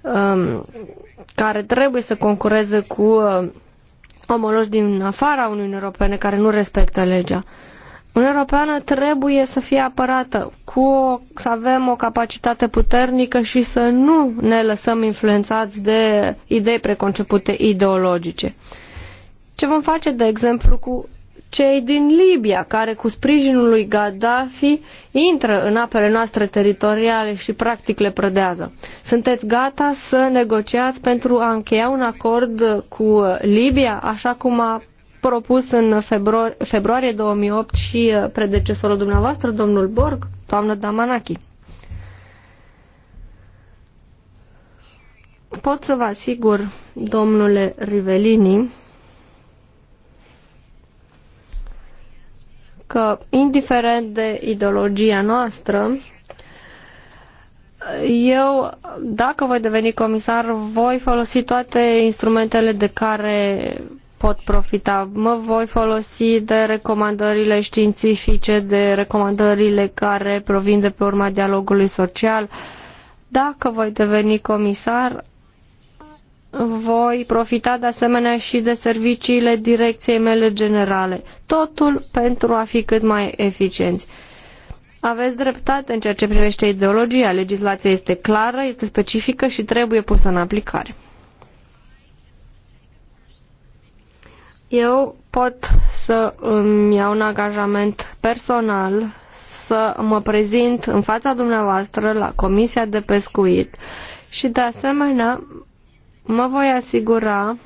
um, care trebuie să concureze cu uh, omologi din afara Uniunii Europene care nu respectă legea. Uniunea Europeană trebuie să fie apărată, cu o, să avem o capacitate puternică și să nu ne lăsăm influențați de idei preconcepute ideologice. Ce vom face, de exemplu, cu cei din Libia, care cu sprijinul lui Gaddafi intră în apele noastre teritoriale și practic le prădează. Sunteți gata să negociați pentru a încheia un acord cu Libia, așa cum a propus în februar, februarie 2008 și uh, predecesorul dumneavoastră, domnul Borg, doamnă Damanachi. Pot să vă asigur, domnule Rivelini, că, indiferent de ideologia noastră, eu, dacă voi deveni comisar, voi folosi toate instrumentele de care pot profita. Mă voi folosi de recomandările științifice, de recomandările care provin de pe urma dialogului social. Dacă voi deveni comisar, voi profita de asemenea și de serviciile direcției mele generale. Totul pentru a fi cât mai eficienți. Aveți dreptate în ceea ce privește ideologia. Legislația este clară, este specifică și trebuie pusă în aplicare. Eu pot să îmi iau un angajament personal să mă prezint în fața dumneavoastră la Comisia de Pescuit și de asemenea mă voi asigura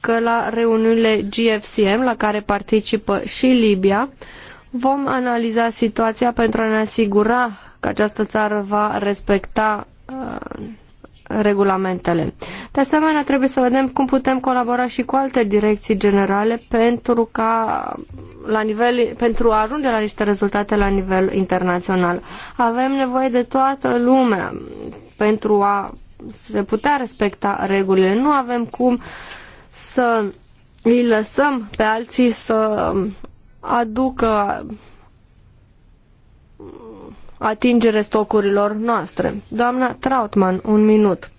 că la reuniunile GFCM la care participă și Libia vom analiza situația pentru a ne asigura că această țară va respecta uh, regulamentele. De asemenea, trebuie să vedem cum putem colabora și cu alte direcții generale pentru ca la nivel, pentru a ajunge la niște rezultate la nivel internațional. Avem nevoie de toată lumea pentru a se putea respecta regulile. Nu avem cum să îi lăsăm pe alții să aducă atingere stocurilor noastre. Doamna Trautman, un minut.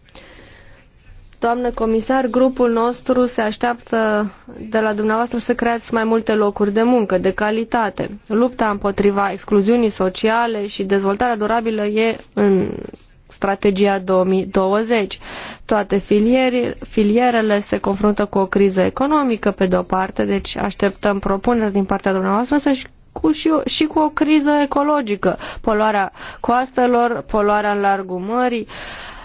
Doamnă comisar, grupul nostru se așteaptă de la dumneavoastră să creați mai multe locuri de muncă, de calitate. Lupta împotriva excluziunii sociale și dezvoltarea durabilă e în strategia 2020. Toate filierele se confruntă cu o criză economică, pe de-o parte, deci așteptăm propuneri din partea dumneavoastră să -și cu și, o, și cu o criză ecologică, poluarea coastelor, poluarea în largul mării, uh,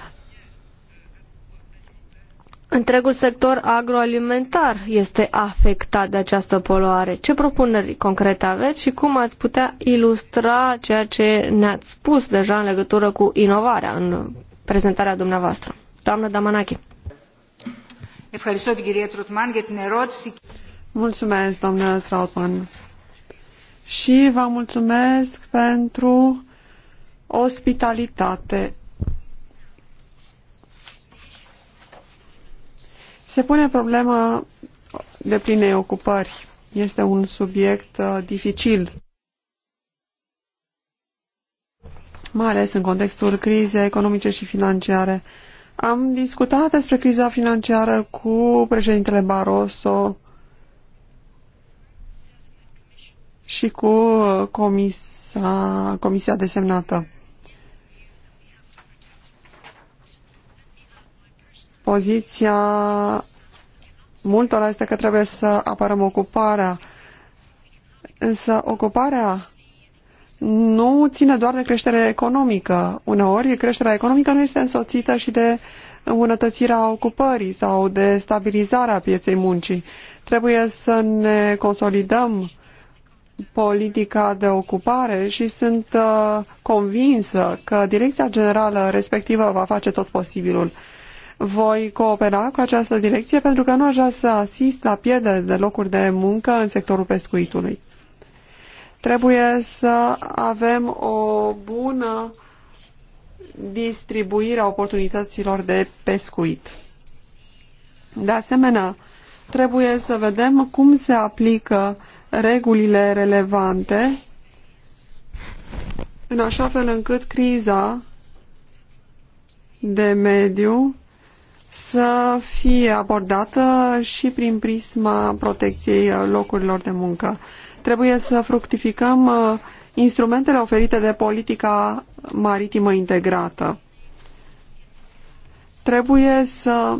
Întregul sector agroalimentar este afectat de această poluare. Ce propuneri concrete aveți și cum ați putea ilustra ceea ce ne-ați spus deja în legătură cu inovarea în prezentarea dumneavoastră? Doamnă Damanache. Mulțumesc, doamnă Trautmann. Și vă mulțumesc pentru ospitalitate. Se pune problema plinei ocupări. Este un subiect uh, dificil, mai ales în contextul crizei economice și financiare. Am discutat despre criza financiară cu președintele Barroso și cu uh, comisa, comisia desemnată. poziția multora este că trebuie să apărăm ocuparea. Însă ocuparea nu ține doar de creștere economică. Uneori creșterea economică nu este însoțită și de îmbunătățirea ocupării sau de stabilizarea pieței muncii. Trebuie să ne consolidăm politica de ocupare și sunt uh, convinsă că direcția generală respectivă va face tot posibilul. Voi coopera cu această direcție pentru că nu aș vrea să asist la pierdere de locuri de muncă în sectorul pescuitului. Trebuie să avem o bună distribuire a oportunităților de pescuit. De asemenea, trebuie să vedem cum se aplică regulile relevante în așa fel încât criza de mediu să fie abordată și prin prisma protecției locurilor de muncă. Trebuie să fructificăm uh, instrumentele oferite de politica maritimă integrată. Trebuie să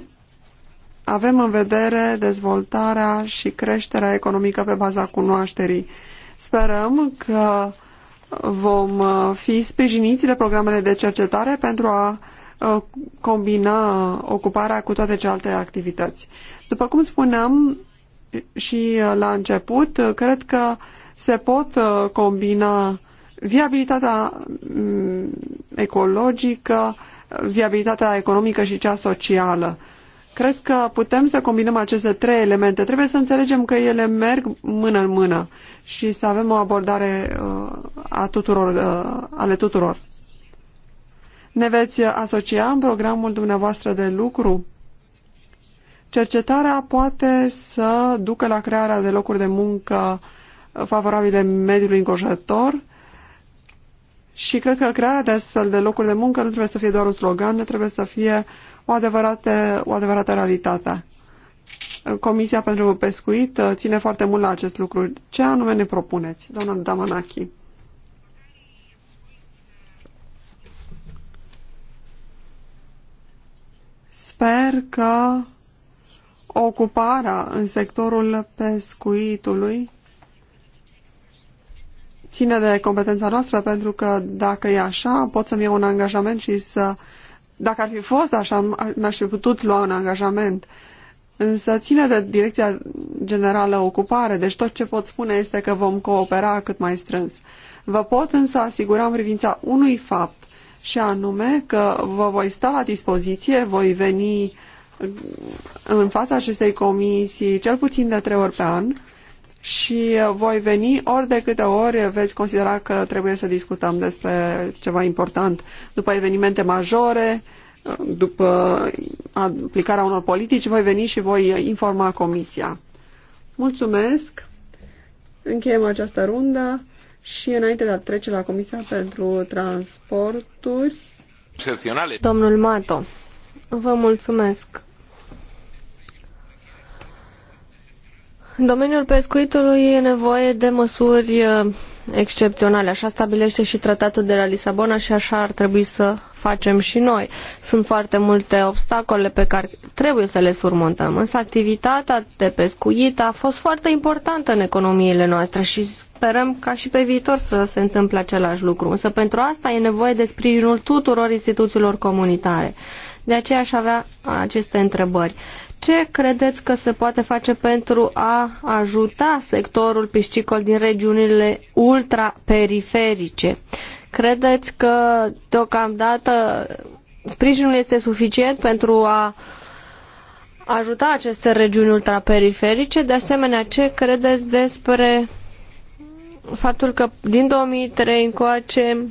avem în vedere dezvoltarea și creșterea economică pe baza cunoașterii. Sperăm că vom uh, fi sprijiniți de programele de cercetare pentru a Uh, combina ocuparea cu toate celelalte activități. După cum spuneam și uh, la început, uh, cred că se pot combina viabilitatea mm, ecologică, viabilitatea economică și cea socială. Cred că putem să combinăm aceste trei elemente. Trebuie să înțelegem că ele merg mână în mână și să avem o abordare a tuturor, ale tuturor. Ne veți asocia în programul dumneavoastră de lucru? Cercetarea poate să ducă la crearea de locuri de muncă favorabile mediului înconjurător și cred că crearea de astfel de locuri de muncă nu trebuie să fie doar un slogan, nu trebuie să fie o adevărată, o adevărată realitate. Comisia pentru Pescuit ține foarte mult la acest lucru. Ce anume ne propuneți, doamna Damanachi? Sper că ocuparea în sectorul pescuitului ține de competența noastră, pentru că dacă e așa, pot să-mi iau un angajament și să... Dacă ar fi fost așa, mi-aș fi putut lua un angajament. Însă ține de Direcția Generală Ocupare, deci tot ce pot spune este că vom coopera cât mai strâns. Vă pot însă asigura în privința unui fapt și anume că vă voi sta la dispoziție, voi veni în fața acestei comisii cel puțin de trei ori pe an și voi veni ori de câte ori veți considera că trebuie să discutăm despre ceva important după evenimente majore, după aplicarea unor politici, voi veni și voi informa comisia. Mulțumesc! Încheiem această rundă. Și înainte de a trece la Comisia pentru Transporturi, domnul Mato, vă mulțumesc. În domeniul pescuitului e nevoie de măsuri uh, excepționale. Așa stabilește și tratatul de la Lisabona și așa ar trebui să facem și noi. Sunt foarte multe obstacole pe care trebuie să le surmontăm, însă activitatea de pescuit a fost foarte importantă în economiile noastre și sperăm ca și pe viitor să se întâmple același lucru. Însă pentru asta e nevoie de sprijinul tuturor instituțiilor comunitare. De aceea aș avea aceste întrebări. Ce credeți că se poate face pentru a ajuta sectorul piscicol din regiunile ultraperiferice? Credeți că deocamdată sprijinul este suficient pentru a ajuta aceste regiuni ultraperiferice? De asemenea, ce credeți despre faptul că din 2003 încoace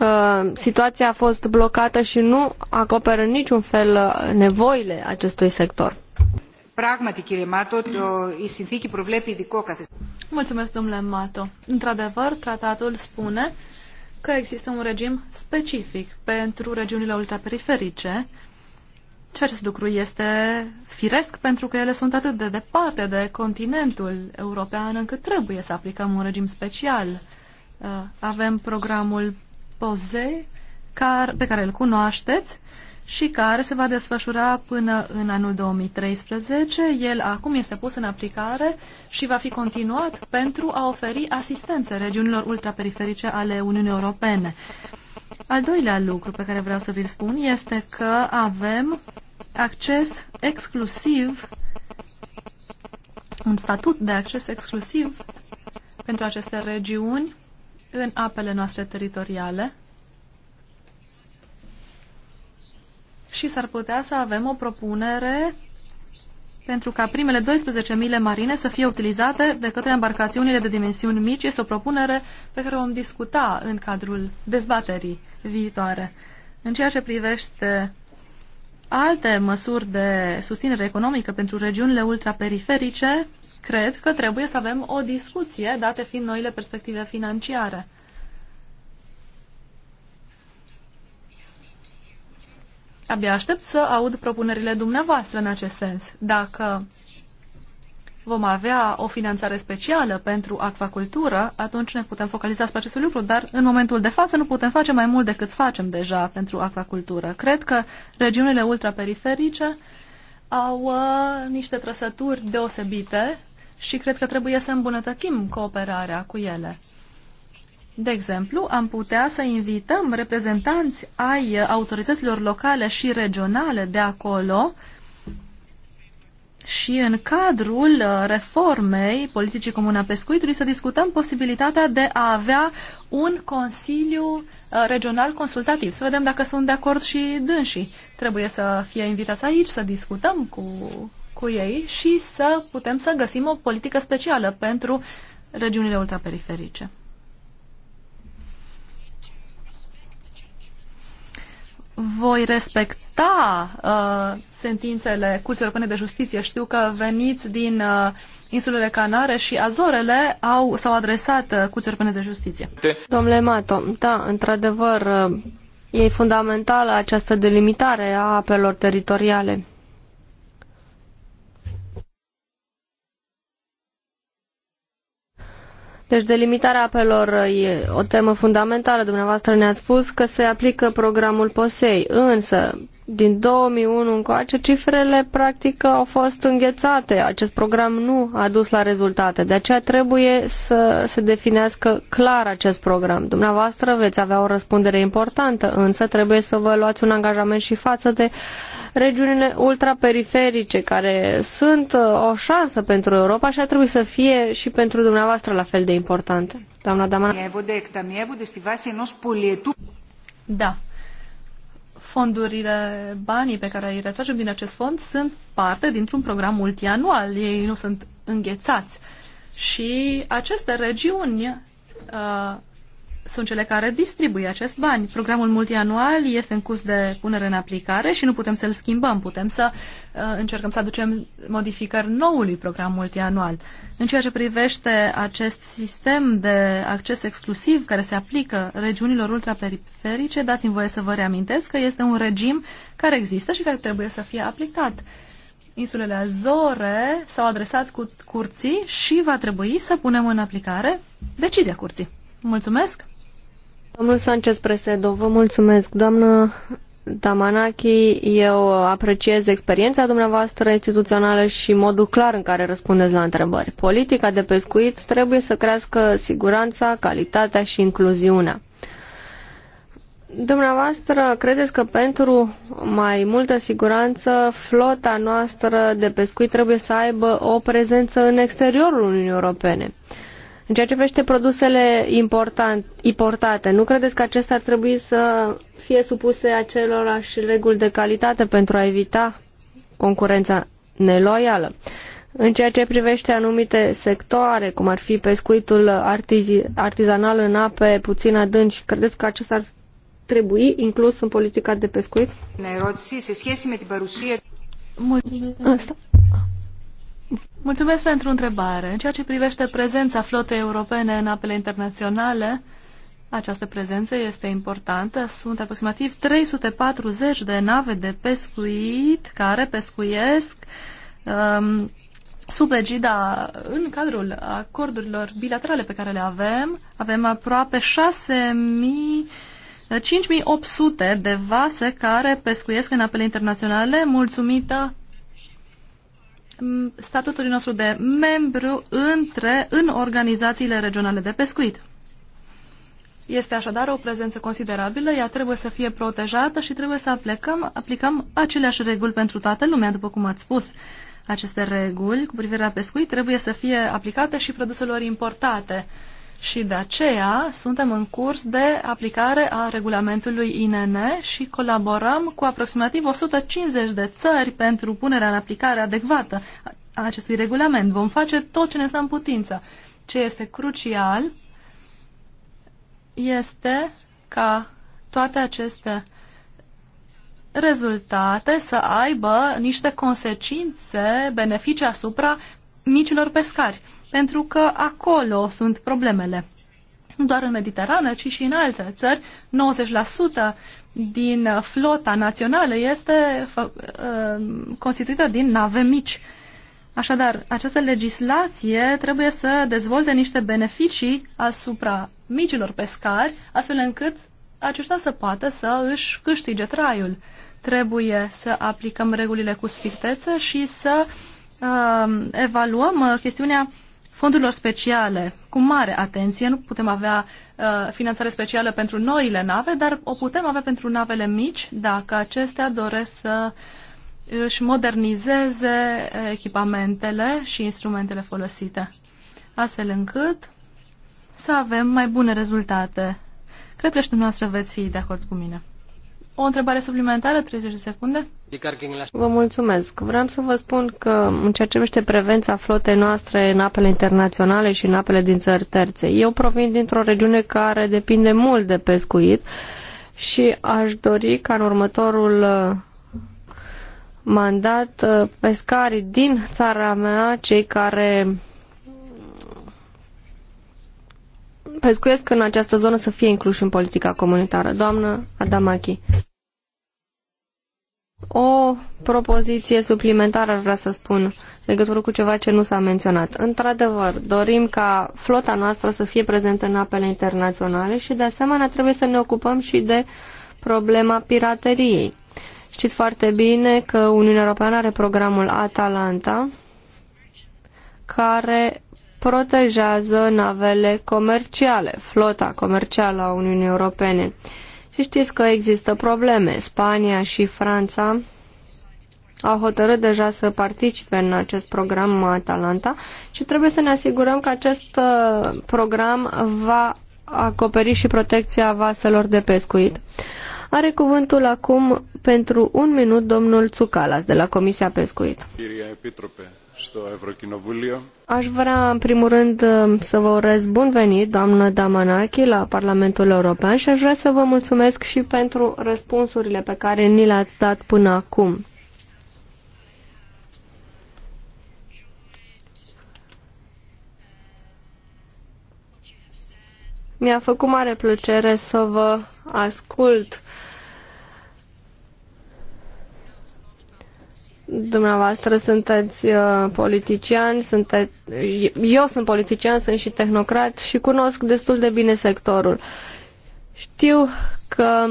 uh, situația a fost blocată și nu acoperă în niciun fel uh, nevoile acestui sector. Pragmatic, κύριε Mulțumesc, domnule Mato. Într-adevăr, tratatul spune că există un regim specific pentru regiunile ultraperiferice și acest lucru este firesc pentru că ele sunt atât de departe de continentul european încât trebuie să aplicăm un regim special. Uh, avem programul POZE pe care îl cunoașteți și care se va desfășura până în anul 2013. El acum este pus în aplicare și va fi continuat pentru a oferi asistență regiunilor ultraperiferice ale Uniunii Europene. Al doilea lucru pe care vreau să vi-l spun este că avem acces exclusiv, un statut de acces exclusiv pentru aceste regiuni în apele noastre teritoriale și s-ar putea să avem o propunere pentru ca primele 12 mile marine să fie utilizate de către embarcațiunile de dimensiuni mici. Este o propunere pe care o vom discuta în cadrul dezbaterii viitoare. În ceea ce privește alte măsuri de susținere economică pentru regiunile ultraperiferice, cred că trebuie să avem o discuție, date fiind noile perspective financiare. Abia aștept să aud propunerile dumneavoastră în acest sens. Dacă vom avea o finanțare specială pentru acvacultură, atunci ne putem focaliza spre acest lucru, dar în momentul de față nu putem face mai mult decât facem deja pentru acvacultură. Cred că regiunile ultraperiferice au uh, niște trăsături deosebite și cred că trebuie să îmbunătățim cooperarea cu ele. De exemplu, am putea să invităm reprezentanți ai autorităților locale și regionale de acolo și în cadrul reformei politicii comune a pescuitului să discutăm posibilitatea de a avea un consiliu uh, regional consultativ. Să vedem dacă sunt de acord și dânsii. Trebuie să fie invitați aici, să discutăm cu, cu ei și să putem să găsim o politică specială pentru regiunile ultraperiferice. voi respecta uh, sentințele Curții Europene de Justiție. Știu că veniți din uh, insulele Canare și Azorele au, s-au adresat uh, Curții Europene de Justiție. Domnule Mato, da, într-adevăr, uh, e fundamentală această delimitare a apelor teritoriale. Deci delimitarea apelor e o temă fundamentală. Dumneavoastră ne a spus că se aplică programul POSEI, însă din 2001 încoace cifrele practic au fost înghețate. Acest program nu a dus la rezultate. De aceea trebuie să se definească clar acest program. Dumneavoastră veți avea o răspundere importantă, însă trebuie să vă luați un angajament și față de uh, regiunile ultraperiferice, care sunt uh, o șansă pentru Europa și ar trebui să fie și pentru dumneavoastră la fel de importante. Doamna Damana. Da. Fondurile, banii pe care îi retragem din acest fond sunt parte dintr-un program multianual. Ei nu sunt înghețați. Și aceste regiuni uh, sunt cele care distribuie acest bani. Programul multianual este în curs de punere în aplicare și nu putem să-l schimbăm. Putem să uh, încercăm să aducem modificări noului program multianual. În ceea ce privește acest sistem de acces exclusiv care se aplică regiunilor ultraperiferice, dați-mi voie să vă reamintesc că este un regim care există și care trebuie să fie aplicat insulele Azore s-au adresat cu curții și va trebui să punem în aplicare decizia curții. Mulțumesc! Domnul Sanchez Presedo, vă mulțumesc. Doamnă Damanaki, eu apreciez experiența dumneavoastră instituțională și modul clar în care răspundeți la întrebări. Politica de pescuit trebuie să crească siguranța, calitatea și incluziunea. Dumneavoastră, credeți că pentru mai multă siguranță flota noastră de pescuit trebuie să aibă o prezență în exteriorul Uniunii Europene? Uh, în ceea ce privește produsele importate, nu credeți că acestea ar trebui să fie supuse acelorași reguli de calitate pentru a evita concurența neloială? În ceea ce privește anumite sectoare, cum ar fi pescuitul artizanal în ape puțin adânci, credeți că acestea ar trebui inclus în politica de pescuit? Mulțumesc. Asta. Mulțumesc pentru întrebare. În ceea ce privește prezența flotei europene în apele internaționale, această prezență este importantă. Sunt aproximativ 340 de nave de pescuit care pescuiesc um, sub egida, în cadrul acordurilor bilaterale pe care le avem, avem aproape 6000 5800 de vase care pescuiesc în apele internaționale, mulțumită statutului nostru de membru între, în organizațiile regionale de pescuit. Este așadar o prezență considerabilă, ea trebuie să fie protejată și trebuie să aplicăm, aplicăm aceleași reguli pentru toată lumea, după cum ați spus. Aceste reguli cu privire la pescuit trebuie să fie aplicate și produselor importate și de aceea suntem în curs de aplicare a regulamentului INN și colaborăm cu aproximativ 150 de țări pentru punerea în aplicare adecvată a acestui regulament. Vom face tot ce ne stă în putință. Ce este crucial este ca toate aceste rezultate să aibă niște consecințe, benefice asupra micilor pescari, pentru că acolo sunt problemele. Nu doar în Mediterană, ci și în alte țări, 90% din flota națională este uh, constituită din nave mici. Așadar, această legislație trebuie să dezvolte niște beneficii asupra micilor pescari, astfel încât aceștia să poată să își câștige traiul. Trebuie să aplicăm regulile cu strictețe și să uh, uh, evaluăm uh, chestiunea fondurilor speciale cu mare atenție. Nu putem avea uh, finanțare specială pentru noile nave, dar o putem avea pentru navele mici dacă acestea doresc să își modernizeze echipamentele și instrumentele folosite, astfel încât să avem mai bune rezultate. Cred că și dumneavoastră veți fi de acord cu mine. O întrebare suplimentară, 30 de secunde. Vă mulțumesc. Vreau să vă spun că în ceea ce privește prevenția flotei noastre în apele internaționale și în apele din țări terțe, eu provin dintr-o regiune care depinde mult de pescuit și aș dori ca în următorul uh, mandat uh, pescarii din țara mea, cei care pescuiesc în această zonă să fie incluși în politica comunitară. Doamnă Adamachi. O propoziție suplimentară ar vrea să spun, legătură cu ceva ce nu s-a menționat. Într-adevăr, dorim ca flota noastră să fie prezentă în apele internaționale și, de asemenea, trebuie să ne ocupăm și de problema pirateriei. Știți foarte bine că Uniunea Europeană are programul Atalanta, care protejează navele comerciale, flota comercială a Uniunii Europene. Uh, și știți că există probleme. Spania și Franța au hotărât deja să participe în acest program Atalanta și trebuie să ne asigurăm că acest uh, program va acoperi și protecția vaselor de pescuit. Are cuvântul acum pentru un minut domnul Tsukalas de la Comisia Pescuit. Aș vrea, în primul rând, um, să vă urez bun venit, doamnă Damanachi, la Parlamentul European și aș vrea să vă mulțumesc și pentru răspunsurile pe care ni le-ați dat până acum. Mi-a făcut mare plăcere să vă ascult uh, Dumneavoastră sunteți uh, politician, sunteți, eu sunt politician, sunt și tehnocrat și cunosc destul de bine sectorul. Știu că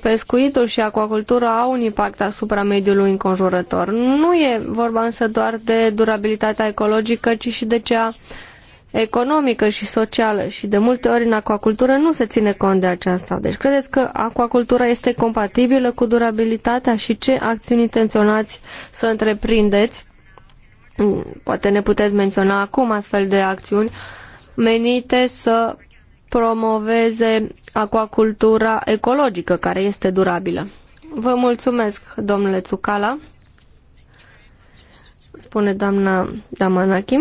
pescuitul și acuacultura au un impact asupra mediului înconjurător. Nu e vorba însă doar de durabilitatea ecologică, ci și de cea uh, economică și socială și de multe ori în aquacultură nu se ține cont de aceasta. Deci credeți că aquacultura este compatibilă cu durabilitatea și ce acțiuni intenționați să întreprindeți? Poate ne puteți menționa acum astfel de acțiuni menite să promoveze aquacultura ecologică care este durabilă. Vă mulțumesc, domnule Tsukala, spune doamna Damanaki.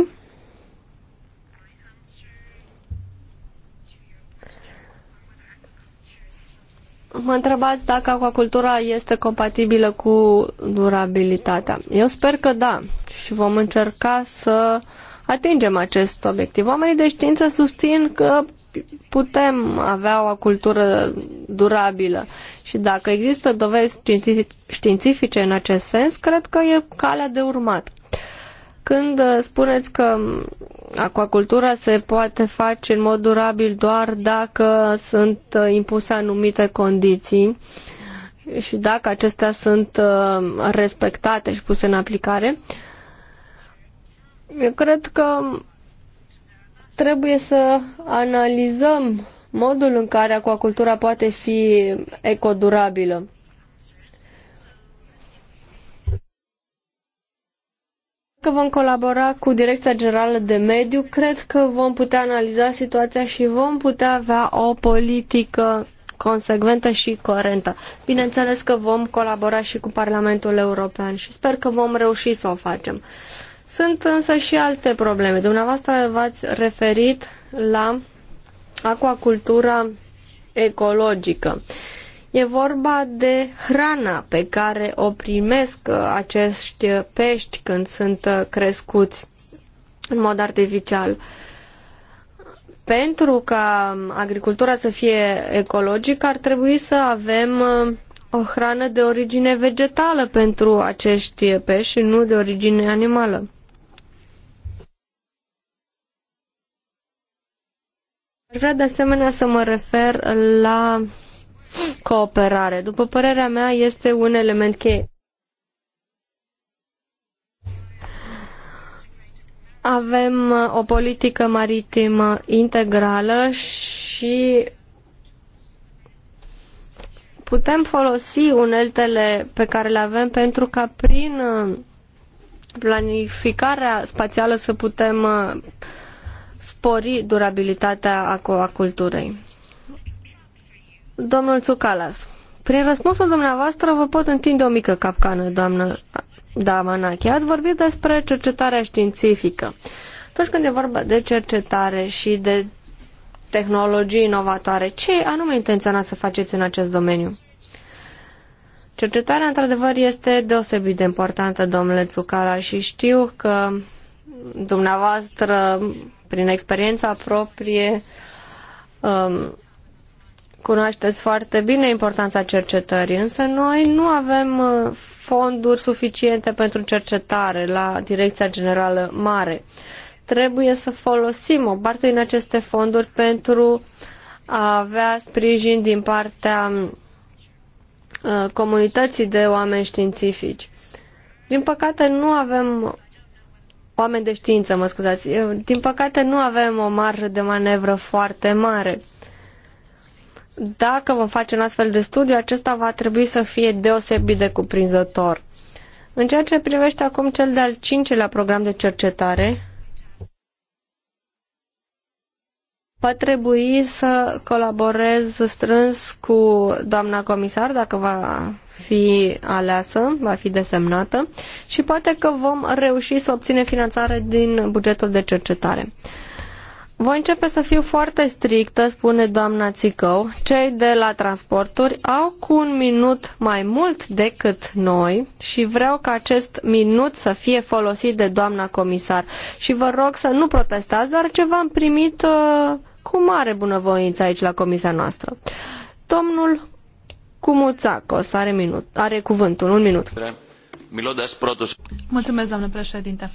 Mă întrebați dacă aquacultura este compatibilă cu durabilitatea. Eu sper că da și vom încerca să atingem acest obiectiv. Oamenii de știință susțin că putem avea o acultură durabilă și dacă există dovezi științifice în acest sens, cred că e calea de urmat. Când uh, spuneți că mm, aquacultura se poate face în mod durabil doar dacă sunt uh, impuse anumite condiții și dacă acestea sunt uh, respectate și puse în aplicare, eu cred că trebuie să analizăm modul în care aquacultura poate fi ecodurabilă. că vom colabora cu Direcția Generală de Mediu, cred că vom putea analiza situația și vom putea avea o politică consecventă și coerentă. Bineînțeles că vom colabora și cu Parlamentul European și sper că vom reuși să o facem. Sunt însă și alte probleme. Dumneavoastră v-ați referit la acuacultura ecologică. Uh, E vorba de hrana pe care o primesc acești pești când sunt crescuți în mod artificial. Pentru ca agricultura să fie ecologică, ar trebui să avem uh, o hrană de origine vegetală pentru acești pești și nu de origine animală. Aș vrea de asemenea să mă refer la cooperare. După părerea mea, este un element cheie. Avem uh, o politică maritimă integrală și putem folosi uneltele pe care le avem pentru ca prin uh, planificarea spațială să putem uh, spori durabilitatea aquaculturii. Domnul Tsukalas, prin răspunsul dumneavoastră vă pot întinde o mică capcană, doamnă Damanache. Ați vorbit despre cercetarea științifică. Atunci când e vorba de cercetare și de tehnologii inovatoare, ce anume intenționați să faceți în acest domeniu? Cercetarea, într-adevăr, este deosebit de importantă, domnule Tsucala, și știu că dumneavoastră, prin experiența proprie, um, Cunoașteți foarte bine importanța cercetării, însă noi nu avem uh, fonduri suficiente pentru cercetare la Direcția Generală Mare. Trebuie să folosim o parte din aceste fonduri pentru a avea sprijin din partea uh, comunității de oameni științifici. Din păcate nu avem oameni de știință, mă scuzați. Din păcate nu avem o marjă de manevră foarte mare dacă vom face un astfel de studiu, acesta va trebui să fie deosebit de cuprinzător. În ceea ce privește acum cel de-al cincilea program de cercetare, va trebui să colaborez strâns cu doamna comisar, dacă va fi aleasă, va fi desemnată, și poate că vom reuși să obținem finanțare din bugetul de cercetare. Voi începe să fiu foarte strictă, spune doamna Țicău. Cei de la transporturi au cu un minut mai mult decât noi și vreau ca acest minut să fie folosit de doamna comisar. Și vă rog să nu protestați, dar ce v-am primit uh, cu mare bunăvoință aici la comisia noastră. Domnul Cumuțacos are, minut, are cuvântul, un minut. Mulțumesc, doamnă președinte.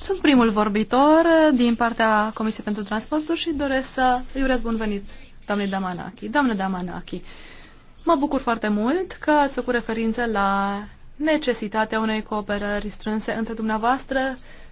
Sunt primul vorbitor eh, din partea Comisiei pentru Transporturi și doresc să îi urez bun venit, doamne Damanaki. Doamne Damanaki, mă bucur foarte mult că ați făcut referință la necesitatea unei cooperări strânse între dumneavoastră,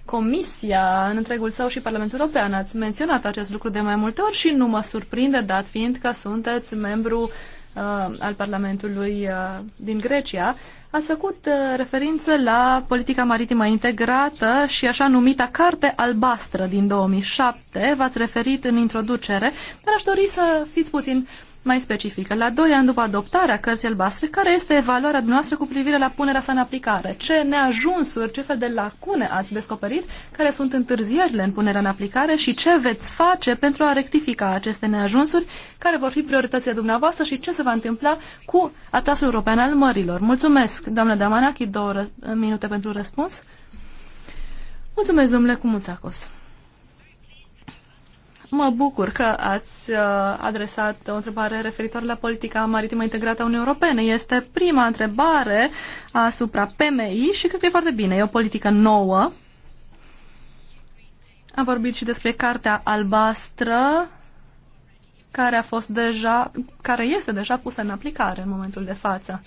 Comisia în întregul său și Parlamentul European. Ați menționat acest lucru de mai multe ori și nu mă surprinde, dat fiind că sunteți membru uh, al Parlamentului uh, din Grecia Ați făcut uh, referință la politica maritimă integrată și așa numita carte albastră din 2007. V-ați referit în introducere, dar aș dori să fiți puțin mai specifică. La doi ani după adoptarea cărții albastre, care este evaluarea dumneavoastră cu privire la punerea sa în aplicare? Ce neajunsuri, ce fel de lacune ați descoperit, care sunt întârzierile în punerea în aplicare și ce veți face pentru a rectifica aceste neajunsuri, care vor fi prioritățile dumneavoastră și ce se va întâmpla cu Atlasul European al Mărilor? Mulțumesc, doamnă Damanachi, două minute pentru răspuns. Mulțumesc, domnule Cumuțacos. Mă bucur că ați uh, adresat o întrebare referitoare la politica maritimă integrată a Uniunii Europene. Este prima întrebare asupra PMI și cred că e foarte bine. E o politică nouă. Am vorbit și despre cartea albastră care a fost deja, care este deja pusă în aplicare în momentul de față.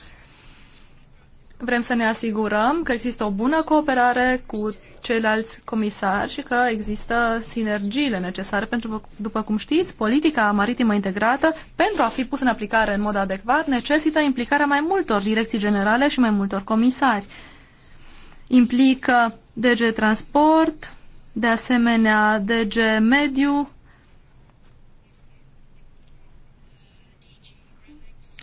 Vrem să ne asigurăm că există o bună cooperare cu ceilalți comisari și că există sinergiile necesare pentru, după cum știți, politica maritimă integrată, pentru a fi pusă în aplicare în mod adecvat, necesită implicarea mai multor direcții generale și mai multor comisari. Implică DG Transport, de asemenea DG Mediu,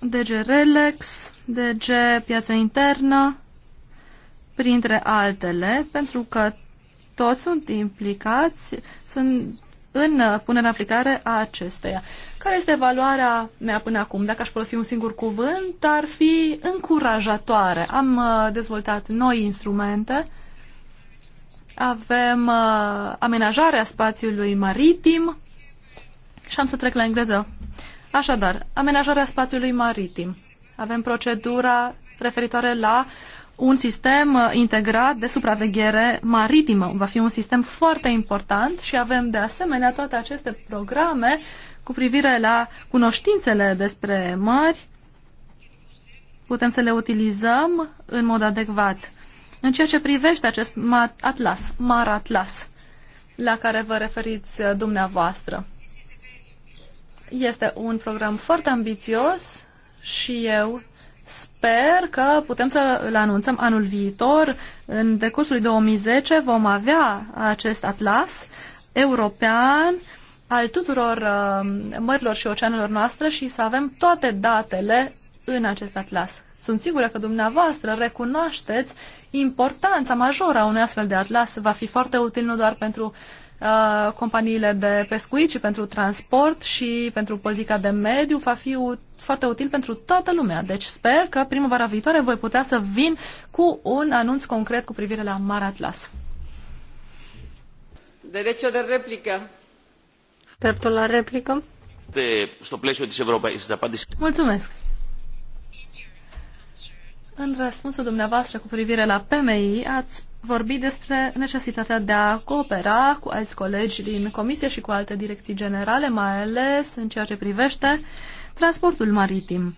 DG Relex, DG Piața Internă, printre altele, pentru că toți sunt implicați, sunt în punerea în aplicare a acesteia. Care este valoarea mea până acum? Dacă aș folosi un singur cuvânt, ar fi încurajatoare. Am uh, dezvoltat noi instrumente, avem uh, amenajarea spațiului maritim și am să trec la engleză. Așadar, amenajarea spațiului maritim. Avem procedura referitoare la un sistem uh, integrat de supraveghere maritimă. Va fi un sistem foarte important și avem de asemenea toate aceste programe cu privire la cunoștințele despre mări. Putem să le utilizăm în mod adecvat. În ceea ce privește acest atlas, Mar Atlas, la care vă referiți uh, dumneavoastră. Este un program foarte ambițios și eu Sper că putem să îl anunțăm anul viitor. În decursul 2010 vom avea acest atlas european al tuturor uh, mărilor și oceanelor noastre și să avem toate datele în acest atlas. Sunt sigură că dumneavoastră recunoașteți importanța majoră a unui astfel de atlas. Va fi foarte util nu doar pentru uh, companiile de pescuit și pentru transport și pentru politica de mediu va fi foarte util pentru toată lumea. Deci sper că primăvara viitoare voi putea să vin cu un anunț concret cu privire la Mar Atlas. Derecho de replică. Dreptul la replică. De, στο de της Ευρωπαϊκής της απάντησης. Mulțumesc. În răspunsul dumneavoastră cu privire la PMI, ați vorbi despre necesitatea de a coopera cu alți colegi din Comisie și cu alte direcții generale, mai ales în ceea ce privește transportul maritim.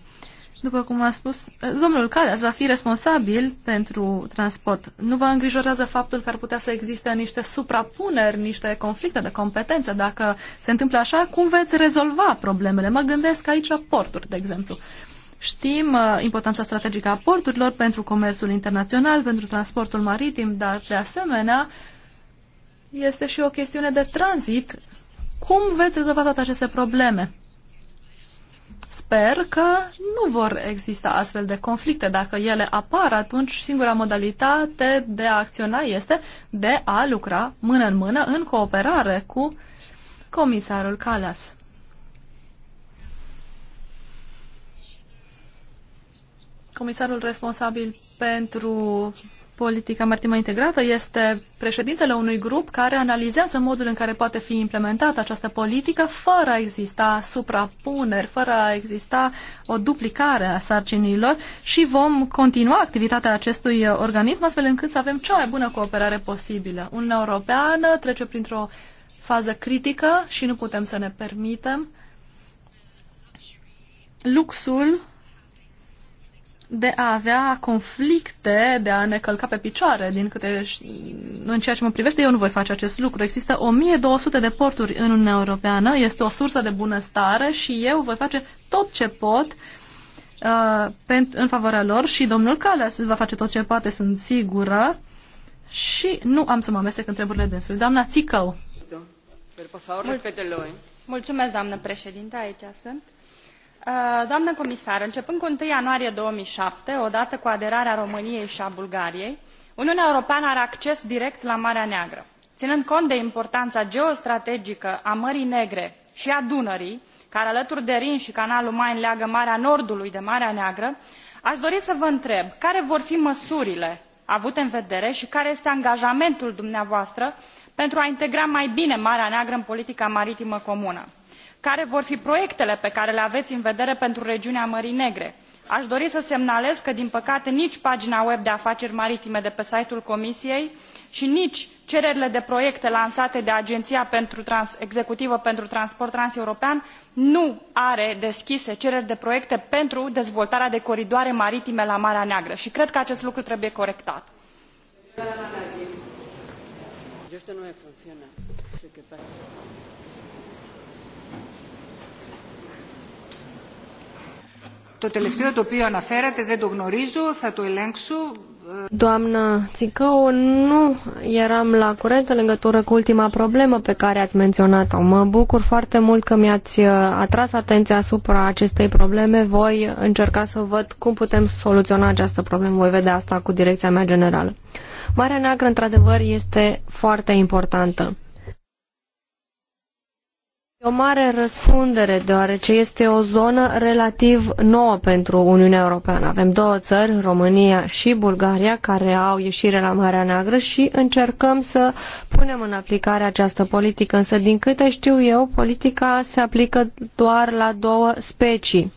După cum a spus, domnul Caleas va fi responsabil pentru transport. Nu vă îngrijorează faptul că ar putea să existe niște suprapuneri, niște conflicte de competență Dacă se întâmplă așa, cum veți rezolva problemele? Mă gândesc aici la porturi, de exemplu. Știm uh, importanța strategică a porturilor pentru comerțul internațional, pentru transportul maritim, dar de asemenea este și o chestiune de tranzit. Cum veți rezolva toate aceste probleme? Sper că nu vor exista astfel de conflicte. Dacă ele apar, atunci singura modalitate de a acționa este de a lucra mână în mână în cooperare cu comisarul Calas. comisarul responsabil pentru politica maritimă integrată este președintele unui grup care analizează modul în care poate fi implementată această politică fără a exista suprapuneri, fără a exista o duplicare a sarcinilor și vom continua activitatea acestui organism astfel încât să avem cea mai bună cooperare posibilă. Uniunea Europeană trece printr-o fază critică și nu putem să ne permitem luxul de a avea conflicte, de a ne călca pe picioare, din câte în ceea ce mă privește, eu nu voi face acest lucru. Există 1200 de porturi în Uniunea Europeană, este o sursă de bunăstare și eu voi face tot ce pot uh, în favoarea lor și domnul Calas va face tot ce poate, sunt sigură și nu am să mă amestec în treburile dânsului. Doamna Țicău! Mulțumesc, doamnă președinte, aici sunt. Uh, doamnă comisar, începând cu 1 ianuarie 2007, odată cu aderarea României și a Bulgariei, Uniunea Europeană are acces direct la Marea Neagră. Ținând cont de importanța geostrategică a Mării Negre și a Dunării, care alături de Rin și canalul Main leagă Marea Nordului de Marea Neagră, aș dori să vă întreb care vor fi măsurile avute în vedere și care este angajamentul dumneavoastră pentru a integra mai bine Marea Neagră în politica maritimă comună care vor fi proiectele pe care le avei în vedere pentru regiunea mării negre? a dori să semnalez că din păcate nici pagina web de afaceri maritime de pe site ul comisiei i nici cererile de proiecte lansate de agenia executivă pentru transport transeuropean nu are deschise cereri de proiecte pentru dezvoltarea de coridoare maritime la marea neagră i cred că acest lucru trebuie corectat. Το τελευταίο το οποίο αναφέρατε δεν το γνωρίζω, θα το ελέγξω. Doamnă Țicău, nu eram la curent în legătură cu ultima problemă pe care ați menționat-o. Mă bucur foarte mult că mi-ați uh, atras atenția asupra acestei probleme. Voi încerca să văd cum putem soluționa această problemă. Voi vedea asta cu direcția mea generală. Marea Neagră, într-adevăr, este foarte importantă. E o mare răspundere, deoarece este o zonă relativ nouă pentru Uniunea Europeană. Avem două țări, România și Bulgaria, care au ieșire la Marea Neagră și încercăm să punem în aplicare această politică. Însă, din câte știu eu, politica se aplică doar la două specii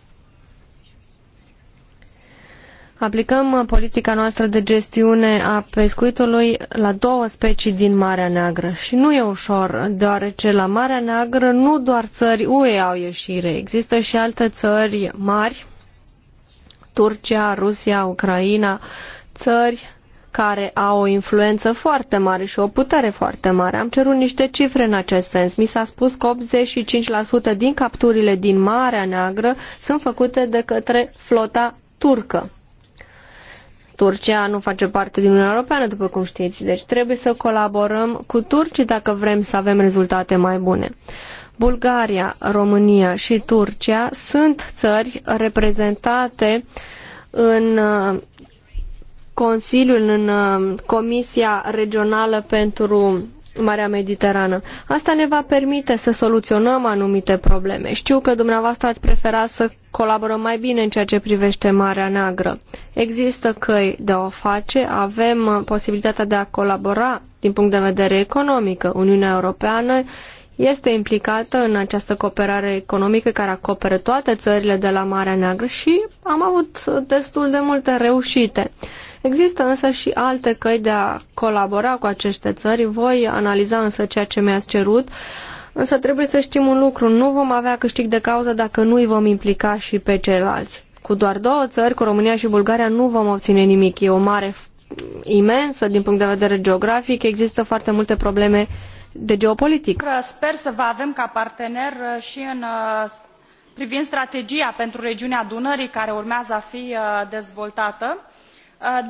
Aplicăm uh, politica noastră de gestiune a pescuitului la două specii din Marea Neagră și nu e ușor, deoarece la Marea Neagră nu doar țări UE au ieșire, există și alte țări mari, Turcia, Rusia, Ucraina, țări care au o influență foarte mare și o putere foarte mare. Am cerut niște cifre în acest sens. Mi s-a spus că 85% din capturile din Marea Neagră sunt făcute de către flota turcă. Turcia nu face parte din Uniunea Europeană, după cum știți, deci trebuie să colaborăm cu turcii dacă vrem să avem rezultate mai bune. Bulgaria, România și Turcia sunt țări reprezentate în uh, Consiliul, în uh, Comisia Regională pentru Marea Mediterană. Asta ne va permite să soluționăm anumite probleme. Știu că dumneavoastră ați prefera să colaborăm mai bine în ceea ce privește Marea Neagră. Există căi de a o face, avem uh, posibilitatea de a colabora din punct de vedere economic. Uniunea Europeană este implicată în această cooperare economică care acoperă toate țările de la Marea Neagră și am avut destul de multe reușite. Există însă și alte căi de a colabora cu aceste țări. Voi analiza însă ceea ce mi-ați cerut. Însă trebuie să știm un lucru, nu vom avea câștig de cauză dacă nu îi vom implica și pe ceilalți. Cu doar două țări, cu România și Bulgaria, nu vom obține nimic. E o mare imensă din punct de vedere geografic, există foarte multe probleme de geopolitic. Sper să vă avem ca partener uh, și în uh, privind strategia pentru regiunea Dunării care urmează a fi uh, dezvoltată,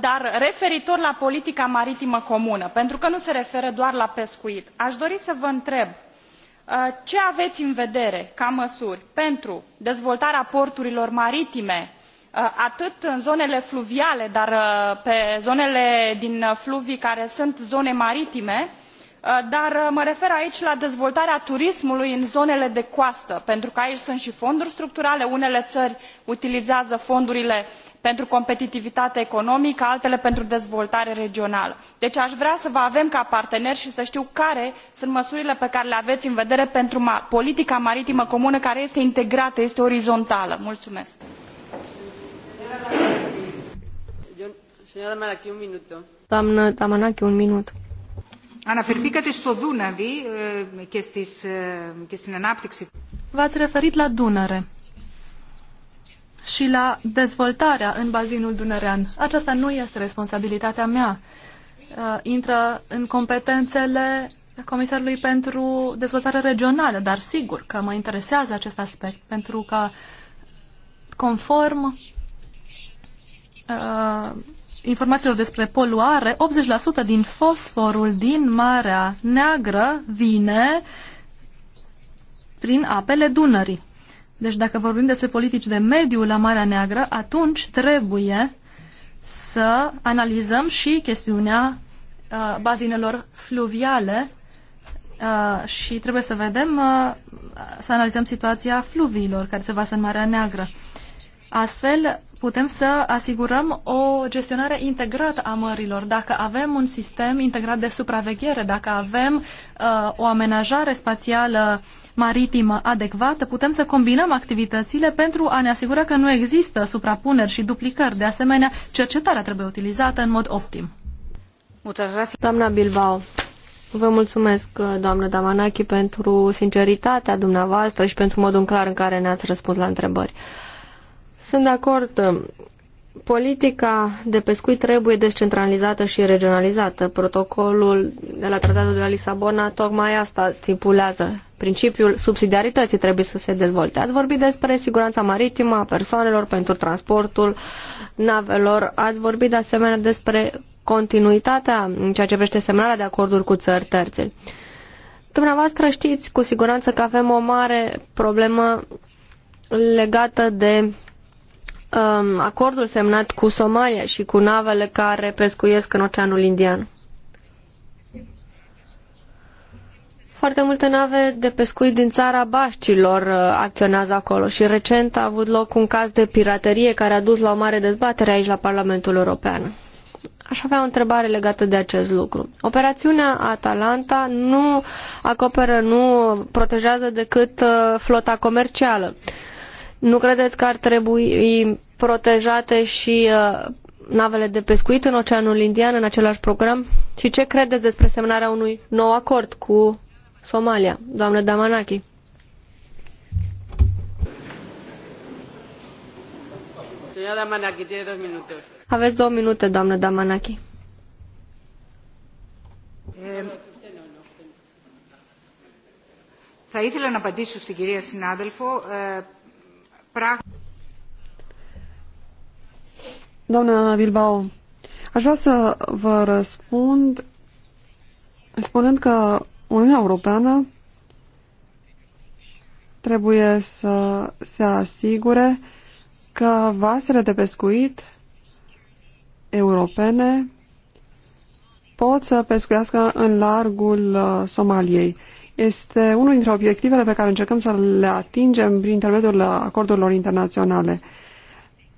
dar referitor la politica maritimă comună, pentru că nu se referă doar la pescuit, aș dori să vă întreb ce aveți în vedere ca măsuri pentru dezvoltarea porturilor maritime atât în zonele fluviale dar pe zonele din fluvii care sunt zone maritime Uh, dar uh, mă refer aici la dezvoltarea turismului în zonele de coastă pentru că aici sunt i fonduri structurale unele ări utilizează fondurile pentru competitivitate economică altele pentru dezvoltare regională deci a vrea să vă avem ca parteneri i să tiu care sunt măsurile pe care le avei în vedere pentru politica maritimă comună care este integrată este orizontală. Mulțumesc. un minut. Αναφερθήκατε στο Δούναβι και, στις, και στην ανάπτυξη. V-ați referit la Dunăre și la dezvoltarea în bazinul dunărean. Aceasta nu este responsabilitatea mea. Uh, intră în competențele Comisarului pentru Dezvoltare Regională, dar sigur că mă interesează acest aspect, pentru că conform uh, informațiilor despre poluare, 80% din fosforul din Marea Neagră vine prin apele Dunării. Deci dacă vorbim despre politici de mediu la Marea Neagră, atunci trebuie să analizăm și chestiunea uh, bazinelor fluviale uh, și trebuie să vedem, uh, să analizăm situația fluviilor care se vasă în Marea Neagră. Astfel, putem să asigurăm o gestionare integrată a mărilor, dacă avem un sistem integrat de supraveghere, dacă avem uh, o amenajare spațială maritimă adecvată, putem să combinăm activitățile pentru a ne asigura că nu există suprapuneri și duplicări. De asemenea, cercetarea trebuie utilizată în mod optim. Doamna Bilbao, vă mulțumesc, uh, doamnă Damanachi, pentru sinceritatea dumneavoastră și pentru modul în clar în care ne-ați răspuns la întrebări. Sunt de acord. Politica de pescuit trebuie descentralizată și regionalizată. Protocolul de la Tratatul de la Lisabona tocmai asta stipulează. Principiul subsidiarității trebuie să se dezvolte. Ați vorbit despre siguranța maritimă a persoanelor pentru transportul navelor. Ați vorbit de asemenea despre continuitatea în ceea ce privește semnarea de acorduri cu țări terțe. Dumneavoastră știți cu siguranță că avem o mare problemă legată de um, acordul semnat cu Somalia și cu navele care pescuiesc în Oceanul Indian. Foarte multe nave de pescuit din țara Bașcilor uh, acționează acolo și recent a avut loc un caz de piraterie care a dus la o mare dezbatere aici la Parlamentul European. Aș avea o întrebare legată de acest lucru. Operațiunea Atalanta nu acoperă, nu protejează decât uh, flota comercială. Uh, nu credeți că ar trebui protejate și uh, navele de pescuit în Oceanul Indian în același program? Și ce credeți despre semnarea unui nou acord cu Somalia, doamnă Damanaki? Aveți două minute, doamnă Damanaki. Θα ήθελα να απαντήσω στην κυρία συνάδελφο Doamna Bilbao, aș vrea să vă răspund spunând că Uniunea Europeană trebuie să se asigure că vasele de pescuit europene pot să pescuiască în largul uh, Somaliei este unul dintre obiectivele pe care încercăm să le atingem prin intermediul acordurilor internaționale.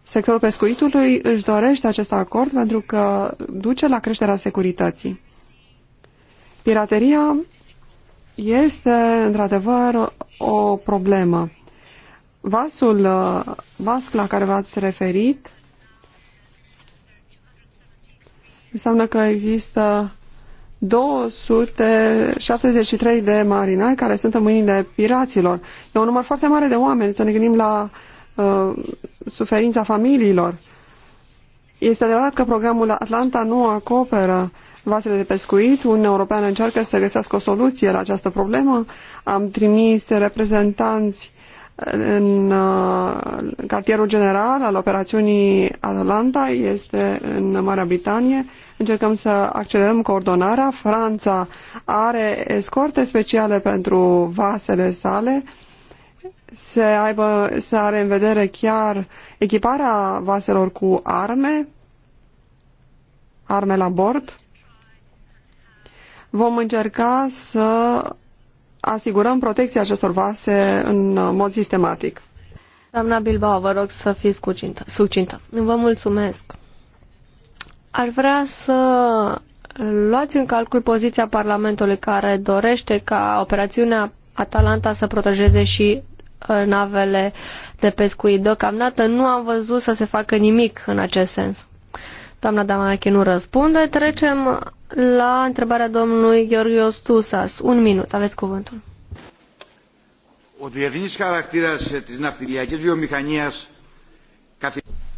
Sectorul pescuitului își dorește acest acord pentru că duce la creșterea securității. Pirateria este, într-adevăr, o problemă. Vasul uh, vasc la care v-ați referit înseamnă că există 273 de marinari care sunt în mâinile piraților. E un număr foarte mare de oameni, să ne gândim la uh, suferința familiilor. Este adevărat că programul Atlanta nu acoperă vasele de pescuit. Uniunea Europeană încearcă să găsească o soluție la această problemă. Am trimis reprezentanți în uh, cartierul general al operațiunii Atlanta, este în Marea Britanie, Încercăm să accelerăm coordonarea. Franța are escorte speciale pentru vasele sale. Se, aibă, se are în vedere chiar echiparea vaselor cu arme, arme la bord. Vom încerca să asigurăm protecția acestor vase în mod sistematic. Doamna Bilbao, vă rog să fiți succintă. Vă mulțumesc. Ar vrea să luați în calcul poziția Parlamentului care dorește ca operațiunea Atalanta să protejeze și uh, navele de pescuit. Deocamdată nu am văzut să se facă nimic în acest sens. Doamna Damanache nu răspunde. Trecem la întrebarea domnului Gheorghios Tusas. Un minut, aveți cuvântul. Ο διεθνής χαρακτήρας της ναυτιλιακής βιομηχανίας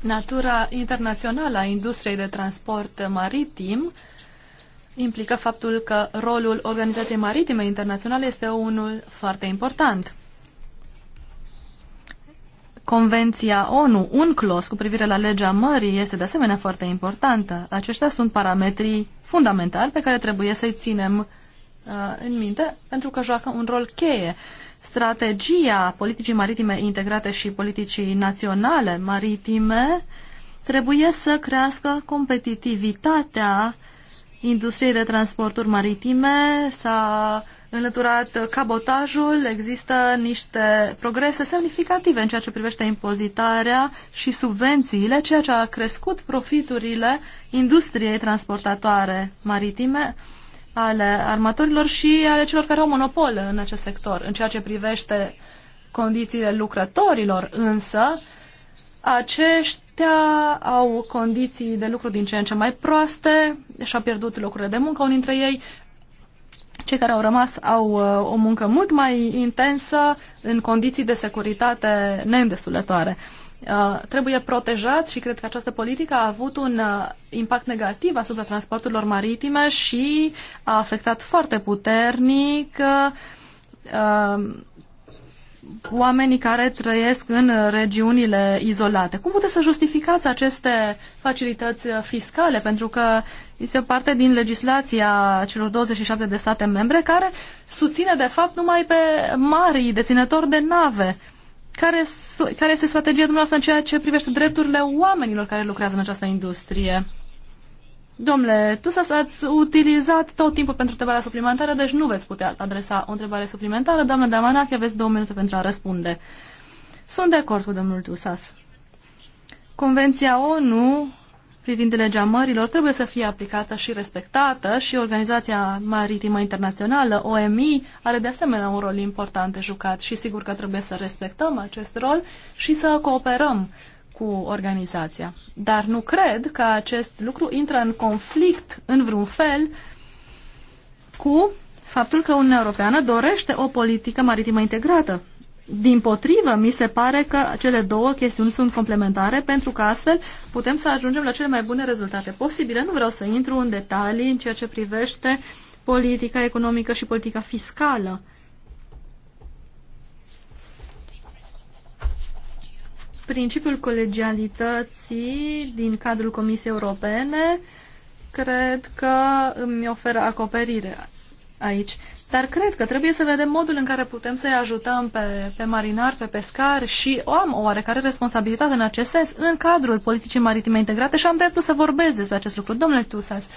Natura internațională a industriei de transport maritim implică faptul că rolul Organizației Maritime Internaționale este unul foarte important. Convenția ONU, UNCLOS, cu privire la legea mării, este de asemenea foarte importantă. Aceștia sunt parametrii fundamentali pe care trebuie să-i ținem uh, în minte pentru că joacă un rol cheie. Uh, strategia politicii maritime integrate și politicii naționale maritime trebuie să crească competitivitatea industriei de transporturi maritime, s-a înlăturat cabotajul, există niște progrese semnificative în ceea ce privește impozitarea și subvențiile, ceea ce a crescut profiturile industriei transportatoare maritime, ale armatorilor și ale celor care au monopol în acest sector. În ceea ce privește condițiile lucrătorilor, însă, aceștia au condiții de lucru din ce în ce mai proaste, și-au pierdut locurile de muncă unii dintre ei, cei care au rămas au uh, o muncă mult mai intensă, în condiții de securitate neîndestulătoare. Uh, trebuie protejați și cred că această politică a avut un uh, impact negativ asupra transporturilor maritime și a afectat foarte puternic uh, oamenii care trăiesc în regiunile izolate. Cum puteți să justificați aceste facilități fiscale? Pentru că este parte din legislația celor 27 de state membre care susține de fapt numai pe mari deținători de nave care, care este strategia dumneavoastră în ceea ce privește drepturile oamenilor care lucrează în această industrie? Domnule, tu ați utilizat tot timpul pentru întrebarea suplimentară, deci nu veți putea adresa o întrebare suplimentară. Doamna Damanache, aveți două minute pentru a răspunde. Sunt de acord cu domnul Tusas. Convenția ONU privind legea mărilor trebuie să fie aplicată și respectată și Organizația Maritimă Internațională, OMI, are de asemenea un rol important de jucat și sigur că trebuie să respectăm acest rol și să cooperăm cu organizația. Dar nu cred că acest lucru intră în conflict în vreun fel cu faptul că Uniunea Europeană dorește o politică maritimă integrată din potrivă, mi se pare că cele două chestiuni sunt complementare pentru că astfel putem să ajungem la cele mai bune rezultate posibile. Nu vreau să intru în detalii în ceea ce privește politica economică și politica fiscală. Principiul colegialității din cadrul Comisiei Europene cred că îmi oferă acoperire aici. Dar cred că trebuie să vedem modul în care putem să-i ajutăm pe, pe marinari, pe pescari și am o oarecare responsabilitate în acest sens în cadrul politicii maritime integrate și am dreptul să vorbesc despre acest lucru. Domnule Tusas,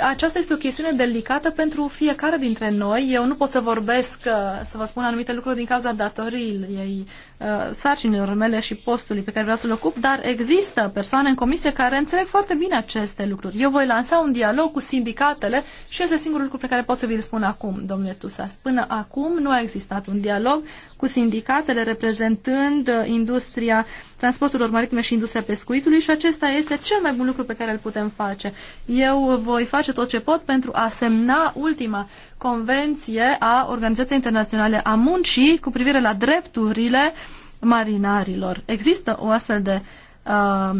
aceasta este o chestiune delicată pentru fiecare dintre noi. Eu nu pot să vorbesc, uh, să vă spun anumite lucruri din cauza datoriei uh, sarcinilor mele și postului pe care vreau să-l ocup, dar există persoane în comisie care înțeleg foarte bine aceste lucruri. Eu voi lansa un dialog cu sindicatele și este singurul lucru pe care pot să vi-l spun acum, domnule Tusas. Până acum nu a existat un dialog cu sindicatele reprezentând uh, industria transporturilor maritime și industria pescuitului și acesta este cel mai bun lucru pe care îl putem face. Eu voi face face tot ce pot pentru a semna ultima convenție a Organizației Internaționale a Muncii cu privire la drepturile marinarilor. Există o astfel de uh,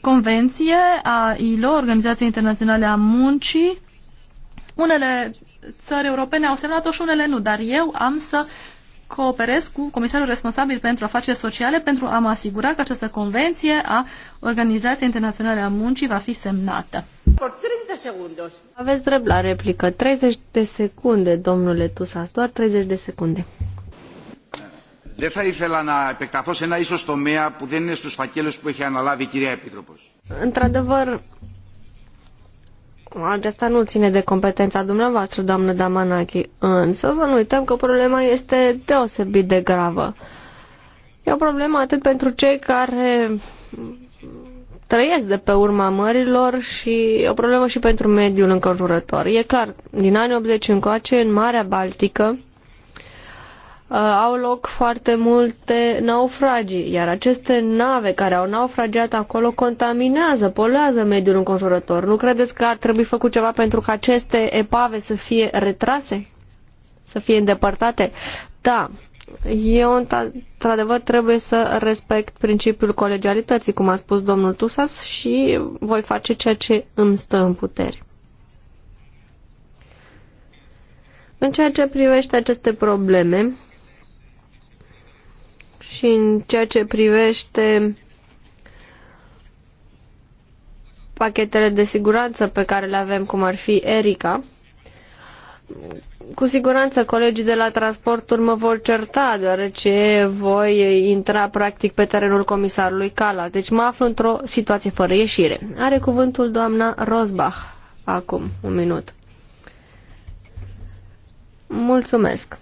convenție a ILO, Organizației Internaționale a Muncii. Unele țări europene au semnat-o și unele nu, dar eu am să cooperez cu comisarul responsabil pentru afaceri sociale pentru a mă asigura că această convenție a Organizației Internaționale a Muncii va fi semnată. Aveți drept la replică. 30 de secunde, domnule Tusas, doar 30 de secunde. Δεν θα ήθελα να επεκταθώ σε ένα ίσως τομέα που δεν είναι στους φακέλους που έχει αναλάβει η κυρία Επίτροπος. Într-adevăr, aceasta nu ține de competența dumneavoastră, doamnă Damanachi, însă să nu uităm că problema este deosebit de gravă. E o problemă atât pentru cei care trăiesc de pe urma mărilor și e o problemă și pentru mediul înconjurător. E clar, din anii 80 încoace, în Marea Baltică, Uh, au loc foarte multe naufragii, iar aceste nave care au naufragiat acolo contaminează, poluează mediul înconjurător. Nu credeți că ar trebui făcut ceva pentru ca aceste epave să fie retrase? Să fie îndepărtate? Da, eu într-adevăr trebuie să respect principiul colegialității, cum a spus domnul Tusas, și voi face ceea ce îmi stă în puteri. În ceea ce privește aceste probleme, și în ceea ce privește pachetele de siguranță pe care le avem, cum ar fi Erica, cu siguranță colegii de la transporturi mă vor certa, deoarece voi intra practic pe terenul comisarului Cala. Deci mă aflu într-o situație fără ieșire. Are cuvântul doamna Rosbach. Acum, un minut. Mulțumesc.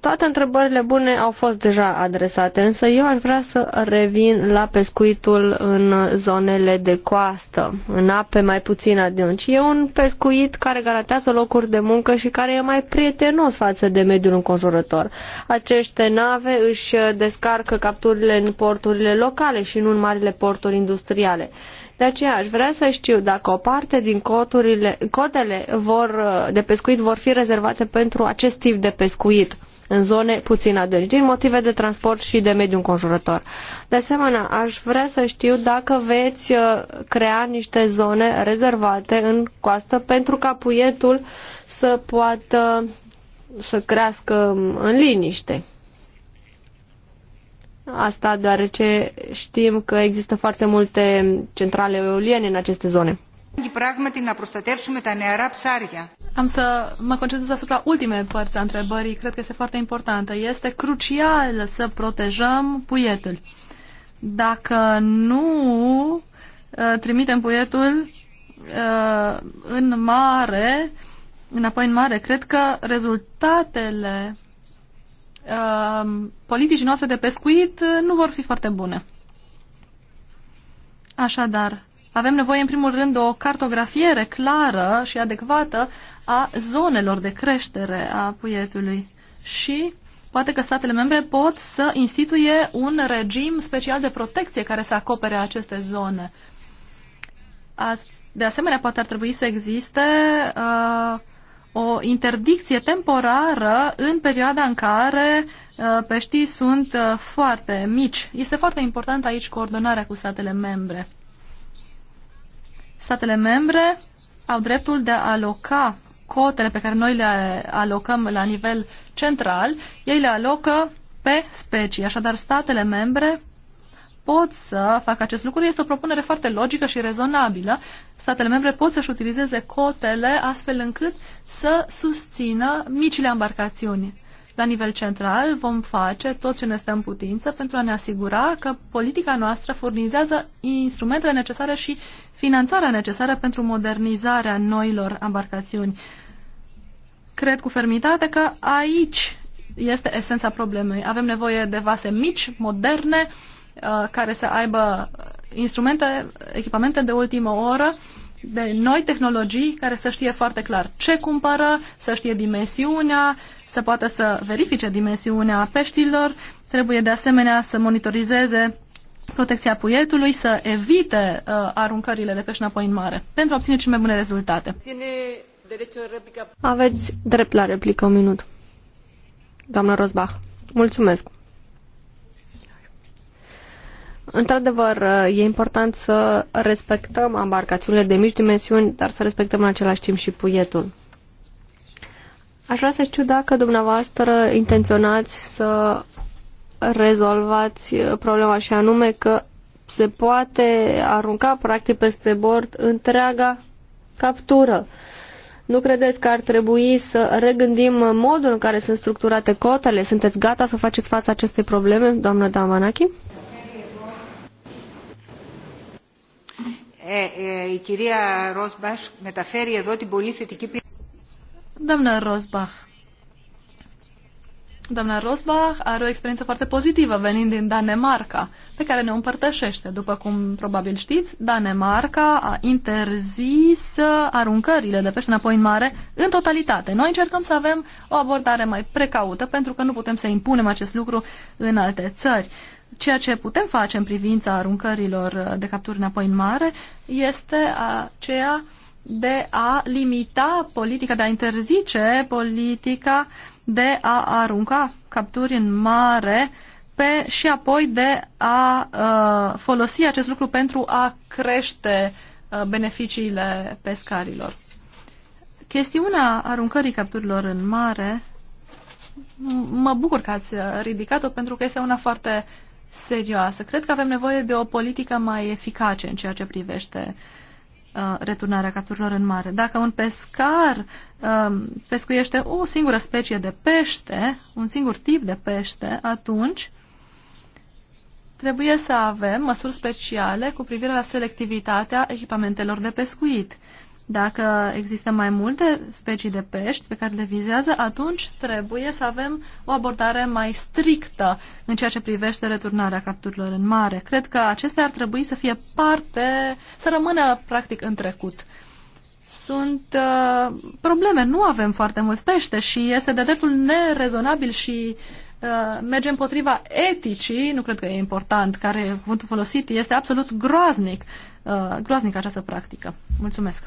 Toate întrebările bune au fost deja adresate, însă eu aș vrea să revin la pescuitul în zonele de coastă, în ape mai puțin adânci. E un pescuit care garantează locuri de muncă și care e mai prietenos față de mediul înconjurător. Aceste nave își descarcă capturile în porturile locale și nu în marile porturi industriale. De aceea aș vrea să știu dacă o parte din coturile, cotele vor, de pescuit vor fi rezervate pentru acest tip de pescuit în zone puțin adânci, din motive de transport și de mediu înconjurător. De asemenea, aș vrea să știu dacă veți uh, crea niște zone rezervate în coastă pentru ca puietul să poată să crească um, în liniște. Asta deoarece știm că există foarte multe centrale eoliene în aceste zone. Am să mă concentrez asupra ultimei părți a întrebării. Cred că este foarte importantă. Este crucial să protejăm puietul. Dacă nu ă, trimitem puietul ă, în mare, înapoi în mare, cred că rezultatele ă, politicii noastre de pescuit nu vor fi foarte bune. Așadar, avem nevoie, în primul rând, de o cartografiere clară și adecvată a zonelor de creștere a puietului și poate că statele membre pot să instituie un regim special de protecție care să acopere aceste zone. De asemenea, poate ar trebui să existe uh, o interdicție temporară în perioada în care uh, peștii sunt uh, foarte mici. Este foarte important aici coordonarea cu statele membre. Statele membre au dreptul de a aloca cotele pe care noi le alocăm la nivel central, ei le alocă pe specii. Așadar, statele membre pot să facă acest lucru. Este o propunere foarte logică și rezonabilă. Statele membre pot să-și utilizeze cotele astfel încât să susțină micile embarcațiuni la nivel central, vom face tot ce ne stă în putință pentru a ne asigura că politica noastră furnizează instrumentele necesare și finanțarea necesară pentru modernizarea noilor embarcațiuni. Cred cu fermitate că aici este esența problemei. Avem nevoie de vase mici, moderne, uh, care să aibă instrumente, echipamente de ultimă oră, de noi tehnologii care să știe foarte clar ce cumpără, să știe dimensiunea, să poată să verifice dimensiunea peștilor, trebuie de asemenea să monitorizeze protecția puietului, să evite uh, aruncările de pești înapoi în mare, pentru a obține cele mai bune rezultate. Aveți drept la replică un minut. Doamna Rosbach, mulțumesc. Într-adevăr, uh, e important să respectăm embarcațiunile de mici dimensiuni, dar să respectăm în același timp și puietul. Aș vrea să știu dacă dumneavoastră intenționați să rezolvați uh, problema și anume că se poate arunca practic peste bord întreaga captură. Nu credeți că ar trebui să regândim modul în care sunt structurate cotele? Sunteți gata să faceți față acestei probleme, doamnă Damanaki? η κυρία Ρόσμπαχ μεταφέρει εδώ την πολύ θετική... Doamna Rosbach. Doamna Rosbach are o experiență foarte pozitivă venind din Danemarca, pe care ne împărtășește. După cum probabil știți, Danemarca a interzis aruncările de pește înapoi în mare în totalitate. Noi încercăm să avem o abordare mai precaută, pentru că nu putem să impunem acest lucru în alte țări ceea ce putem face în privința aruncărilor de capturi înapoi în mare este aceea de a limita politica, de a interzice politica de a arunca capturi în mare pe, și apoi de a uh, folosi acest lucru pentru a crește uh, beneficiile pescarilor. Chestiunea aruncării capturilor în mare, mă bucur că ați uh, ridicat-o pentru că este una foarte serioasă. Cred că avem nevoie de o politică mai eficace în ceea ce privește uh, returnarea capturilor în mare. Dacă un pescar uh, pescuiește o singură specie de pește, un singur tip de pește, atunci trebuie să avem măsuri speciale cu privire la selectivitatea echipamentelor de pescuit. Dacă există mai multe specii de pești pe care le vizează, atunci trebuie să avem o abordare mai strictă în ceea ce privește returnarea capturilor în mare. Cred că acestea ar trebui să fie parte, să rămână practic în trecut. Sunt uh, probleme, nu avem foarte mult pește și este de dreptul nerezonabil și uh, merge împotriva eticii, nu cred că e important, care cuvântul folosit este absolut groaznic. Uh, groaznică această practică. Mulțumesc!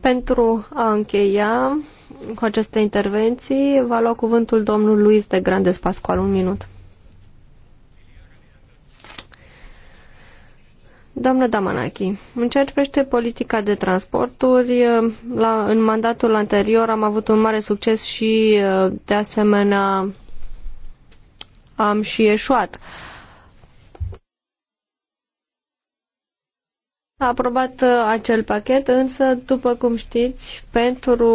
Pentru a încheia cu aceste intervenții, va lua cuvântul domnul Luis de Grandes Pascual. Un minut. Doamnă Damanachi, în ceea ce privește politica de transporturi, la, în mandatul anterior am avut un mare succes și, uh, de asemenea, am și eșuat. Uh, a aprobat uh, acel pachet, însă, după cum știți, pentru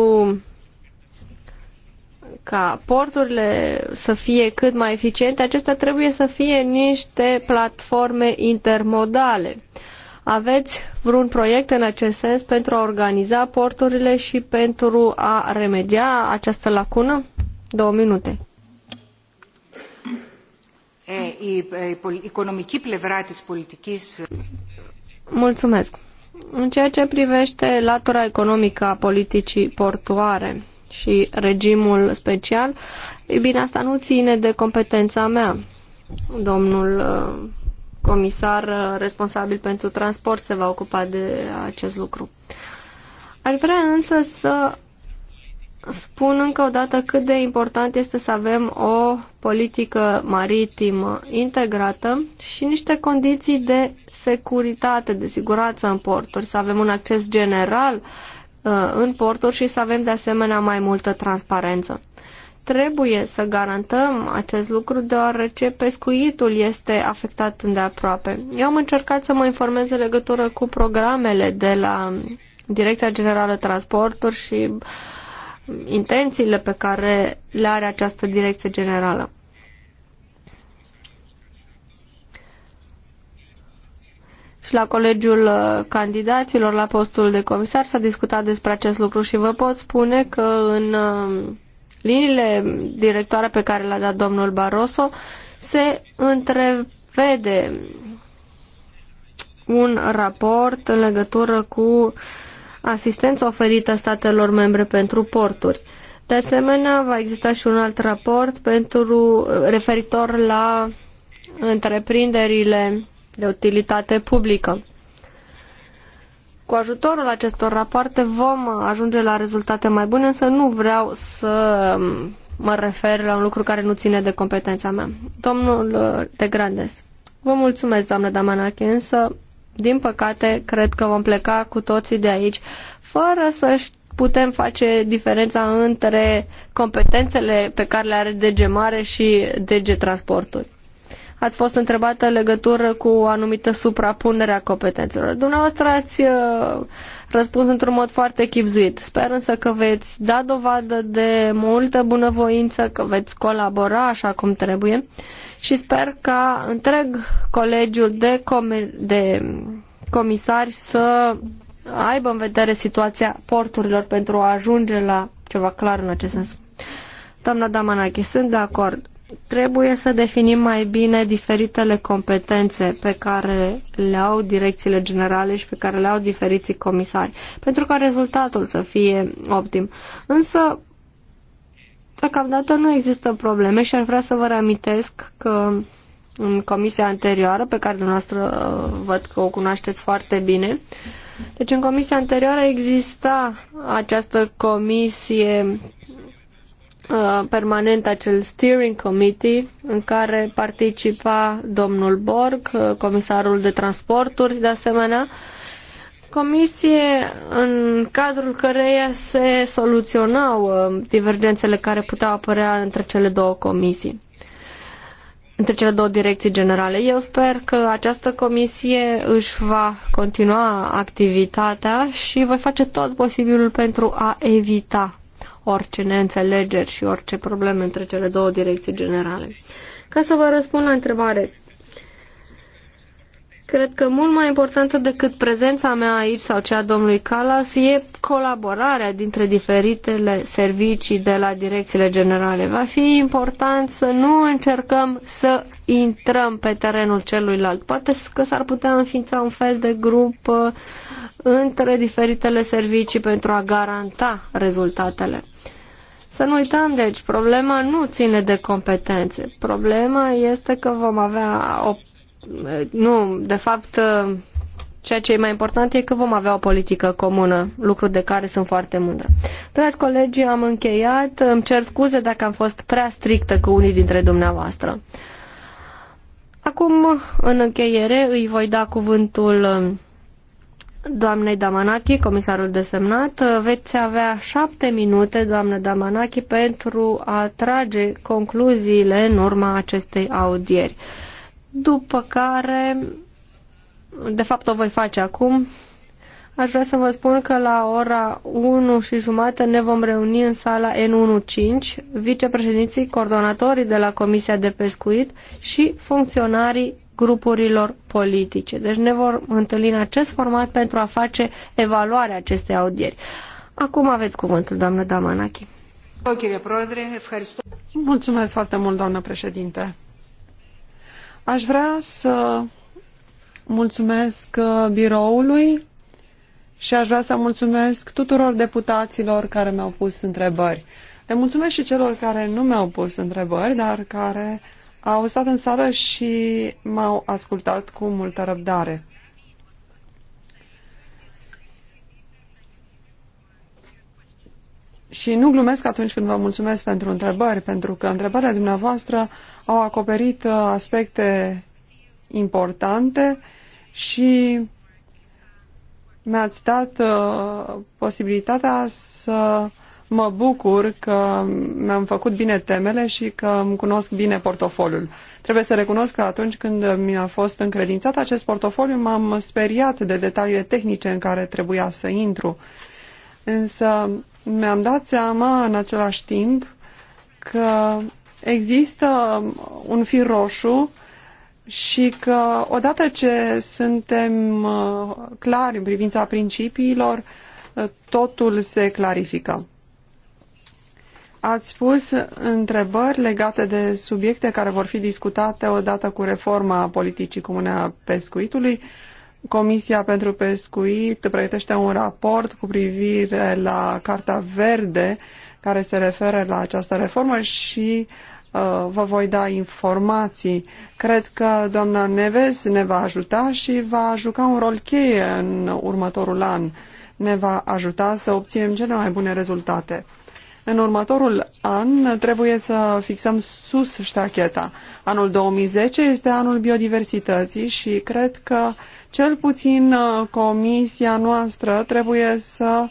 ca porturile să fie cât mai eficiente, acestea trebuie să fie niște platforme intermodale. Aveți vreun proiect în acest sens pentru a organiza porturile și pentru a remedia această lacună? Două minute. Η οικονομική πλευρά της πολιτικής Mulțumesc. În ceea ce privește latura economică a politicii portoare și regimul special, e bine, asta nu ține de competența mea. Domnul uh, comisar uh, responsabil pentru transport se va ocupa de acest lucru. Ar vrea însă să spun încă o dată cât de important este să avem o politică maritimă integrată și niște condiții de securitate, de siguranță în porturi, să avem un acces general uh, în porturi și să avem de asemenea mai multă transparență. Trebuie să garantăm acest lucru deoarece pescuitul este afectat îndeaproape. Eu am încercat să mă informez în legătură cu programele de la Direcția Generală Transporturi și uh, intențiile pe care le are această direcție generală. Și la colegiul uh, candidaților la postul de comisar s-a discutat despre acest lucru și vă pot spune că în um, liniile directoare pe care le-a dat domnul Barroso se întrevede un raport în legătură cu uh, asistența oferită statelor membre pentru porturi. De asemenea, va exista și un alt raport pentru, referitor la întreprinderile de utilitate publică. Cu ajutorul acestor rapoarte vom ajunge la rezultate mai bune, însă nu vreau să mă refer la un lucru care nu ține de competența mea. Domnul uh, de Grandes, vă mulțumesc, doamnă Damanache, însă din păcate, cred că vom pleca cu toții de aici, fără să putem face diferența între competențele pe care le are DG Mare și DG Transporturi ați fost întrebată în legătură cu o anumită suprapunere a competențelor. Dumneavoastră ați uh, răspuns într-un mod foarte chipzuit. Sper însă că veți da dovadă de multă bunăvoință, că veți colabora așa cum trebuie și sper ca întreg colegiul de, com- de comisari să aibă în vedere situația porturilor pentru a ajunge la ceva clar în acest sens. Doamna Damanache, sunt de acord. Trebuie să definim mai bine diferitele competențe pe care le au direcțiile generale și pe care le au diferiții comisari, pentru ca rezultatul să fie optim. Însă, deocamdată nu există probleme și ar vrea să vă reamintesc că în comisia anterioară, pe care dumneavoastră uh, văd că o cunoașteți foarte bine, deci în comisia anterioară exista această comisie Uh, permanent acel steering committee în care participa domnul Borg, uh, comisarul de transporturi de asemenea, comisie în cadrul căreia se soluționau uh, divergențele care puteau apărea între cele două comisii între cele două direcții generale. Eu sper că această comisie își va continua activitatea și voi face tot posibilul pentru a evita orice neînțelegeri și orice probleme între cele două direcții generale. Ca să vă răspund la întrebare, Cred că mult mai importantă decât prezența mea aici sau cea a domnului Calas e colaborarea dintre diferitele servicii de la direcțiile generale. Va fi important să nu încercăm să intrăm pe terenul celuilalt. Poate că s-ar putea înființa un fel de grup uh, între diferitele servicii pentru a garanta rezultatele. Să nu uităm, deci, problema nu ține de competențe. Problema este că vom avea o nu, de fapt, ceea ce e mai important e că vom avea o politică comună, lucru de care sunt foarte mândră. Dragi colegi, am încheiat. Îmi cer scuze dacă am fost prea strictă cu unii dintre dumneavoastră. Acum, în încheiere, îi voi da cuvântul doamnei Damanaki, comisarul desemnat. Veți avea șapte minute, doamnă Damanaki, pentru a trage concluziile în urma acestei audieri după care, de fapt o voi face acum, aș vrea să vă spun că la ora 1 și jumate ne vom reuni în sala N15, vicepreședinții, coordonatorii de la Comisia de Pescuit și funcționarii grupurilor politice. Deci ne vor întâlni în acest format pentru a face evaluarea acestei audieri. Acum aveți cuvântul, doamnă Damanachi. Mulțumesc foarte mult, doamnă președinte. Aș vrea să mulțumesc uh, biroului și aș vrea să mulțumesc tuturor deputaților care mi-au pus întrebări. Le mulțumesc și celor care nu mi-au pus întrebări, dar care au stat în sală și m-au ascultat cu multă răbdare. și nu glumesc atunci când vă mulțumesc pentru întrebări, pentru că întrebările dumneavoastră au acoperit uh, aspecte importante și mi-ați dat uh, posibilitatea să mă bucur că mi-am făcut bine temele și că îmi cunosc bine portofoliul. Trebuie să recunosc că atunci când mi-a fost încredințat acest portofoliu, m-am speriat de detaliile tehnice în care trebuia să intru. Însă mi-am dat seama în același timp că există un fir roșu și că odată ce suntem uh, clari în privința principiilor, uh, totul se clarifică. Ați spus întrebări legate de subiecte care vor fi discutate odată cu reforma politicii comune a pescuitului. Comisia pentru Pescuit pregătește un raport cu privire la Carta Verde care se referă la această reformă și uh, vă voi da informații. Cred că doamna Neves ne va ajuta și va juca un rol cheie în următorul an. Ne va ajuta să obținem cele mai bune rezultate. În următorul an trebuie să fixăm sus ștacheta. Anul 2010 este anul biodiversității și cred că cel puțin uh, comisia noastră trebuie să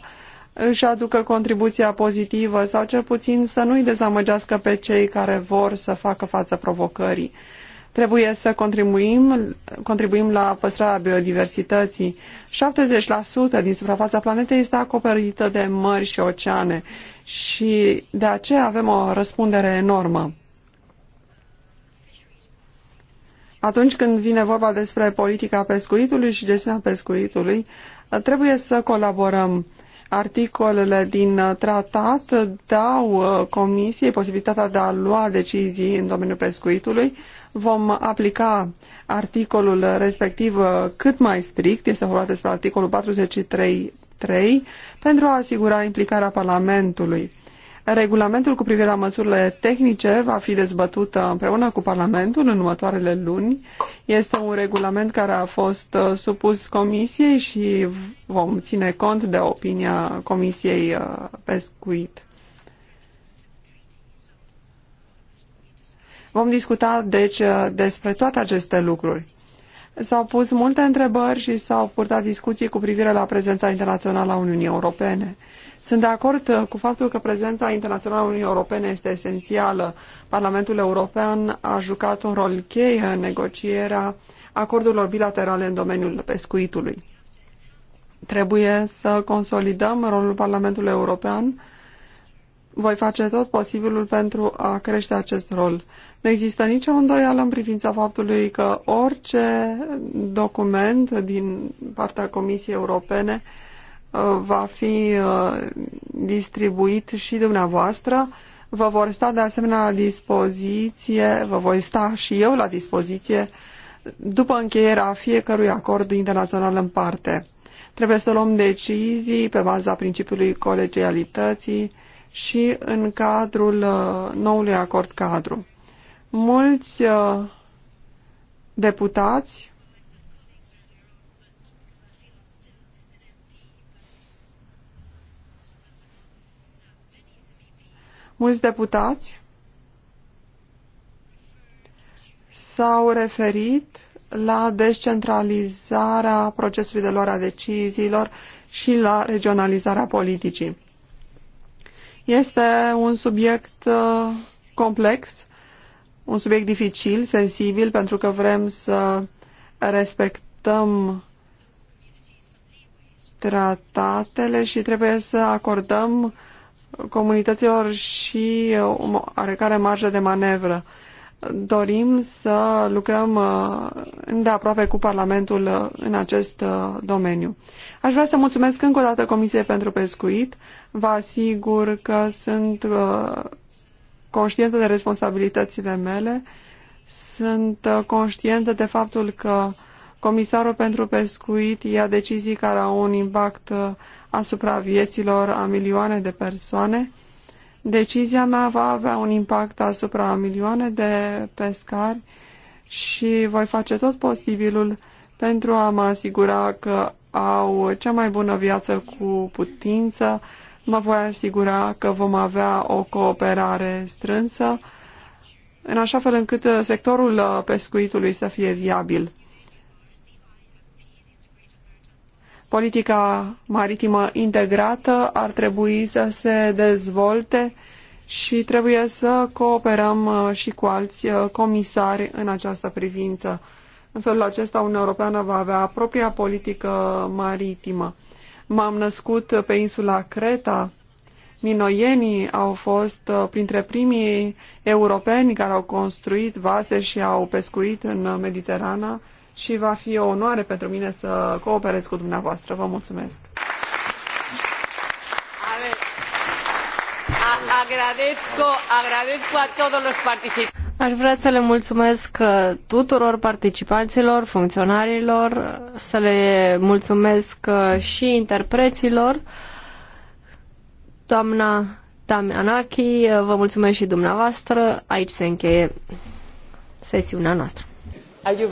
își aducă contribuția pozitivă sau cel puțin să nu-i dezamăgească pe cei care vor să facă față provocării. Trebuie să contribuim, contribuim la păstrarea biodiversității. 70% din suprafața planetei este acoperită de mări și oceane și de aceea avem o răspundere enormă. Atunci când vine vorba despre politica pescuitului și gestiunea pescuitului, trebuie să colaborăm Articolele din uh, tratat dau uh, Comisiei posibilitatea de a lua decizii în domeniul pescuitului. Vom aplica articolul respectiv uh, cât mai strict, este vorba despre articolul 43.3, pentru a asigura implicarea Parlamentului. Regulamentul cu privire la măsurile tehnice va fi dezbătut uh, împreună cu Parlamentul în următoarele luni. Este un regulament care a fost uh, supus Comisiei și vom ține cont de opinia Comisiei uh, Pescuit. Vom discuta, deci, despre toate aceste lucruri. S-au pus multe întrebări și s-au purtat discuții cu privire la prezența internațională a Uniunii Europene. Sunt de acord uh, cu faptul că prezența internațională a Uniunii Europene este esențială. Parlamentul European a jucat un rol cheie în negocierea acordurilor bilaterale în domeniul pescuitului. Trebuie să consolidăm rolul Parlamentului European. Voi face tot posibilul pentru a crește acest rol. Nu există nicio îndoială în privința faptului că orice document din partea Comisiei Europene Uh, va fi uh, distribuit și dumneavoastră. Vă vor sta de asemenea la dispoziție, vă voi sta și eu la dispoziție după încheierea fiecărui acord internațional în parte. Trebuie să luăm decizii pe baza principiului colegialității și în cadrul uh, noului acord cadru. Mulți deputați Mulți deputați s-au referit la descentralizarea procesului de luare a deciziilor și la regionalizarea politicii. Este un subiect uh, complex, un subiect dificil, sensibil, pentru că vrem să respectăm tratatele și trebuie să acordăm comunităților și oarecare marjă de manevră. Dorim să lucrăm uh, îndeaproape cu Parlamentul uh, în acest uh, domeniu. Aș vrea să mulțumesc încă o dată Comisiei pentru Pescuit. Vă asigur că sunt conștientă de responsabilitățile mele, sunt conștientă de faptul că Comisarul pentru pescuit ia decizii care au un impact uh, asupra vieților a milioane de persoane. Decizia mea va avea un impact asupra a milioane de pescari și voi face tot posibilul pentru a mă asigura că au cea mai bună viață cu putință. Mă voi asigura că vom avea o cooperare strânsă, în așa fel încât sectorul uh, pescuitului să fie viabil. Politica maritimă integrată ar trebui să se dezvolte și trebuie să cooperăm uh, și cu alți uh, comisari în această privință. În felul acesta, Uniunea Europeană va avea propria politică maritimă. M-am născut pe insula Creta. Minoienii au fost uh, printre primii europeni care au construit vase și au pescuit în Mediterana și va fi o onoare pentru mine să cooperez cu dumneavoastră. Vă mulțumesc! Aș vrea să le mulțumesc uh, tuturor participanților, funcționarilor, să le mulțumesc uh, și interpreților. Doamna Damianaki, uh, vă mulțumesc și dumneavoastră. Aici se încheie sesiunea noastră. Are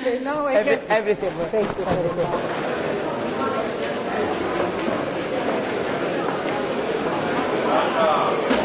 okay, Every, have everything. Thank you very much. Thank you.